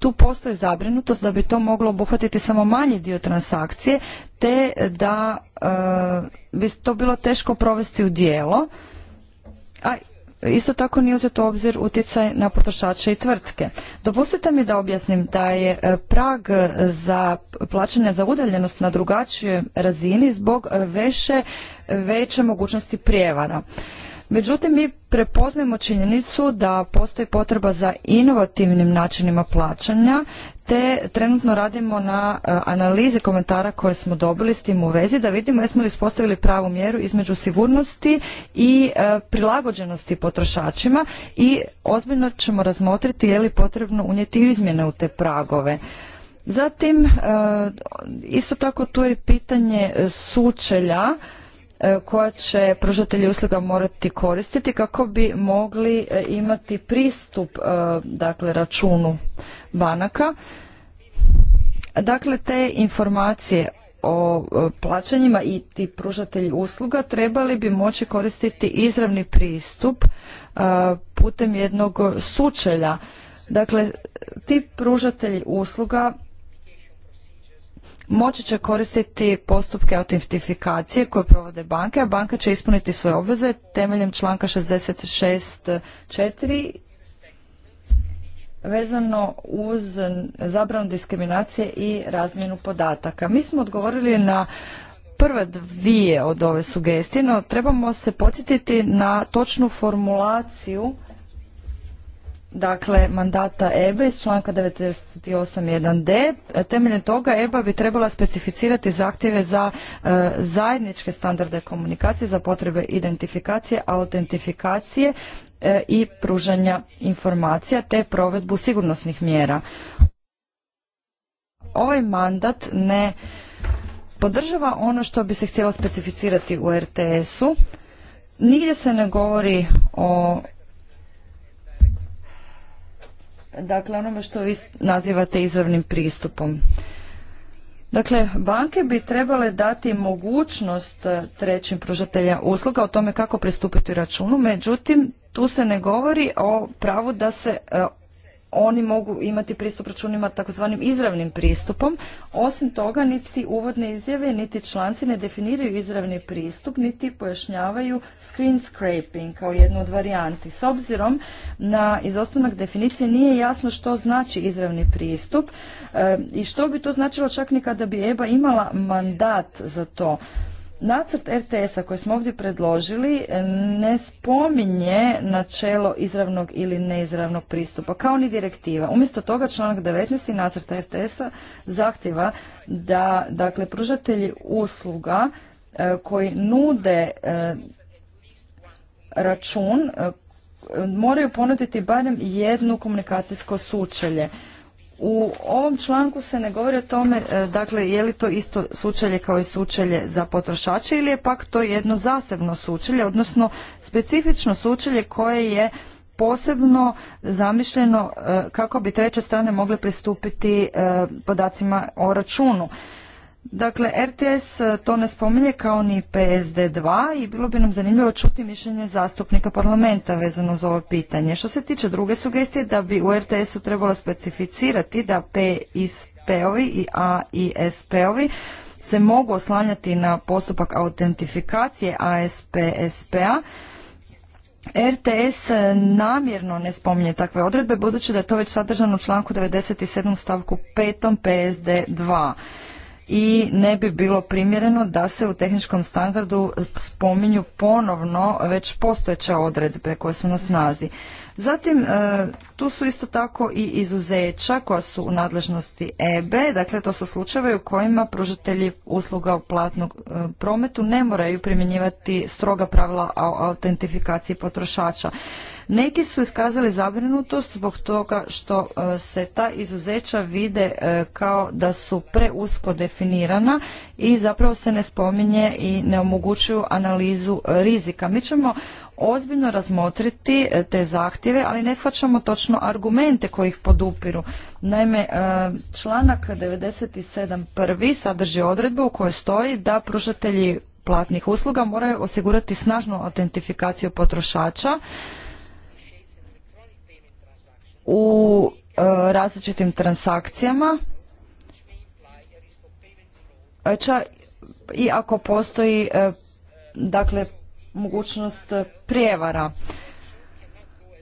tu postoji zabrinutost da bi to moglo obuhvatiti samo manji dio transakcije, te da e, bi to bilo teško provesti u dijelo, a isto tako nije uzet u obzir utjecaj na potrošače i tvrtke. Dopustite mi da objasnim da je e, prag za plaćanje za udaljenost na drugačijoj razini zbog e, veše, veće mogućnosti prijevara. Međutim, mi prepoznajemo činjenicu da postoji potreba za inovativnim načinima plaćanja, te trenutno radimo na e, analizi komentara koje smo dobili s tim u vezi, da vidimo jesmo li spostavili pravu mjeru između sigurnosti i e, prilagođenosti potrošačima i ozbiljno ćemo razmotriti je li potrebno unijeti izmjene u te pragove. Zatim, e, isto tako tu je pitanje sučelja, E, koja će pružatelji usluga morati koristiti kako bi mogli e, imati pristup e, dakle računu banaka. Dakle, te informacije o plaćanjima i ti pružatelji usluga trebali bi moći koristiti izravni pristup putem jednog sučelja. Dakle, ti pružatelji usluga moći će koristiti postupke autentifikacije koje provode banke, a banka će ispuniti svoje obveze temeljem članka 66.4 vezano uz zabranu diskriminacije i razmjenu podataka. Mi smo odgovorili na prve dvije od ove sugestije, no trebamo se podsjetiti na točnu formulaciju dakle mandata EBA e iz članka 98.1d. Temeljem toga EBA bi trebala specificirati zahtjeve za e, zajedničke standarde komunikacije za potrebe identifikacije, autentifikacije e, i pružanja informacija te provedbu sigurnosnih mjera. Ovaj mandat ne podržava ono što bi se htjelo specificirati u RTS-u. Nigdje se ne govori o dakle onome što vi nazivate izravnim pristupom. Dakle, banke bi trebale dati mogućnost e, trećim pružatelja usluga o tome kako pristupiti računu, međutim, tu se ne govori o pravu da se e, oni mogu imati pristup računima takozvanim izravnim pristupom. Osim toga, niti uvodne izjave, niti članci ne definiraju izravni pristup, niti pojašnjavaju screen scraping kao jednu od varijanti. S obzirom na izostanak definicije nije jasno što znači izravni pristup e, i što bi to značilo čak ni kada bi EBA imala mandat za to. Nacrt RTS-a koji smo ovdje predložili e, ne spominje načelo izravnog ili neizravnog pristupa, kao ni direktiva. Umjesto toga članak 19. nacrta RTS-a zahtjeva da dakle, pružatelji usluga e, koji nude e, račun moraju ponuditi barem jednu komunikacijsko sučelje. U ovom članku se ne govori o tome, e, dakle, je li to isto sučelje kao i sučelje za potrošače ili je pak to jedno zasebno sučelje, odnosno specifično sučelje koje je posebno zamišljeno e, kako bi treće strane mogle pristupiti e, podacima o računu. Dakle, RTS e, to ne spominje kao ni PSD2 i bilo bi nam zanimljivo čuti mišljenje zastupnika parlamenta vezano za ovo pitanje. Što se tiče druge sugestije, da bi u RTS-u trebalo specificirati da PISP-ovi i AISP-ovi se mogu oslanjati na postupak autentifikacije ASPSP-a, RTS namjerno ne spominje takve odredbe budući da je to već sadržano u članku 97. stavku 5. PSD 2 i ne bi bilo primjereno da se u tehničkom standardu spominju ponovno već postojeće odredbe koje su na snazi. Zatim, e, tu su isto tako i izuzeća koja su u nadležnosti EB. dakle to su slučajevi u kojima pružatelji usluga u platnom e, prometu ne moraju primjenjivati stroga pravila o autentifikaciji potrošača. Neki su iskazali zabrinutost zbog toga što e, se ta izuzeća vide e, kao da su preusko definirana i zapravo se ne spominje i ne omogućuju analizu rizika. Mi ćemo ozbiljno razmotriti e, te zahtjeve, ali ne shvaćamo točno argumente koji ih podupiru. Naime, članak 97. prvi sadrži odredbu u kojoj stoji da pružatelji platnih usluga moraju osigurati snažnu autentifikaciju potrošača u e, različitim transakcijama e, i ako postoji e, dakle mogućnost prijevara.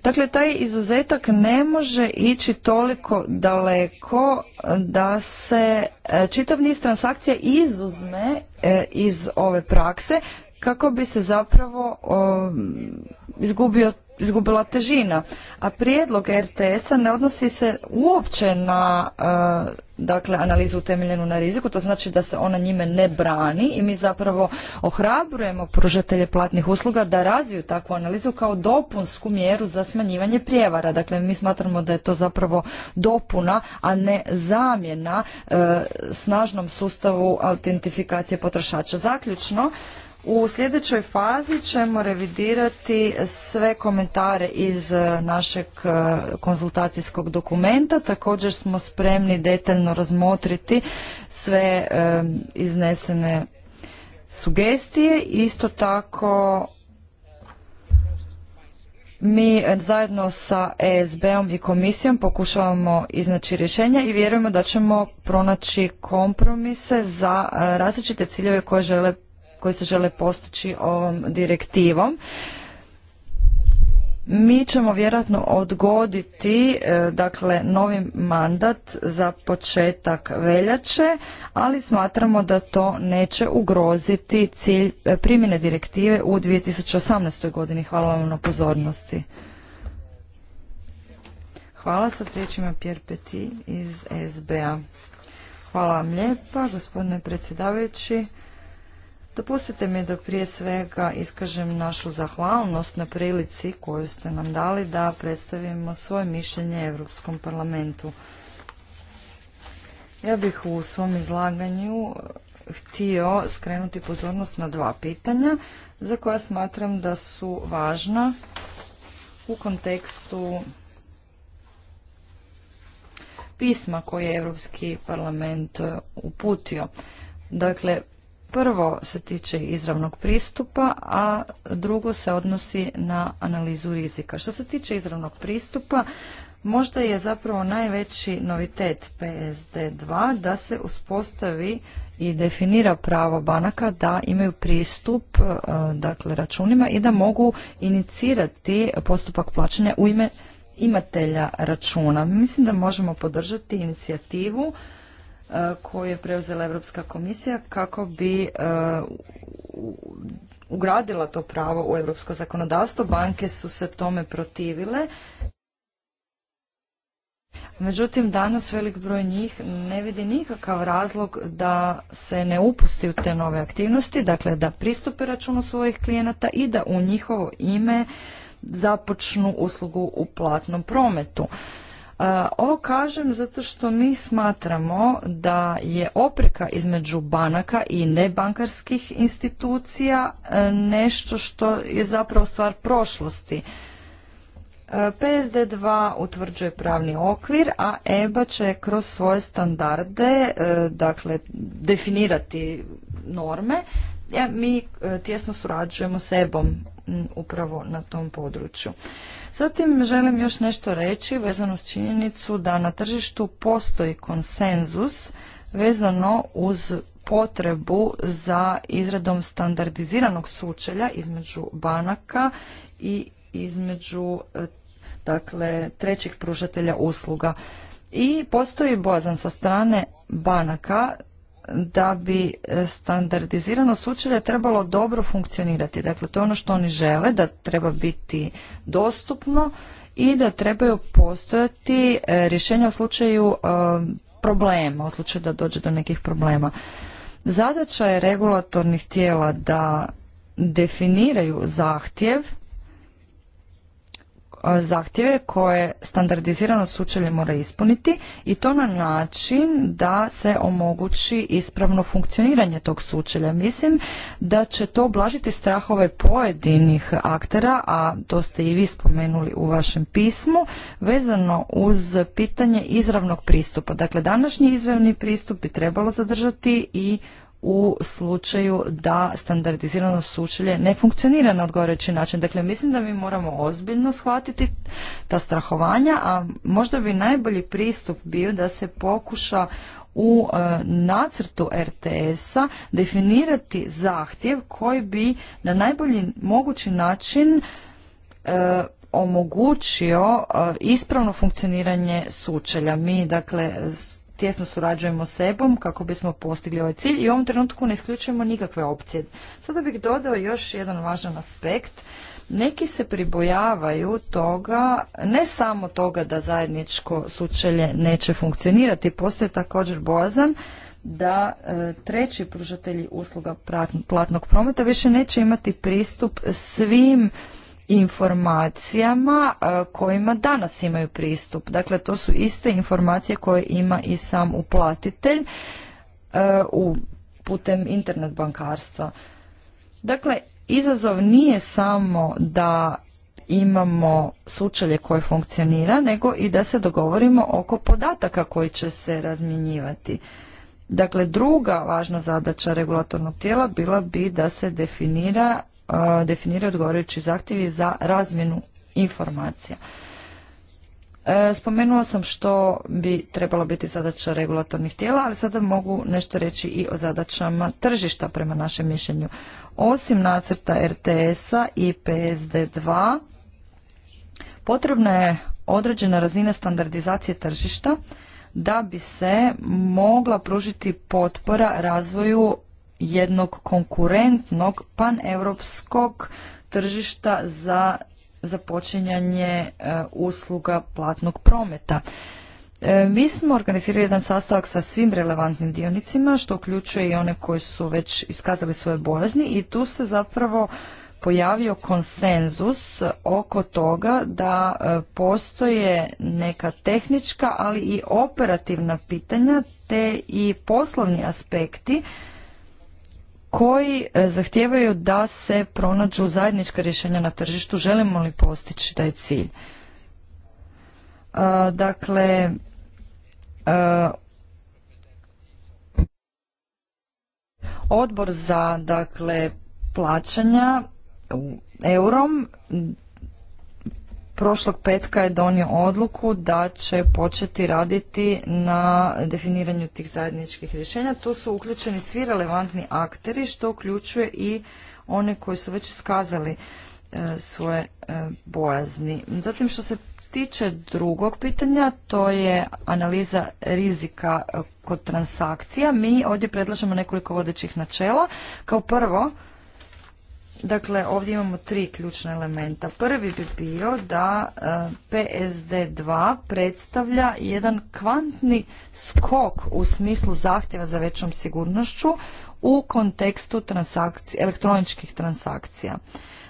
Dakle, taj izuzetak ne može ići toliko daleko da se čitav niz transakcija izuzme iz ove prakse kako bi se zapravo izgubio izgubila težina. A prijedlog RTS-a ne odnosi se uopće na eh, dakle, analizu utemeljenu na riziku, to znači da se ona njime ne brani i mi zapravo ohrabrujemo pružatelje platnih usluga da razviju takvu analizu kao dopunsku mjeru za smanjivanje prijevara. Dakle, mi smatramo da je to zapravo dopuna, a ne zamjena eh, snažnom sustavu autentifikacije potrošača. Zaključno, u sljedećoj fazi ćemo revidirati sve komentare iz e, našeg e, konzultacijskog dokumenta. Također smo spremni detaljno razmotriti sve e, iznesene sugestije. Isto tako mi zajedno sa ESB-om i komisijom pokušavamo iznaći rješenja i vjerujemo da ćemo pronaći kompromise za različite ciljeve koje žele koji se žele postići ovom direktivom. Mi ćemo vjerojatno odgoditi e, dakle novi mandat za početak veljače, ali smatramo da to neće ugroziti cilj e, primjene direktive u 2018. godini. Hvala vam na pozornosti. Hvala sa riječima Pierre iz SBA. Hvala vam lijepa, gospodine predsjedavajući. Dopustite mi da prije svega iskažem našu zahvalnost na prilici koju ste nam dali da predstavimo svoje mišljenje Europskom parlamentu. Ja bih u svom izlaganju htio skrenuti pozornost na dva pitanja za koja smatram da su važna u kontekstu pisma koje je Europski parlament uputio. Dakle, Prvo se tiče izravnog pristupa, a drugo se odnosi na analizu rizika. Što se tiče izravnog pristupa, možda je zapravo najveći novitet PSD2 da se uspostavi i definira pravo banaka da imaju pristup e, dakle računima i da mogu inicirati postupak plaćanja u ime imatelja računa. Mislim da možemo podržati inicijativu koju je preuzela Europska komisija kako bi e, ugradila to pravo u europsko zakonodavstvo. Banke su se tome protivile. Međutim, danas velik broj njih ne vidi nikakav razlog da se ne upusti u te nove aktivnosti, dakle da pristupe računu svojih klijenata i da u njihovo ime započnu uslugu u platnom prometu. E, ovo kažem zato što mi smatramo da je opreka između banaka i nebankarskih institucija e, nešto što je zapravo stvar prošlosti. E, PSD2 utvrđuje pravni okvir, a EBA će kroz svoje standarde dakle, definirati norme. Ja, mi tjesno surađujemo s EBOM upravo na tom području. Zatim želim još nešto reći vezano s činjenicu da na tržištu postoji konsenzus vezano uz potrebu za izradom standardiziranog sučelja između banaka i između e, dakle trećih pružatelja usluga. I postoji bojazan sa strane banaka da bi e, standardizirano sučelje trebalo dobro funkcionirati. Dakle, to je ono što oni žele, da treba biti dostupno i da trebaju postojati e, rješenja u slučaju e, problema, u slučaju da dođe do nekih problema. Zadaća je regulatornih tijela da definiraju zahtjev zahtjeve koje standardizirano sučelje mora ispuniti i to na način da se omogući ispravno funkcioniranje tog sučelja. Mislim da će to oblažiti strahove pojedinih aktera, a to ste i vi spomenuli u vašem pismu, vezano uz pitanje izravnog pristupa. Dakle, današnji izravni pristup bi trebalo zadržati i u slučaju da standardizirano sučelje ne funkcionira na odgovarajući način. Dakle, mislim da mi moramo ozbiljno shvatiti ta strahovanja, a možda bi najbolji pristup bio da se pokuša u e, nacrtu RTS-a definirati zahtjev koji bi na najbolji mogući način e, omogućio e, ispravno funkcioniranje sučelja. Mi, dakle, s tjesno surađujemo s kako bismo postigli ovaj cilj i u ovom trenutku ne isključujemo nikakve opcije. Sada bih dodao još jedan važan aspekt. Neki se pribojavaju toga, ne samo toga da zajedničko sučelje neće funkcionirati, postoje također bozan da e, treći pružatelji usluga platnog prometa više neće imati pristup svim informacijama e, kojima danas imaju pristup. Dakle, to su iste informacije koje ima i sam uplatitelj e, u putem internet bankarstva. Dakle, izazov nije samo da imamo sučelje koje funkcionira, nego i da se dogovorimo oko podataka koji će se razmjenjivati. Dakle, druga važna zadaća regulatornog tijela bila bi da se definira definira odgovarajući zahtjevi za razmjenu informacija. E, spomenuo sam što bi trebalo biti zadaća regulatornih tijela, ali sada mogu nešto reći i o zadaćama tržišta prema našem mišljenju. Osim nacrta RTS-a i PSD2, potrebna je određena razina standardizacije tržišta da bi se mogla pružiti potpora razvoju jednog konkurentnog paneuropskog tržišta za započinjanje e, usluga platnog prometa. E, mi smo organizirali jedan sastavak sa svim relevantnim dionicima, što uključuje i one koji su već iskazali svoje bojazni i tu se zapravo pojavio konsenzus oko toga da e, postoje neka tehnička, ali i operativna pitanja te i poslovni aspekti koji e, zahtijevaju da se pronađu zajednička rješenja na tržištu. Želimo li postići taj cilj? E, dakle, e, odbor za dakle, plaćanja eurom prošlog petka je donio odluku da će početi raditi na definiranju tih zajedničkih rješenja. Tu su uključeni svi relevantni akteri što uključuje i one koji su već iskazali e, svoje e, bojazni. Zatim što se tiče drugog pitanja, to je analiza rizika e, kod transakcija. Mi ovdje predlažemo nekoliko vodećih načela. Kao prvo, Dakle, ovdje imamo tri ključna elementa. Prvi bi bio da e, PSD2 predstavlja jedan kvantni skok u smislu zahtjeva za većom sigurnošću u kontekstu elektroničkih transakcija.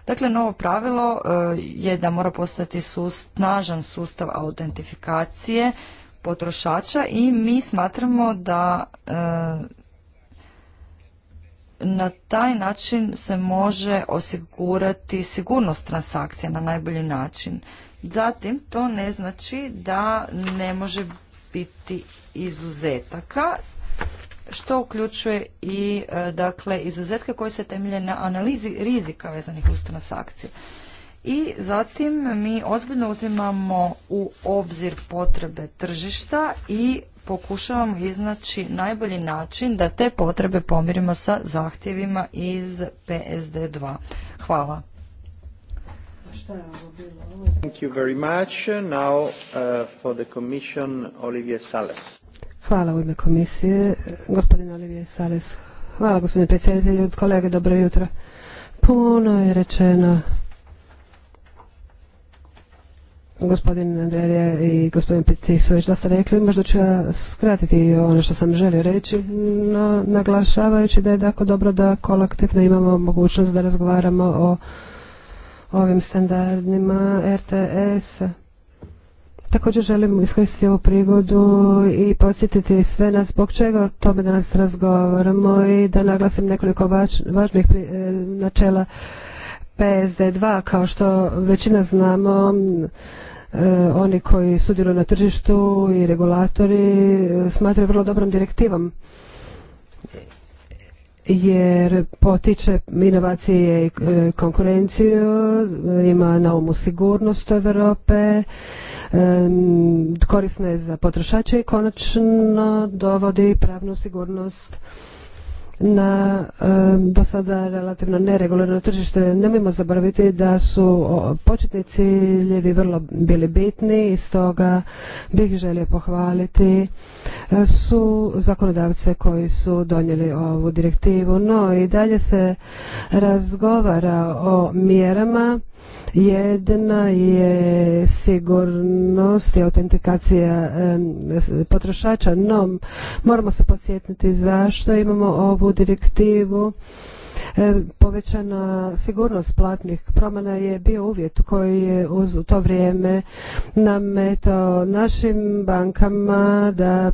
Dakle, novo pravilo e, je da mora postati snažan sustav autentifikacije potrošača i mi smatramo da e, na taj način se može osigurati sigurnost transakcije na najbolji način. Zatim, to ne znači da ne može biti izuzetaka, što uključuje i e, dakle, izuzetke koje se temelje na analizi rizika vezanih uz transakcije. I zatim mi ozbiljno uzimamo u obzir potrebe tržišta i pokušavamo iznaći najbolji način da te potrebe pomirimo sa zahtjevima iz PSD2. Hvala. je Thank you very much. Now uh, for the commission Sales. Hvala u ime komisije. Gospodin Olivier Sales. Hvala gospodine predsjedatelju, kolege, dobro jutro. Puno je rečeno Gospodin Andrelija i gospodin Piti su već rekli, možda ću ja skratiti ono što sam želio reći, no naglašavajući da je tako dobro da kolektivno imamo mogućnost da razgovaramo o ovim standardima RTS-a. Također želim iskoristiti ovu prigodu i podsjetiti sve nas zbog čega o tome nas razgovaramo i da naglasim nekoliko važnih eh, načela PSD2 kao što većina znamo e, oni koji sudjeluju na tržištu i regulatori e, smatraju vrlo dobrom direktivom jer potiče inovacije i e, konkurenciju, ima na umu sigurnost Europe, korisna je za potrošače i konačno dovodi pravnu sigurnost na e, do sada relativno neregulirano tržište. Nemojmo zaboraviti da su početni ciljevi vrlo bili bitni i stoga bih želio pohvaliti e, su zakonodavce koji su donijeli ovu direktivu. No i dalje se razgovara o mjerama jedna je sigurnost i autentikacija potrošača, no moramo se podsjetiti zašto imamo ovu direktivu E, povećana sigurnost platnih promjena je bio uvjet koji je uz to vrijeme nametao našim bankama da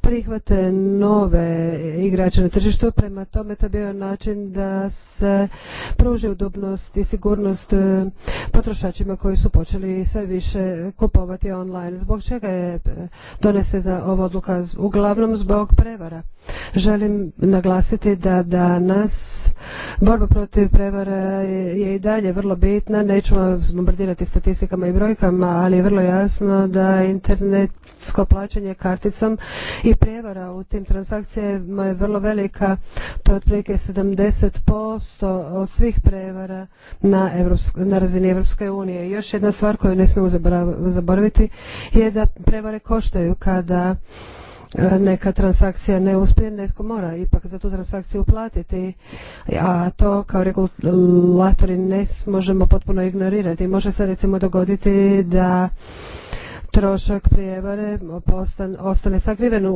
prihvate nove igrače na tržištu, prema tome to je bio način da se pruži udobnost i sigurnost e, potrošačima koji su počeli sve više kupovati online. Zbog čega je donesena ova odluka? Uglavnom zbog prevara. Želim naglasiti naglasiti da danas borba protiv prevara je i dalje vrlo bitna. Nećemo bombardirati statistikama i brojkama, ali je vrlo jasno da internetsko plaćanje karticom i prevara u tim transakcijama je vrlo velika. To je otprilike 70% od svih prevara na, na razini Evropske unije. Još jedna stvar koju ne smemo zaboraviti je da prevare koštaju kada neka transakcija ne uspije, netko mora ipak za tu transakciju platiti. A to kao regulatori ne možemo potpuno ignorirati. Može se recimo dogoditi da trošak prijevare ostane sakriven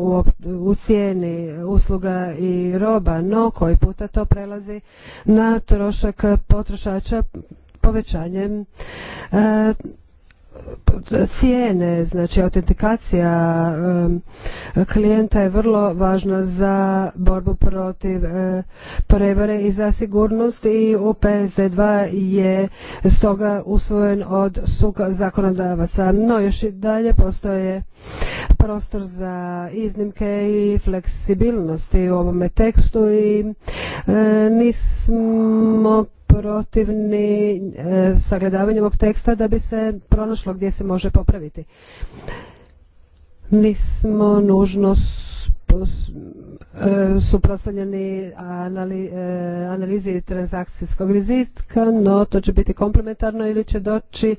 u, cijeni usluga i roba, no koji puta to prelazi na trošak potrošača povećanjem e, cijene, znači autentikacija klijenta je vrlo važna za borbu protiv e, prevare i za sigurnost i u PSD2 je stoga usvojen od suka zakonodavaca. No još i dalje postoje prostor za iznimke i fleksibilnosti u ovome tekstu i e, nismo protivni e, sagledavanjem ovog teksta da bi se pronašlo gdje se može popraviti. Nismo nužno e, suprotstavljeni e, analizi transakcijskog rizika, no to će biti komplementarno ili će doći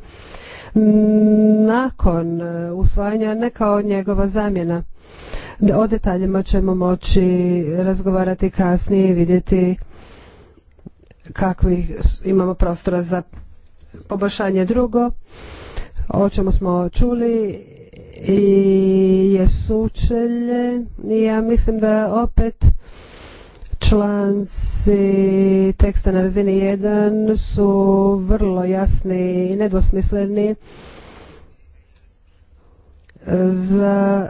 nakon usvajanja, ne kao njegova zamjena. O detaljima ćemo moći razgovarati kasnije i vidjeti kakvi imamo prostora za poboljšanje. Drugo, o čemu smo čuli i je sučelje. Ja mislim da opet članci teksta na razini 1 su vrlo jasni i nedvosmisleni za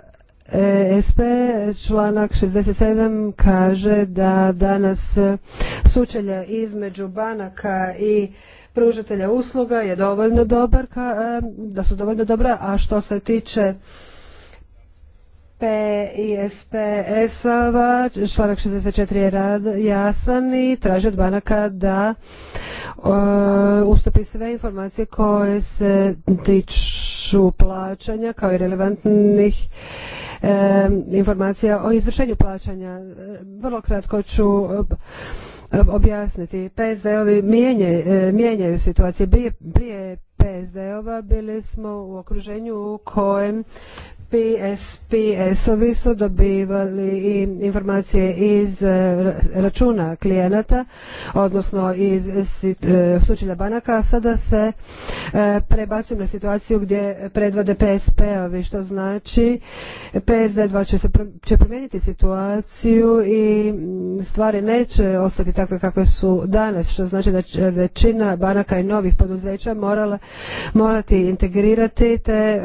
E, SP članak 67 kaže da danas sučelja između banaka i pružatelja usluga je dovoljno dobar, e, da su dovoljno dobra, a što se tiče P i sps ova članak 64 je rad, jasan i traži od banaka da ustupi sve informacije koje se tiču plaćanja kao i relevantnih e, informacija o izvršenju plaćanja. Vrlo kratko ću objasniti. PSD-ovi e, mijenjaju, situacije. prije PSD-ova bili smo u okruženju u kojem PSPS-ovi su dobivali i informacije iz e, računa klijenata, odnosno iz e, slučaja banaka, a sada se e, prebacuju na situaciju gdje predvode PSP-ovi, što znači PSD2 će, promijeniti situaciju i mm, stvari neće ostati takve kakve su danas, što znači da će većina banaka i novih poduzeća morati integrirati te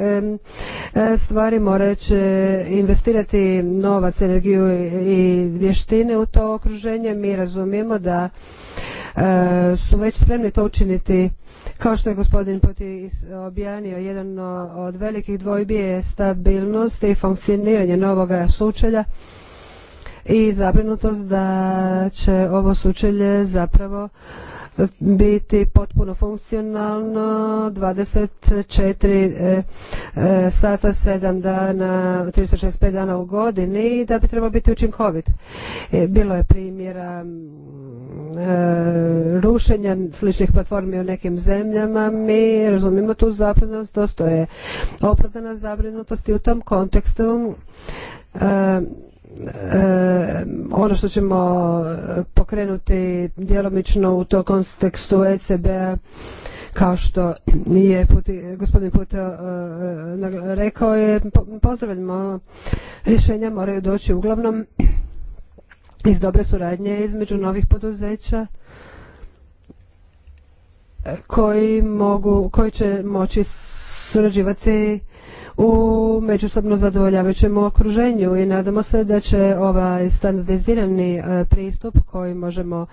stvari stvari, morat e, investirati novac, energiju i vještine u to okruženje. Mi razumijemo da e, su već spremni to učiniti kao što je gospodin Poti objanio, jedan od velikih dvojbi je stabilnost i funkcioniranje novog sučelja i zabrinutost da će ovo sučelje zapravo biti potpuno funkcionalno 24 e, e, sata 7 dana 365 dana u godini i da bi trebalo biti učinkovit. E, bilo je primjera rušenja sličnih platformi u nekim zemljama. Mi razumimo tu zabrinutost, to je opravdana zabrinutost i u tom kontekstu Eh, ono što ćemo eh, pokrenuti djelomično u to kontekstu ecb kao što je gospodin Puta eh, rekao je pozdravljamo rješenja moraju doći uglavnom iz dobre suradnje između novih poduzeća koji mogu koji će moći surađivati u međusobno zadovoljavajućem okruženju i nadamo se da će ovaj standardizirani e, pristup koji možemo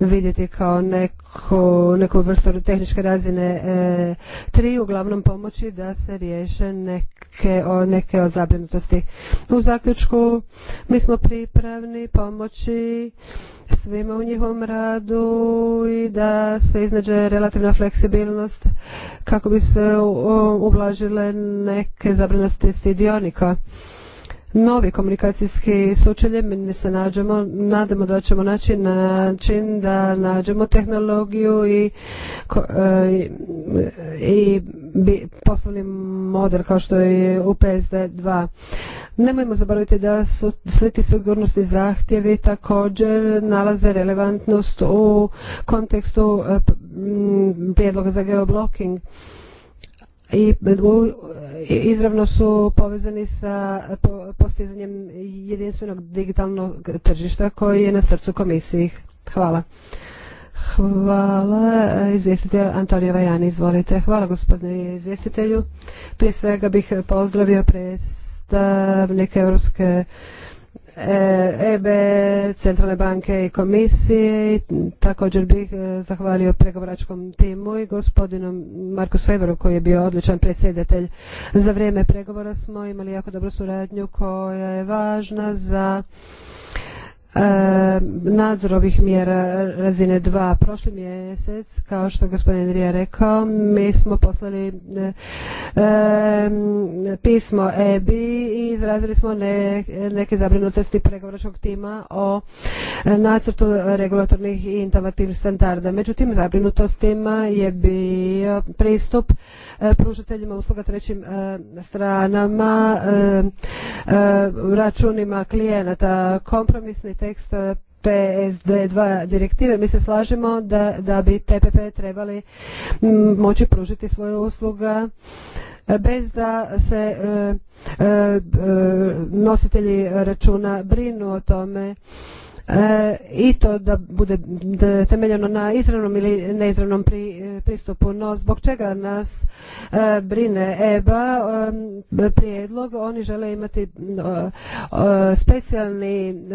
vidjeti kao neko neku, neku vrstu tehničke razine e, tri uglavnom pomoći da se riješe neke, neke od zabrinutosti. U zaključku mi smo pripravni pomoći svima u njihovom radu i da se iznađe relativna fleksibilnost kako bi se ublažile neke zabrinutosti dionika novi komunikacijski sučelje, mi se nađemo, nadamo da ćemo naći način da nađemo tehnologiju i, e, i poslovni model kao što je u PSD2. Nemojmo zaboraviti da su svi ti sigurnosni zahtjevi također nalaze relevantnost u kontekstu e, prijedloga za geoblocking i izravno su povezani sa postizanjem jedinstvenog digitalnog tržišta koji je na srcu komisiji. Hvala. Hvala. Eh, izvjestitelj Antonija Vajani, izvolite. Hvala gospodine izvjestitelju. Prije svega bih pozdravio predstavnike Europske EBE, e Centralne banke i komisije. Također bih e, zahvalio pregovaračkom timu i gospodinu Marku Sveveru koji je bio odličan predsjedatelj. Za vrijeme pregovora smo imali jako dobru suradnju koja je važna za E, nadzor ovih mjera razine 2. Prošli mjesec, kao što je gospodin Andrija rekao, mi smo poslali e, e, pismo EBI i izrazili smo neke zabrinutosti pregovoračnog tima o nacrtu regulatornih i innovativnih standarda. Međutim, zabrinutostima je bio pristup pružateljima usluga trećim stranama, računima klijenata, kompromisni tekst eh, PSD2 direktive, mi se slažemo da, da bi TPP trebali mm, moći pružiti svoje usluga eh, bez da se eh, nositelji računa brinu o tome E, i to da bude temeljeno na izravnom ili neizravnom e, pristupu. No zbog čega nas e, brine EBA prijedlog? Oni žele imati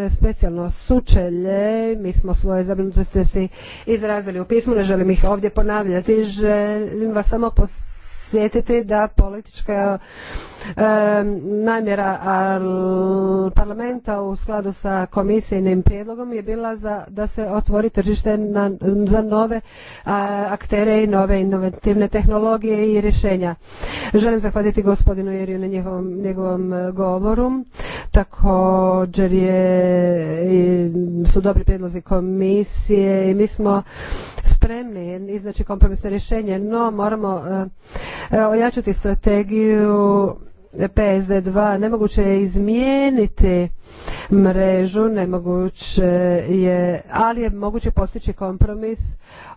specijalno sučelje. Mi smo svoje zabrinutosti izrazili u pismu, ne želim ih ovdje ponavljati. Želim vas samo posjetiti da politička namjera parlamenta u skladu sa komisijnim prijedlogom je bila za, da se otvori tržište za nove aktere i nove inovativne tehnologije i rješenja. Želim zahvaliti gospodinu Jeriju na njegovom, njegovom e, govoru. Također je, su dobri prijedlozi komisije i mi smo spremni iznaći kompromisno rješenje, no moramo e, e, ojačati strategiju PSD2 nemoguće je izmijeniti mrežu, nemoguće je, ali je moguće postići kompromis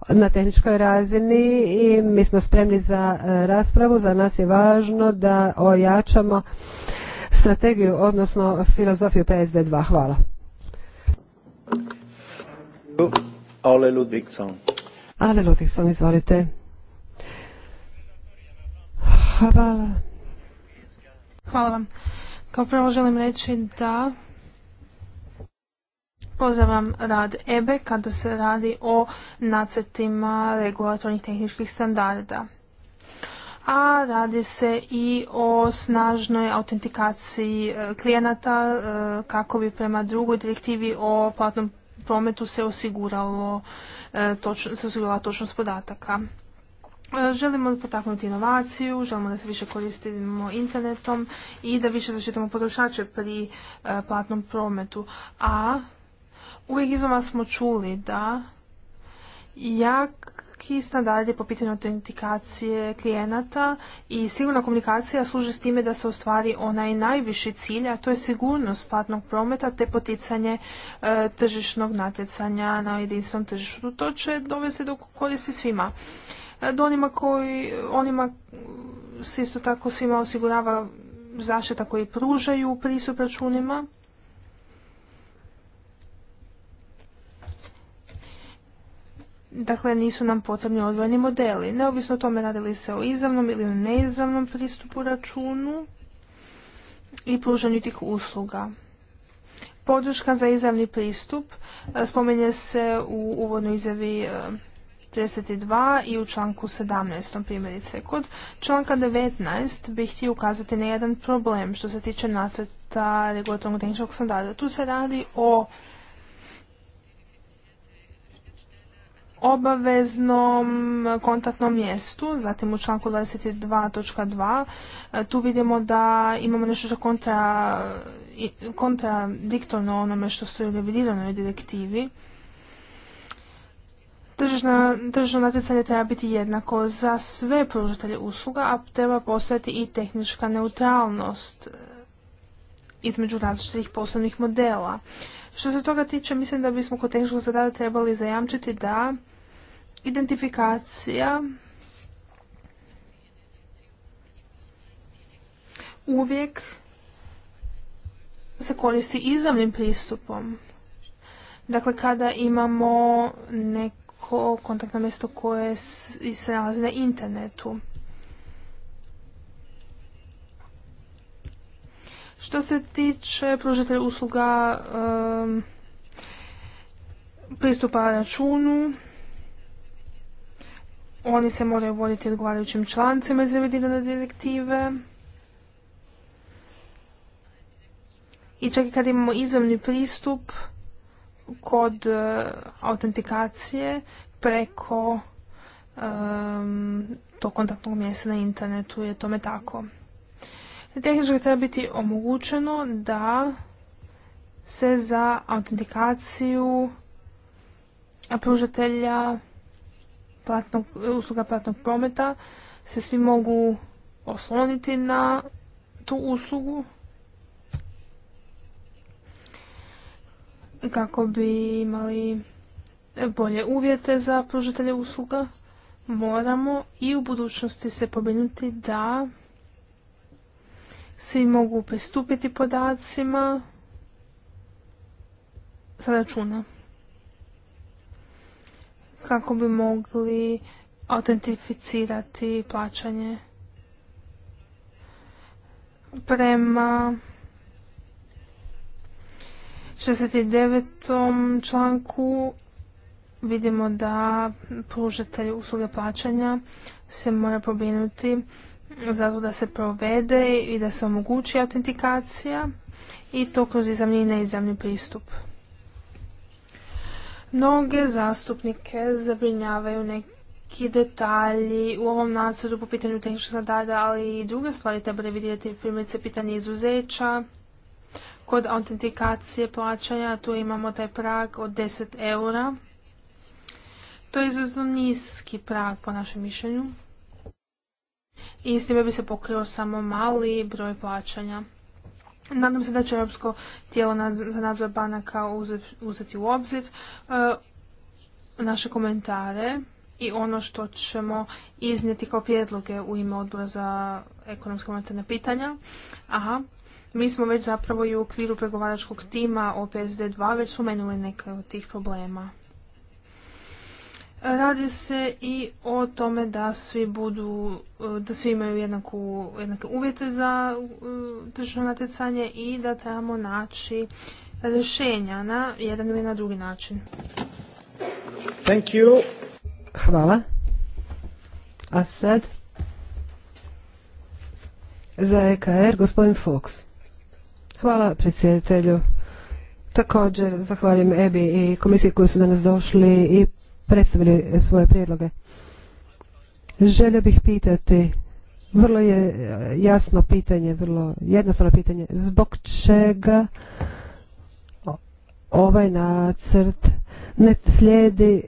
na tehničkoj razini i mi smo spremni za e, raspravu. Za nas je važno da ojačamo strategiju, odnosno filozofiju PSD2. Hvala. Ale Ludvigson. Ale Ludvigson, izvolite. Hvala. Hvala vam. Kao prvo želim reći da Pozdravljam rad EBE e kada se radi o nacetima regulatornih tehničkih standarda. A radi se i o snažnoj autentikaciji e, klijenata e, kako bi prema drugoj direktivi o platnom prometu se se osigurala točnost podataka. E, želimo potaknuti inovaciju, želimo da se više koristimo internetom i da više zaštitimo potrošače pri e, platnom prometu. A uvijek vama smo čuli da jaki standard standardi po pitanju autentikacije klijenata i sigurna komunikacija služi s time da se ostvari onaj najviši cilj, a to je sigurnost platnog prometa te poticanje e, tržišnog natjecanja na jedinstvenom tržištu. To će dovesti do koristi svima. E, do onima koji, onima se isto tako svima osigurava zaštita koji pružaju pristup računima. Dakle, nisu nam potrebni odvojeni modeli. Neovisno o tome radili se o izravnom ili neizravnom pristupu računu i pružanju tih usluga. Podrška za izravni pristup e, spomenje se u uvodnoj izjavi e, 32 i u članku 17. primjerice. Kod članka 19 bih htio ukazati na jedan problem što se tiče nacrta regulatornog tehničkog standarda. Tu se radi o obaveznom kontaktnom mjestu, zatim u članku 22.2 e, tu vidimo da imamo nešto što kontradiktorno onome što stoji u revidiranoj direktivi Državno natjecanje treba biti jednako za sve pružatelje usluga, a treba postojati i tehnička neutralnost e, između različitih poslovnih modela. Što se toga tiče, mislim da bismo kod tehničkog zadatka trebali zajamčiti da identifikacija uvijek se koristi izravnim pristupom. Dakle, kada imamo neke ko kontaktno mjesto koje se nalazi na internetu. Što se tiče pružatelja usluga pristupa pristupa računu, oni se moraju voditi odgovarajućim člancima iz revidirane direktive. I čak i kad imamo izravni pristup, kod e, autentikacije preko to tog kontaktnog mjesta na internetu je tome tako. Tehnički treba biti omogućeno da se za autentikaciju pružatelja usluga platnog prometa se svi mogu osloniti na tu uslugu kako bi imali bolje uvjete za pružatelje usluga, moramo i u budućnosti se pobrinuti da svi mogu pristupiti podacima sa računa kako bi mogli autentificirati plaćanje prema 69. članku vidimo da pružatelj usluge plaćanja se mora pobrinuti zato da se provede i da se omogući autentikacija i to kroz izavni i neizavni pristup. Mnoge zastupnike zabrinjavaju neki detalji u ovom nacrtu po pitanju tehničkih standarda, ali i druge stvari treba vidjeti, primjerice pitanje izuzeća, Kod autentikacije plaćanja tu imamo taj prag od 10 eura. To je izuzetno niski prag po našem mišljenju. I s time bi se pokrio samo mali broj plaćanja. Nadam se da će Europsko tijelo za nadzor banaka uzeti u obzir e, naše komentare i ono što ćemo iznijeti kao prijedloge u ime odbora za ekonomske monetarne pitanja. Aha, mi smo već zapravo i u okviru pregovaračkog tima o PSD2 već spomenuli neke od tih problema. Radi se i o tome da svi budu, da svi imaju jednaku, jednake uvjete za tržno natjecanje i da trebamo naći rješenja na jedan ili na drugi način. Thank you. Hvala. A sad za EKR gospodin Fox. Hvala predsjedatelju. Također zahvaljujem EBI i komisiji koji su danas došli i predstavili svoje prijedloge. Želio bih pitati, vrlo je jasno pitanje, vrlo jednostavno pitanje, zbog čega ovaj nacrt ne slijedi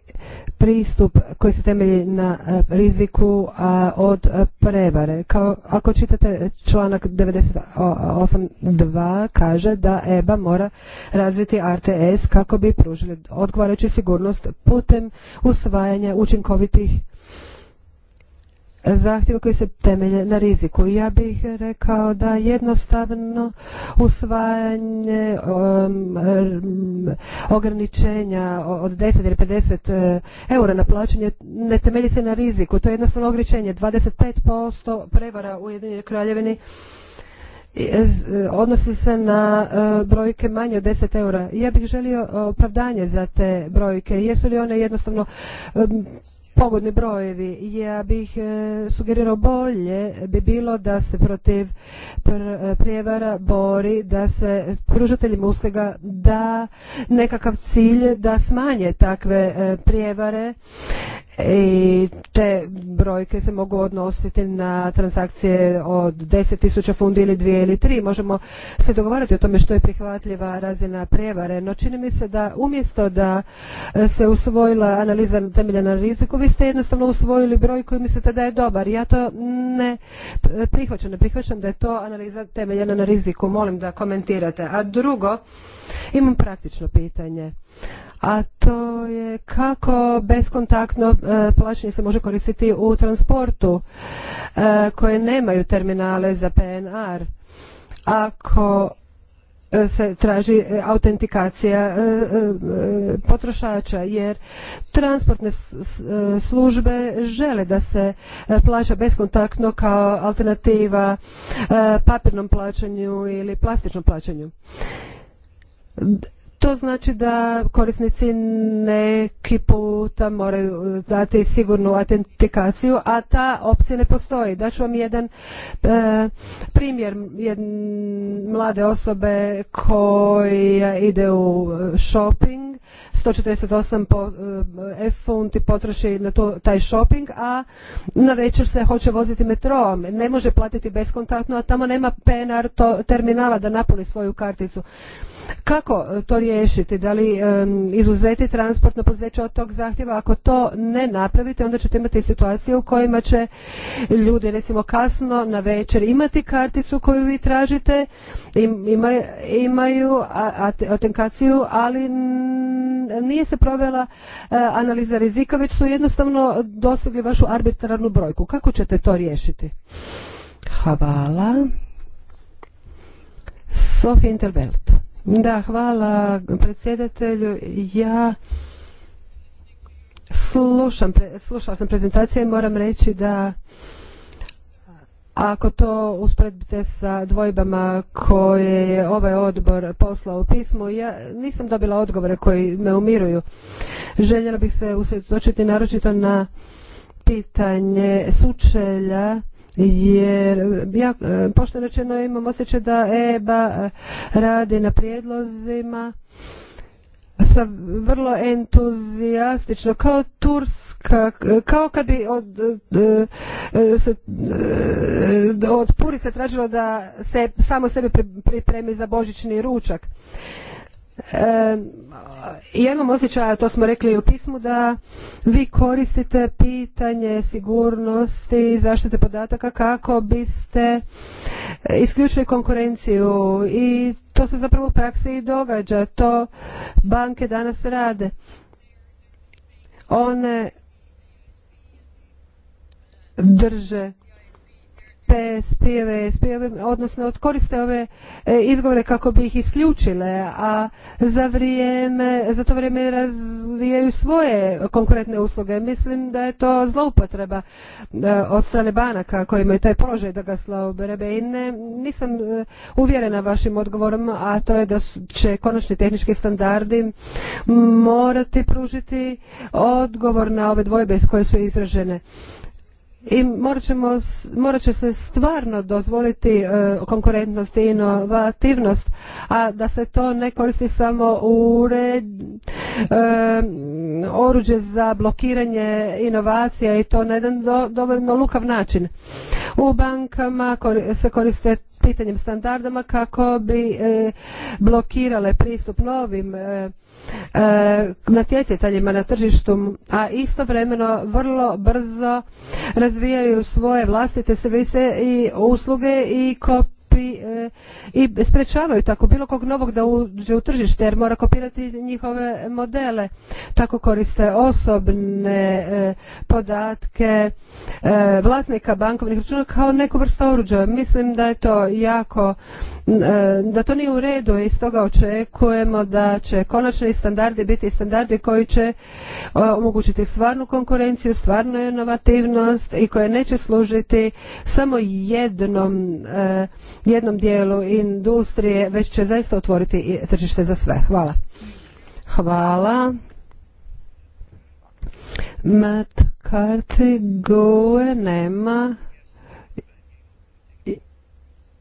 pristup koji se temelji na e, riziku od e, prevare. Kao, ako čitate članak 98.2 kaže da EBA mora razviti RTS kako bi pružili odgovarajuću sigurnost putem usvajanja učinkovitih zahtjeva koji se temelje na riziku. Ja bih rekao da jednostavno usvajanje um, ograničenja od 10 ili 50 e, eura na plaćanje ne temelji se na riziku. To je jednostavno ograničenje. 25% prevara u Jedinjenoj kraljevini e, e, odnosi se na brojke manje od 10 eura. Ja bih želio opravdanje za te brojke. Jesu li one jednostavno pogodni brojevi. Ja bih e, sugerirao bolje bi bilo da se protiv e, prijevara bori, da se pružateljima usluga da nekakav cilj da smanje takve e, prijevare i te brojke se mogu odnositi na transakcije od 10.000 fundi ili dvije ili tri. Možemo se dogovarati o tome što je prihvatljiva razina prevare, no čini mi se da umjesto da se usvojila analiza temeljena na riziku, vi ste jednostavno usvojili broj koji mislite da je dobar. Ja to ne prihvaćam, ne prihvaćam da je to analiza temeljena na riziku. Molim da komentirate. A drugo, imam praktično pitanje a to je kako beskontaktno e, plaćanje se može koristiti u transportu e, koje nemaju terminale za PNR. Ako e, se traži autentikacija potrošača jer transportne službe žele da se plaća beskontaktno kao alternativa papirnom plaćanju ili plastičnom plaćanju to znači da korisnici neki puta moraju dati sigurnu autentikaciju, a ta opcija ne postoji. Daću vam jedan e, primjer jedne mlade osobe koja ide u shopping 148 e, funti potroši na to, taj shopping, a na večer se hoće voziti metrom. Ne može platiti beskontaktno, a tamo nema PNR to, terminala da napuni svoju karticu. Kako e, to riješiti? Da li izuzeti transportno poduzeća od tog zahtjeva? Ako to ne napravite, onda ćete imati situacije u kojima će ljudi recimo kasno na večer imati karticu koju vi tražite, imaju autentikaciju, ali nije se provela e, analiza rizika, već su jednostavno dosegli vašu arbitrarnu brojku. Kako ćete to riješiti? Hvala. Sofie Intervelt. Da, hvala predsjedatelju. Ja slušam, slušala sam prezentacije i moram reći da ako to usporedite sa dvojbama koje je ovaj odbor poslao u pismu, ja nisam dobila odgovore koji me umiruju. Željela bih se usredotočiti naročito na pitanje sučelja jer ja, e, pošto rečeno imam osjećaj da EBA e, radi na prijedlozima sa vrlo entuzijastično kao turska e, kao kad bi od, od purice tražilo da se samo sebe pripremi za božićni ručak E, ja imam osjećaj, to smo rekli i u pismu, da vi koristite pitanje sigurnosti i zaštite podataka kako biste isključili konkurenciju i to se zapravo u praksi i događa. To banke danas rade. One drže te spijeve, spijeve odnosno koriste ove e, izgovore kako bi ih isključile, a za, vrijeme, za to vrijeme razvijaju svoje konkurentne usluge. Mislim da je to zloupotreba e, od strane banaka koji imaju taj položaj da ga slobrebe. i ne, nisam e, uvjerena vašim odgovorom, a to je da će konačni tehnički standardi morati pružiti odgovor na ove dvojbe koje su izražene i morat, će se stvarno dozvoliti e, konkurentnost i inovativnost, a da se to ne koristi samo u e, oruđe za blokiranje inovacija i to na jedan dovoljno lukav način. U bankama se koriste pitanjem standardama kako bi e, blokirale pristup novim e, e, natjecateljima na tržištu, a istovremeno vrlo brzo razvijaju svoje vlastite servise i usluge i ko E, i sprečavaju tako bilo kog novog da uđe u tržište jer mora kopirati njihove modele. Tako koriste osobne e, podatke e, vlasnika bankovnih računa kao neku vrstu oruđa. Mislim da je to jako, da to nije u redu i stoga očekujemo da će konačni standardi biti standardi koji će omogućiti stvarnu konkurenciju, stvarnu inovativnost i koje neće služiti samo jednom jednom dijelu industrije, već će zaista otvoriti tržište za sve. Hvala. Hvala. Matt Carty, Goe, nema.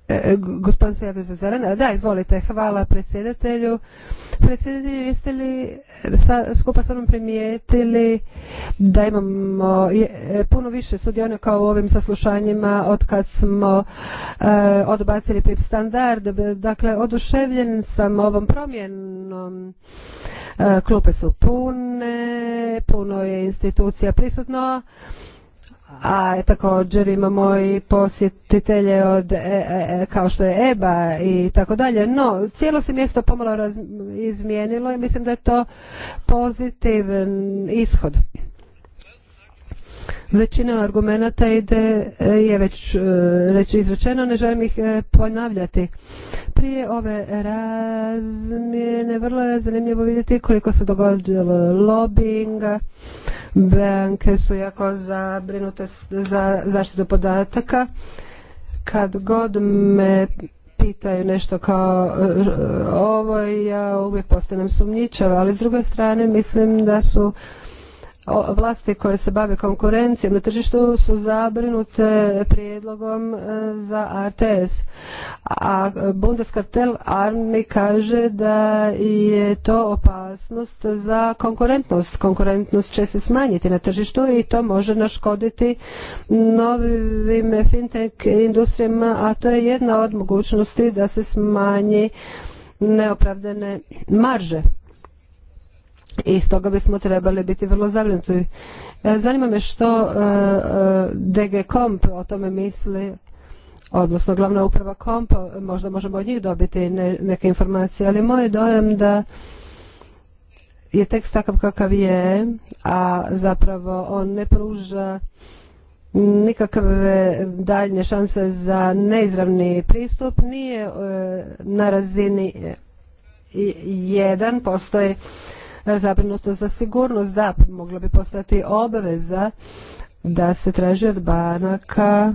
E, e, gospodin se za e, Da, izvolite. Hvala predsjedatelju. Predsjedatelju, jeste li skupa sa mnom primijetili da imamo puno više sudionika u ovim saslušanjima od kad smo odbacili PIP standard. Dakle, oduševljen sam ovom promjenom. klupe su pune, puno je institucija prisutno a također imamo i posjetitelje od e, e, e, kao što je EBA i tako dalje. No, cijelo se mjesto pomalo izmijenilo i mislim da je to pozitivan ishod. Većina argumenata ide, e, je već reći e, izrečeno, ne želim ih e, ponavljati. Prije ove razmjene vrlo je zanimljivo vidjeti koliko se dogodilo lobinga, banke su jako zabrinute za zaštitu podataka. Kad god me pitaju nešto kao ovo ja uvijek postanem sumnjičava, ali s druge strane mislim da su vlasti koje se bave konkurencijom na tržištu su zabrinute prijedlogom e, za RTS. A e, Bundeskartel Armi kaže da je to opasnost za konkurentnost. Konkurentnost će se smanjiti na tržištu i to može naškoditi novim fintech industrijama, a to je jedna od mogućnosti da se smanji neopravdane marže i stoga bismo trebali biti vrlo zabrinuti. E, zanima me što e, e, DG Komp o tome misli, odnosno glavna uprava Komp, možda možemo od njih dobiti neke informacije, ali moj dojam da je tekst takav kakav je, a zapravo on ne pruža nikakve daljnje šanse za neizravni pristup nije na razini jedan postoji zabrinuto za sigurnost. Da, mogla bi postati obaveza da se traži od banaka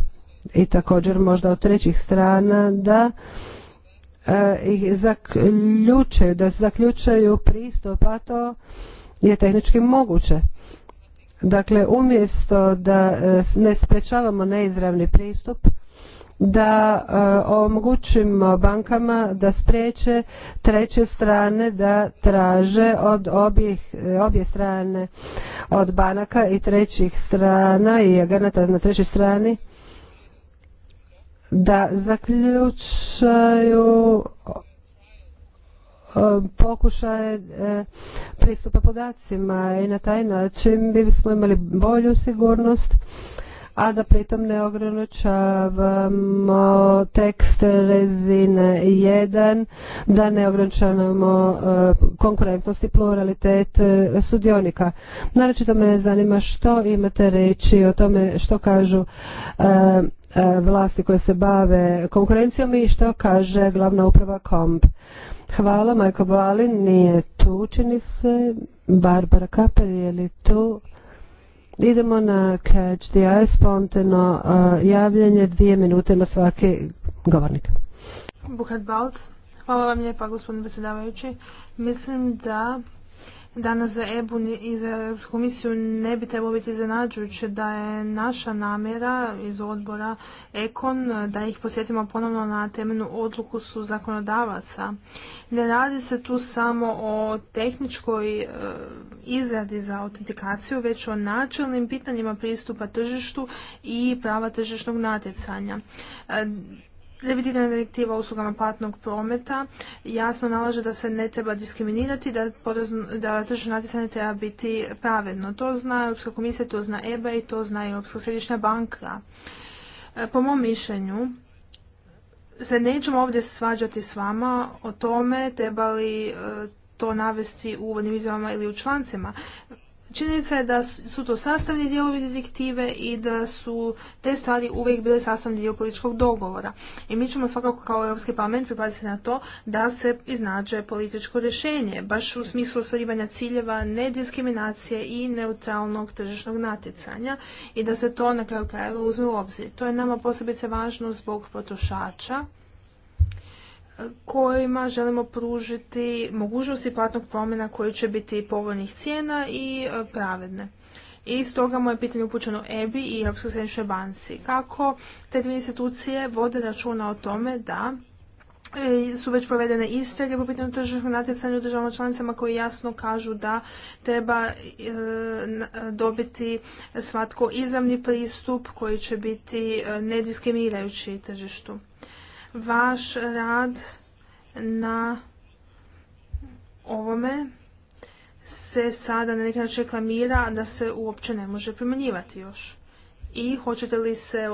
i također možda od trećih strana da e, ih zaključaju, da se zaključaju pristup, a to je tehnički moguće. Dakle, umjesto da e, ne sprečavamo neizravni pristup, da e, omogućimo bankama da spriječe treće strane da traže od e, obje, strane od banaka i trećih strana i agenata na trećoj strani da zaključaju e, pokušaje pristupa podacima i na taj način bismo imali bolju sigurnost a da pritom ne ograničavamo tekst rezine 1, da ne ograničavamo e, konkurentnost i pluralitet e, sudionika. Naročito me zanima što imate reći o tome što kažu e, vlasti koje se bave konkurencijom i što kaže glavna uprava KOMP. Hvala, Majko Balin nije tu, čini se. Barbara Kaper, je li tu? Idemo na catch the eye, spontano uh, javljanje, dvije minute na svake govornik. Buhat Balc, hvala vam lijepa gospodin predsjedavajući. Mislim da danas za EBU i za Europsku komisiju ne bi trebalo biti iznenađujuće da je naša namjera iz odbora Ekon e, da ih posjetimo ponovno na temeljnu odluku su zakonodavaca. Ne radi se tu samo o tehničkoj e, izradi za autentikaciju, već o načelnim pitanjima pristupa tržištu i prava tržišnog natjecanja. E, Revidirana direktiva o uslugama platnog prometa jasno nalaže da se ne treba diskriminirati, da, tržišno da natjecanje treba biti pravedno. To zna Europska komisija, to zna EBA i to zna Europska središnja banka. E, po mom mišljenju, se nećemo ovdje svađati s vama o tome treba li e, to navesti u uvodnim izjavama ili u člancima. Činjenica je da su to sastavni dijelovi direktive i da su te stvari uvijek bile sastavni dio političkog dogovora. I mi ćemo svakako kao Europski parlament pripaziti na to da se iznađe političko rješenje, baš u smislu ostvarivanja ciljeva nediskriminacije i neutralnog tržišnog natjecanja i da se to na kraju krajeva uzme u obzir. To je nama posebice važno zbog potrošača kojima želimo pružiti mogućnosti platnog promjena koji će biti povoljnih cijena i e, pravedne. I stoga moje pitanje upućeno EBI i Europskoj središnjoj banci. Kako te dvije institucije vode računa o tome da e, su već provedene istrage po pitanju tržišnog natjecanja u državama članicama koji jasno kažu da treba e, dobiti svatko izravni pristup koji će biti nediskriminirajući tržištu vaš rad na ovome se sada na neki način reklamira da se uopće ne može primjenjivati još. I hoćete li se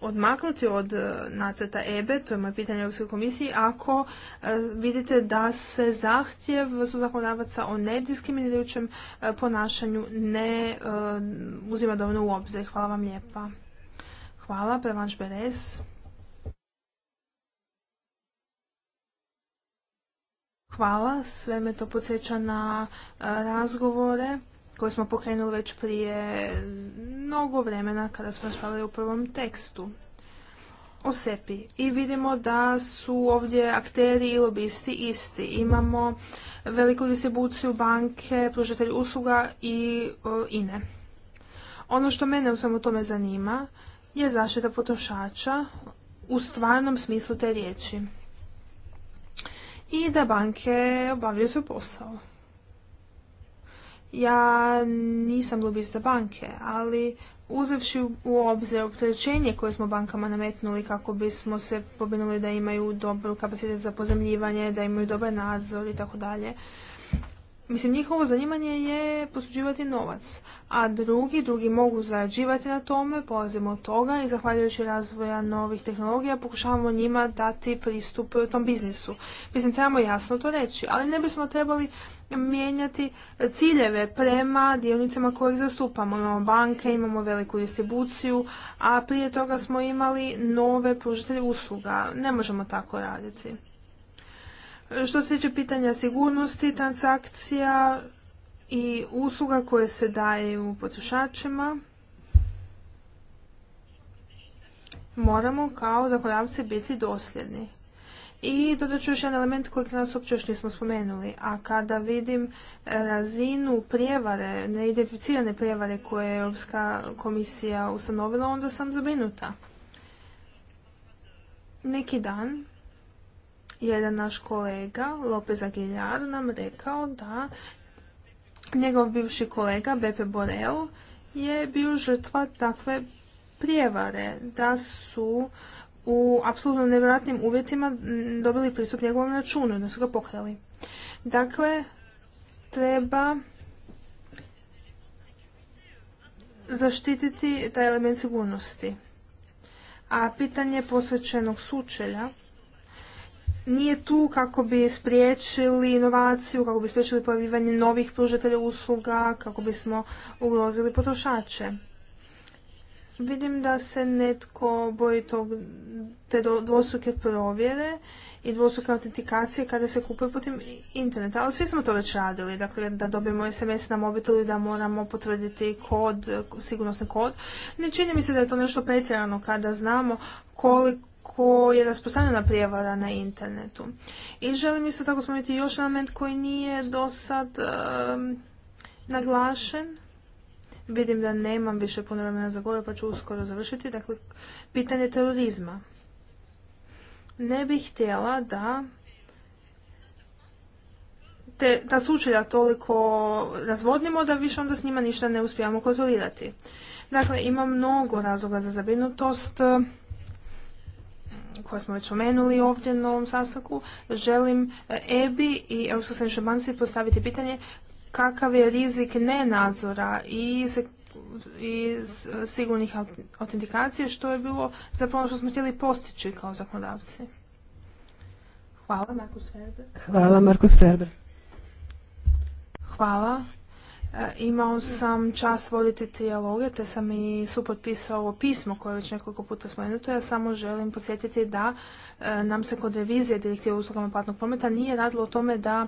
odmaknuti od e, nacrta EBE, e? to je moje pitanje Europskoj komisiji, ako e, vidite da se zahtjev su zakonodavaca o nediskriminirajućem ponašanju ne uzima dovoljno u obzir. Hvala vam lijepa. Hvala, Prevanš Beres. Hvala, sve me to podsjeća na e, razgovore koje smo pokrenuli već prije mnogo vremena kada smo raspravljali u prvom tekstu o SEPI. I vidimo da su ovdje akteri i lobisti isti. Imamo veliku distribuciju banke, pružatelj usluga i e, INE. Ono što mene u svemu tome zanima je zaštita potrošača u stvarnom smislu te riječi i da banke obavljaju svoj posao. Ja nisam lobista banke, ali uzevši u obzir opterećenje koje smo bankama nametnuli kako bismo se pobinuli da imaju dobru kapacitet za pozemljivanje, da imaju dobar nadzor i tako dalje, Mislim, njihovo zanimanje je posuđivati novac, a drugi, drugi mogu zarađivati na tome, polazimo od toga i zahvaljujući razvoja novih tehnologija pokušavamo njima dati pristup tom biznisu. Mislim, trebamo jasno to reći, ali ne bismo trebali mijenjati ciljeve prema dionicama kojih zastupamo. Imamo banke, imamo veliku distribuciju, a prije toga smo imali nove pružitelje usluga. Ne možemo tako raditi. Što se tiče pitanja sigurnosti transakcija i usluga koje se daju potrošačima, moramo kao zakonodavci biti dosljedni. I dodat ću još jedan element koji nas uopće još nismo spomenuli, a kada vidim razinu prijevare, neidentificirane prijevare koje je Europska komisija ustanovila, onda sam zabrinuta. Neki dan jedan naš kolega Lopez Aguilar nam rekao da njegov bivši kolega Bepe Borel je bio žrtva takve prijevare da su u apsolutno nevjerojatnim uvjetima dobili pristup njegovom računu, da su ga pokrali. Dakle, treba zaštititi taj element sigurnosti. A pitanje posvećenog sučelja nije tu kako bi spriječili inovaciju, kako bi spriječili pojavljivanje novih pružatelja usluga, kako bismo ugrozili potrošače. Vidim da se netko boji te dvostruke provjere i dvostruke autentikacije kada se kupuje putem interneta. Ali svi smo to već radili, dakle da dobijemo SMS na mobitelu i da moramo potvrditi kod, sigurnosni kod. Ne čini mi se da je to nešto pretjerano kada znamo koliko koji je raspostavljena prijevara na internetu. I želim isto tako spomenuti još element koji nije do sad naglašen. Vidim da nemam više puno vremena za gore, pa ću uskoro završiti. Dakle, pitanje terorizma. Ne bih htjela da ta sučelja toliko razvodnimo da više onda s njima ništa ne uspijamo kontrolirati. Dakle, ima mnogo razloga za zabrinutost koje smo već spomenuli ovdje na ovom sastanku, želim e, EBI i Europskoj središnjoj banci postaviti pitanje kakav je rizik nenadzora i sigurnih autentikacije što je bilo zapravo ono što smo htjeli postići kao zakonodavci. Hvala, Markus Ferber. Hvala, Markus Ferber. Hvala. E, imao sam čast voditi trijaloge, te sam i supotpisao ovo pismo koje već nekoliko puta spomenuto. Ja samo želim podsjetiti da e, nam se kod revizije direktive uslugama platnog prometa nije radilo o tome da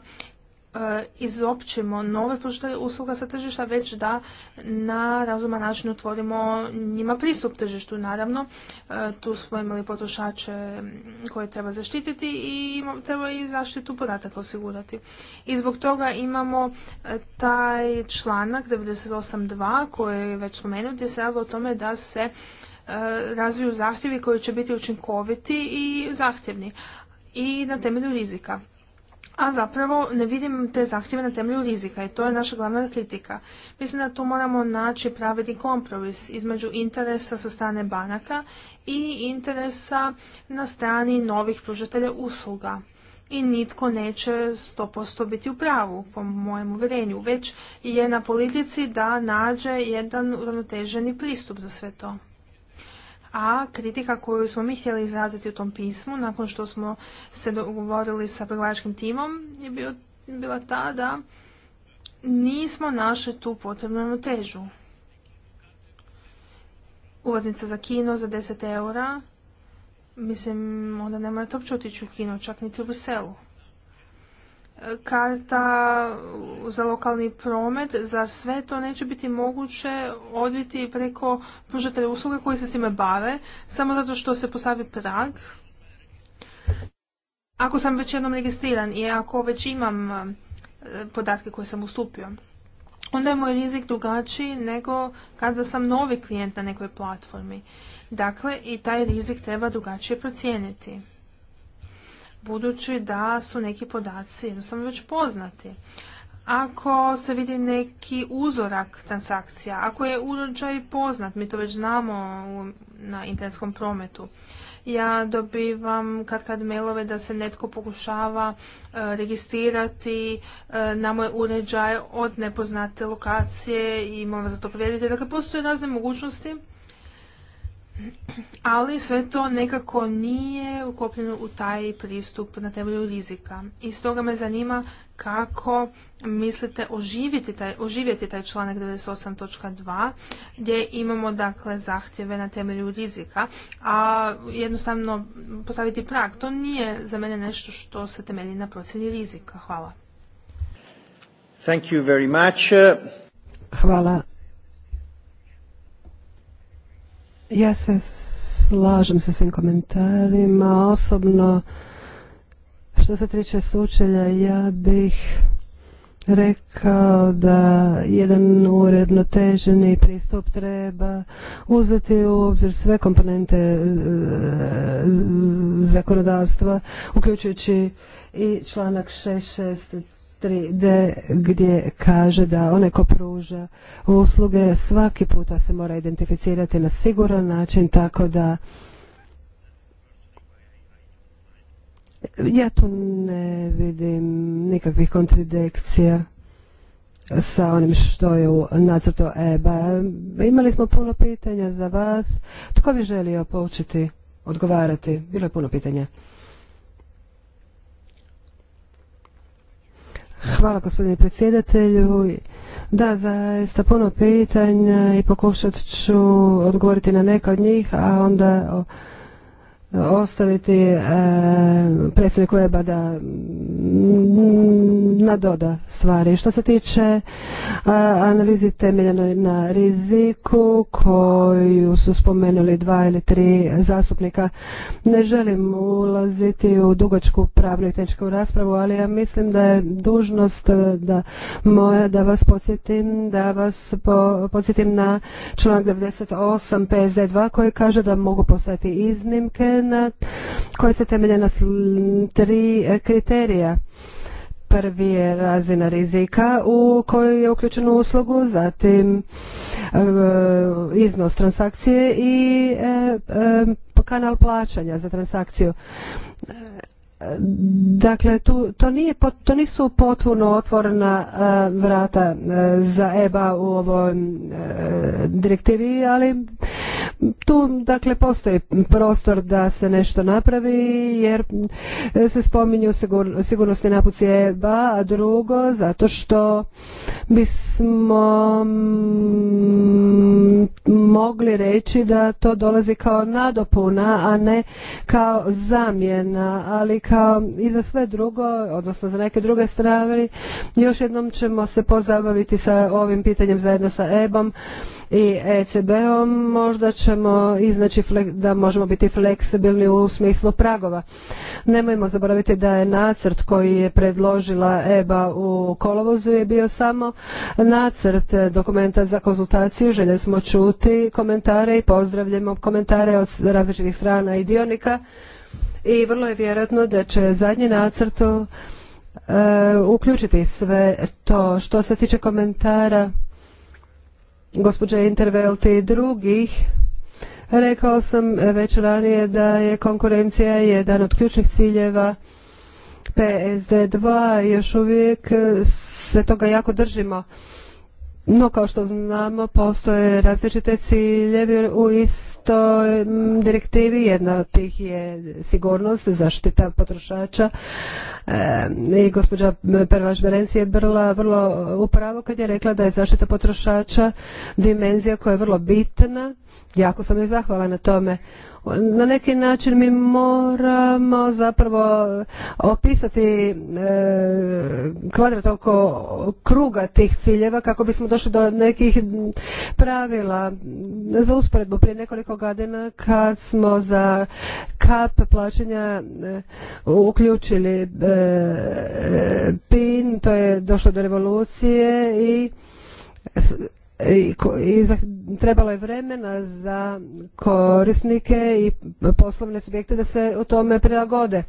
E, izopćimo nove pružitelje usluga sa tržišta, već da na razuman način otvorimo njima pristup tržištu. Naravno, e, tu smo imali potrošače koje treba zaštititi i treba i zaštitu podataka osigurati. I zbog toga imamo e, taj članak 98.2 koji je već spomenut gdje se radi o tome da se razviju zahtjevi koji će biti učinkoviti i zahtjevni i na temelju rizika a zapravo ne vidim te zahtjeve na temelju rizika i to je naša glavna kritika. Mislim da tu moramo naći pravedni kompromis između interesa sa strane banaka i interesa na strani novih pružatelja usluga. I nitko neće 100% biti u pravu, po mojem uvjerenju, već je na politici da nađe jedan uravnoteženi pristup za sve to a kritika koju smo mi htjeli izraziti u tom pismu, nakon što smo se dogovorili sa pregovaračkim timom, je bila ta da nismo našli tu potrebnu ravnotežu. Ulaznica za kino za 10 eura, mislim, onda ne morate uopće otići u kino, čak niti u Bruselu karta za lokalni promet, za sve to neće biti moguće odviti preko pružatelja usluge koji se s time bave, samo zato što se postavi prag? Ako sam već jednom registriran i ako već imam e, podatke koje sam ustupio, onda je moj rizik drugačiji nego kada sam novi klijent na nekoj platformi. Dakle, i taj rizik treba drugačije procijeniti budući da su neki podaci jednostavno već poznati. Ako se vidi neki uzorak transakcija, ako je uređaj poznat, mi to već znamo na internetskom prometu, ja dobivam kad kad mailove da se netko pokušava e, registrirati e, na moj uređaj od nepoznate lokacije i molim vas da to provjerite. Dakle, postoje razne mogućnosti ali sve to nekako nije uklopljeno u taj pristup na temelju rizika. I stoga me zanima kako mislite oživjeti taj, oživjeti taj članak 98.2 gdje imamo dakle zahtjeve na temelju rizika, a jednostavno postaviti prag. To nije za mene nešto što se temelji na procjeni rizika. Hvala. Thank you very much. Hvala Ja se slažem sa svim komentarima. Osobno, što se tiče sučelja, ja bih rekao da jedan uredno teženi pristup treba uzeti u obzir sve komponente e, zakonodavstva, uključujući i članak 6.6 3 gdje kaže da onaj pruža usluge svaki puta se mora identificirati na siguran način tako da ja tu ne vidim nikakvih kontradikcija sa onim što je u nacrtu EBA. Imali smo puno pitanja za vas. Tko bi želio početi odgovarati? Bilo je puno pitanja. Hvala gospodine predsjedatelju. Da, zaista puno pitanja i pokušat ću odgovoriti na neka od njih, a onda ostaviti e, predsjedniku EBA Weba da mm, nadoda stvari. Što se tiče a, e, analizi temeljeno na riziku koju su spomenuli dva ili tri zastupnika, ne želim ulaziti u dugačku pravnu i raspravu, ali ja mislim da je dužnost e, da moja da vas podsjetim da vas podsjetim na članak 98 PSD2 koji kaže da mogu postati iznimke na, koje se temelje na tri e, kriterija. Prvi je razina rizika u kojoj je uključeno uslugu, zatim e, iznos transakcije i e, kanal plaćanja za transakciju. Dakle, to, nije, to nisu potpuno otvorena vrata za EBA u ovoj direktivi, ali tu dakle postoji prostor da se nešto napravi jer e, se spominju sigurnosti napuci EBA, a drugo zato što bismo mm, mogli reći da to dolazi kao nadopuna, a ne kao zamjena, ali kao i za sve drugo, odnosno za neke druge strane, još jednom ćemo se pozabaviti sa ovim pitanjem zajedno sa EBOM i ECB-om možda ćemo iznaći da možemo biti fleksibilni u smislu pragova. Nemojmo zaboraviti da je nacrt koji je predložila EBA u kolovozu je bio samo nacrt dokumenta za konzultaciju. Želje smo čuti komentare i pozdravljamo komentare od različitih strana i dionika i vrlo je vjerojatno da će zadnji nacrt e, uključiti sve to što se tiče komentara gospođe Intervelt i drugih, rekao sam već ranije da je konkurencija jedan od ključnih ciljeva PSD2, još uvijek se toga jako držimo. No, kao što znamo, postoje različite ciljevi u istoj direktivi. Jedna od tih je sigurnost, zaštita potrošača. I gospođa Pervaš Berenci je brla vrlo upravo kad je rekla da je zaštita potrošača dimenzija koja je vrlo bitna. Jako sam joj zahvala na tome na neki način mi moramo zapravo opisati e, kvadrat oko kruga tih ciljeva kako bismo došli do nekih pravila za usporedbu prije nekoliko godina kad smo za kap plaćanja e, uključili e, PIN, to je došlo do revolucije i i, trebalo je vremena za korisnike i poslovne subjekte da se u tome prilagode.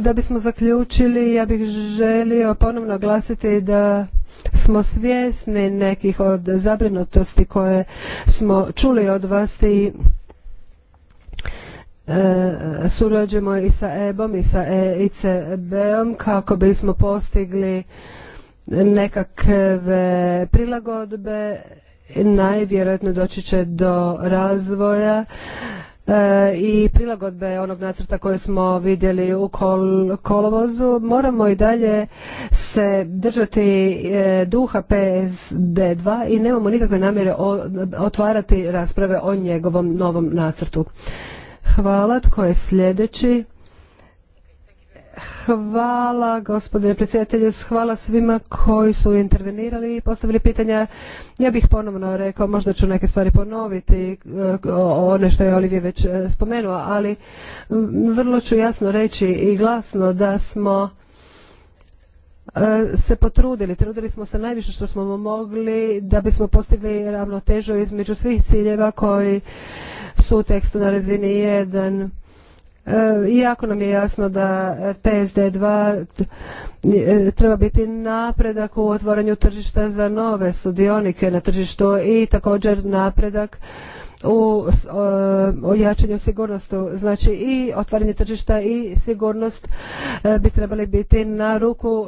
Da bismo zaključili, ja bih želio ponovno glasiti da smo svjesni nekih od zabrinutosti koje smo čuli od vas i E, surađujemo i sa EBOM i sa EICB-om kako bismo postigli nekakve prilagodbe najvjerojatno doći će do razvoja e, i prilagodbe onog nacrta koji smo vidjeli u kolovozu. Moramo i dalje se držati e, duha PSD2 i nemamo nikakve namjere otvarati rasprave o njegovom novom nacrtu. Hvala. Tko je sljedeći? Hvala gospodine predsjedatelju, hvala svima koji su intervenirali i postavili pitanja. Ja bih ponovno rekao, možda ću neke stvari ponoviti, e, one što je Olivije već e, spomenuo, ali vrlo ću jasno reći i glasno da smo e, se potrudili, trudili smo se najviše što smo mogli da bismo postigli ravnotežu između svih ciljeva koji su u tekstu na razini 1 E, jako nam je jasno da PSD2 e, treba biti napredak u otvaranju tržišta za nove sudionike na tržištu i također napredak u e, jačanju sigurnosti. Znači i otvaranje tržišta i sigurnost bi trebali biti na ruku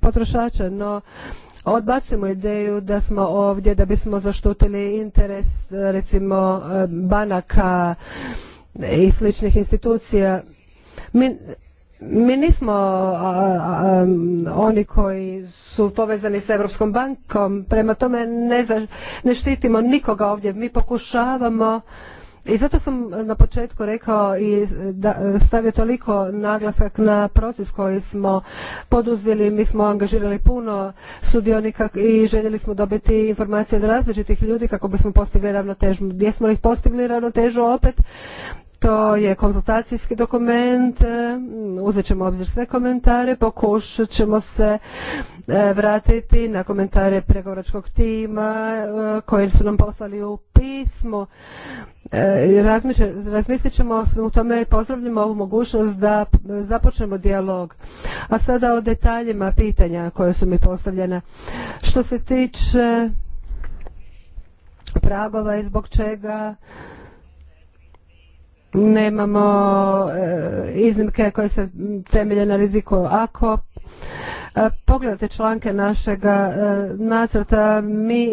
potrošača, no odbacujemo ideju da smo ovdje da bismo zaštutili interes recimo banaka i sličnih institucija. Mi, mi nismo oni koji su povezani s Europskom bankom, prema tome ne, ne štitimo nikoga ovdje, mi pokušavamo i zato sam na početku rekao i da stavio toliko naglasak na proces koji smo poduzeli, mi smo angažirali puno sudionika i željeli smo dobiti informacije od različitih ljudi kako bismo postigli ravnotežu. Gdje smo li postigli ravnotežu opet to je konzultacijski dokument, e, uzet ćemo obzir sve komentare, pokušat ćemo se e, vratiti na komentare pregovoračkog tima e, koji su nam poslali u pismo. Razmislit ćemo u tome i pozdravljamo ovu mogućnost da započnemo dijalog. A sada o detaljima pitanja koje su mi postavljena. Što se tiče pragova i zbog čega nemamo e, iznimke koje se temelje na riziku ako E, pogledate članke našeg e, nacrta, mi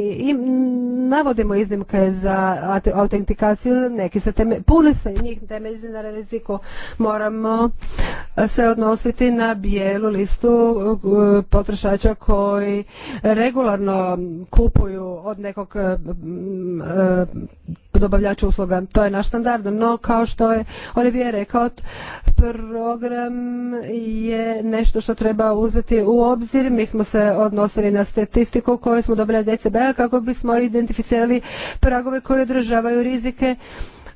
navodimo iznimke za autentikaciju, neki se teme, puno se njih temelji na riziku. Moramo se odnositi na bijelu listu e, potrošača koji regularno kupuju od nekog dobavljača usluga. To je naš standard, no kao što je Olivier rekao, program je nešto što treba uzeti u u obzir. Mi smo se odnosili na statistiku koju smo dobili od DCB a kako bismo identificirali pragove koji održavaju rizike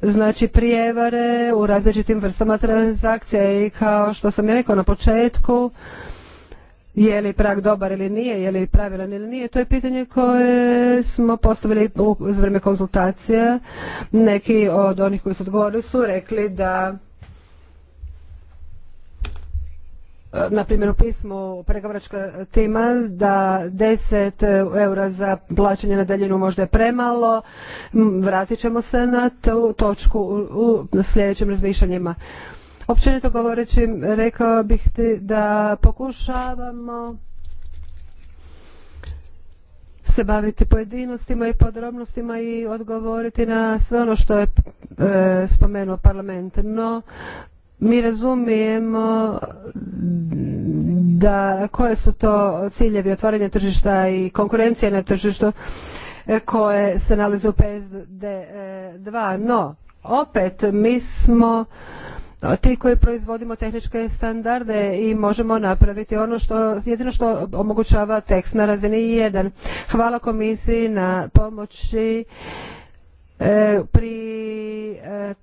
znači prijevare u različitim vrstama transakcija i kao što sam je rekao na početku je li prag dobar ili nije, je li pravilan ili nije, to je pitanje koje smo postavili u vrijeme konzultacija. Neki od onih koji su odgovorili su rekli da na primjer u pismu pregovaračka tema da 10 eura za plaćanje na daljinu možda je premalo, vratit ćemo se na tu točku u sljedećim razmišljanjima. Općenito govoreći, rekao bih ti da pokušavamo se baviti pojedinostima i podrobnostima i odgovoriti na sve ono što je e, spomenuo parlament. No, mi razumijemo da koje su to ciljevi otvaranja tržišta i konkurencije na tržištu e, koje se nalaze u PSD2. E, no, opet mi smo ti koji proizvodimo tehničke standarde i možemo napraviti ono što jedino što omogućava tekst na razini 1. Hvala komisiji na pomoći e, pri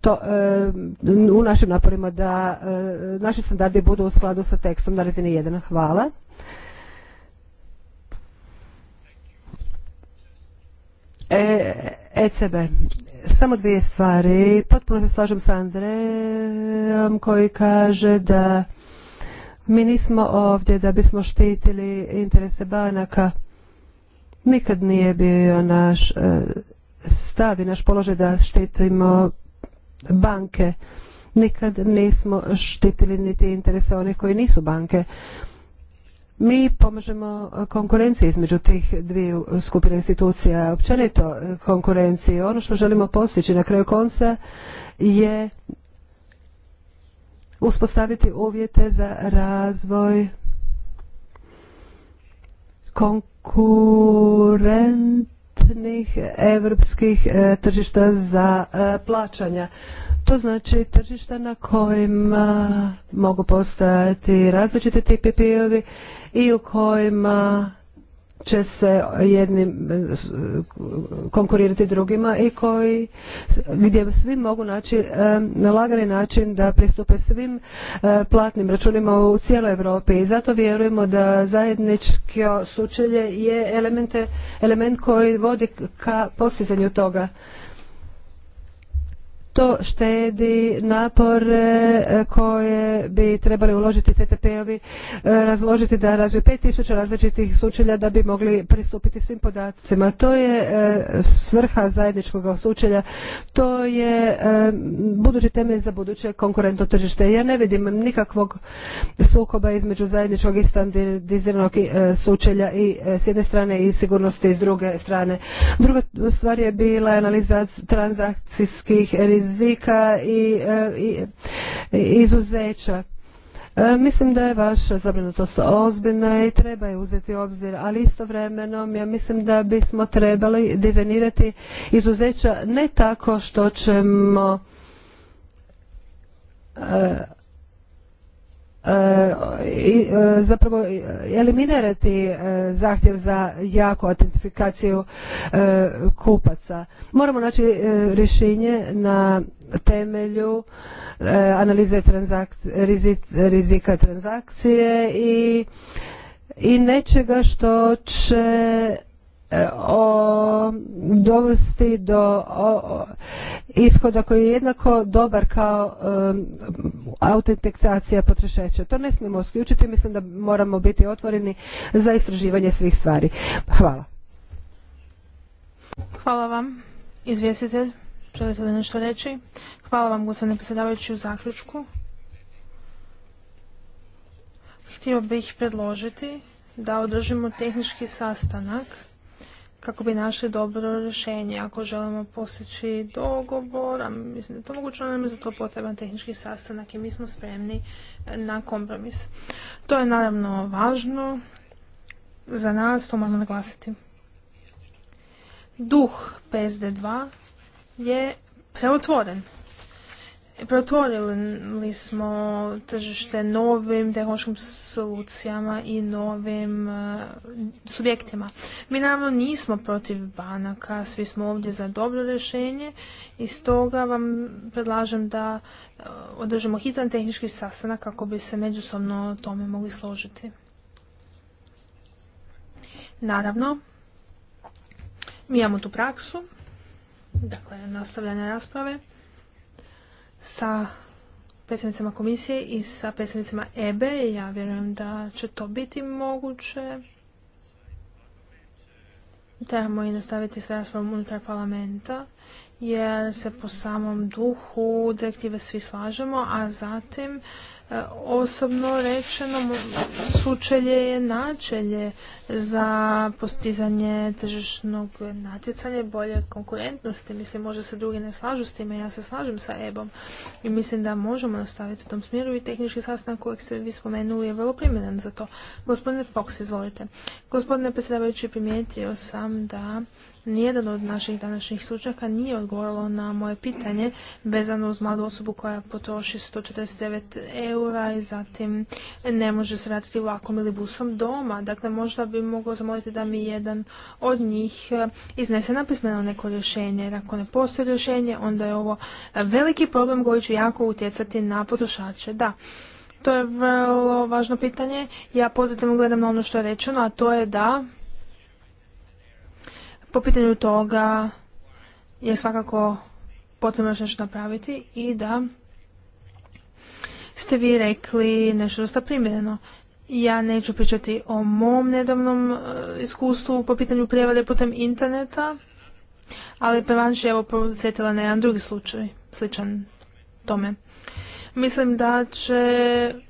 to e, u našim naporima da e, naši standardi budu u skladu sa tekstom na razini 1. Hvala. ECB. E Samo dvije stvari. Potpuno se slažem s Andrejom koji kaže da mi nismo ovdje da bismo štitili interese banaka. Nikad nije bio naš stav i naš položaj da štitimo banke. Nikad nismo štitili niti interese onih koji nisu banke. Mi pomažemo konkurenciji između tih dviju skupine institucija, općenito konkurenciji. Ono što želimo postići na kraju konca je uspostaviti uvjete za razvoj konkurent europskih e, tržišta za e, plaćanja. To znači tržišta na kojima e, mogu postojati različiti tipi ovi i u kojima će se jednim konkurirati drugima i koji gdje svi mogu naći na lagani način da pristupe svim e, platnim računima u cijeloj Europi i zato vjerujemo da zajedničko sučelje je element koji vodi ka postizanju toga to štedi napore e, koje bi trebali uložiti TTP-ovi, e, razložiti da razviju 5000 različitih sučelja da bi mogli pristupiti svim podacima. To je e, svrha zajedničkog sučelja, to je budući temelj za buduće konkurentno tržište. Ja ne vidim nikakvog sukoba između zajedničkog i standardiziranog sučelja i s jedne strane i sigurnosti s druge strane. Druga stvar je bila analiza transakcijskih rizika rizika e, i, i izuzeća. E, mislim da je vaša zabrinutost ozbiljna i treba je uzeti u obzir, ali istovremeno ja mislim da bismo trebali dizajnirati izuzeća ne tako što ćemo e, E, zapravo e, eliminirati e, zahtjev za jaku autentifikaciju kupaca. Moramo naći rješenje na temelju analize rizika transakcije i nečega što će o, dovesti do o, ishoda koji je jednako dobar kao um, autentikacija potrošača. To ne smijemo isključiti, mislim da moramo biti otvoreni za istraživanje svih stvari. Hvala. Hvala vam, izvjestitelj. Želite li nešto reći? Hvala vam, gospodine predsjedavajući, u zaključku. Htio bih predložiti da održimo tehnički sastanak kako bi našli dobro rješenje. Ako želimo postići dogovor, a mislim da je to moguće, nam je za to potreban tehnički sastanak i mi smo spremni na kompromis. To je naravno važno za nas, to moramo naglasiti. Duh PSD2 je preotvoren. Protvorili smo tržište novim tehnološkim solucijama i novim e, subjektima. Mi naravno nismo protiv banaka, svi smo ovdje za dobro rješenje i stoga vam predlažem da e, održimo hitan tehnički sastanak kako bi se međusobno tome mogli složiti. Naravno, mi imamo tu praksu, dakle nastavljanje rasprave sa predstavnicima komisije i sa predstavnicima EBE. E. Ja vjerujem da će to biti moguće. Trebamo i nastaviti s raspravom unutar parlamenta jer se po samom duhu direktive svi slažemo, a zatim E, osobno rečeno, sučelje je načelje za postizanje tržišnog natjecanja, bolje konkurentnosti. Mislim, možda se drugi ne slažu s time, ja se slažem sa EBOM i mislim da možemo nastaviti u tom smjeru i tehnički sastanak kojeg ste vi spomenuli je vrlo primjeren za to. Gospodine Fox, izvolite. Gospodine predsjedavajući, primijetio sam da Nijedan od naših današnjih slučaka nije odgovorilo na moje pitanje vezano uz mladu osobu koja potroši 149 eura i zatim ne može se vratiti vlakom ili busom doma. Dakle, možda bi mogao zamoliti da mi jedan od njih e, iznese napismeno neko rješenje. Jer ako ne postoji rješenje, onda je ovo veliki problem koji će jako utjecati na potrošače. Da, to je vrlo važno pitanje. Ja pozitivno gledam na ono što je rečeno, a to je da po pitanju toga je svakako potrebno još nešto napraviti i da ste vi rekli nešto dosta primjereno. Ja neću pričati o mom nedavnom e, iskustvu po pitanju prijevode putem interneta, ali prevanš je evo podsjetila na jedan drugi slučaj, sličan tome. Mislim da će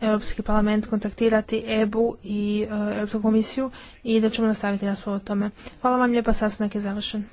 Europski parlament kontaktirati EBU i e, Europsku komisiju i da ćemo nastaviti raspravu o tome. Hvala vam lijepa, sastanak je završen.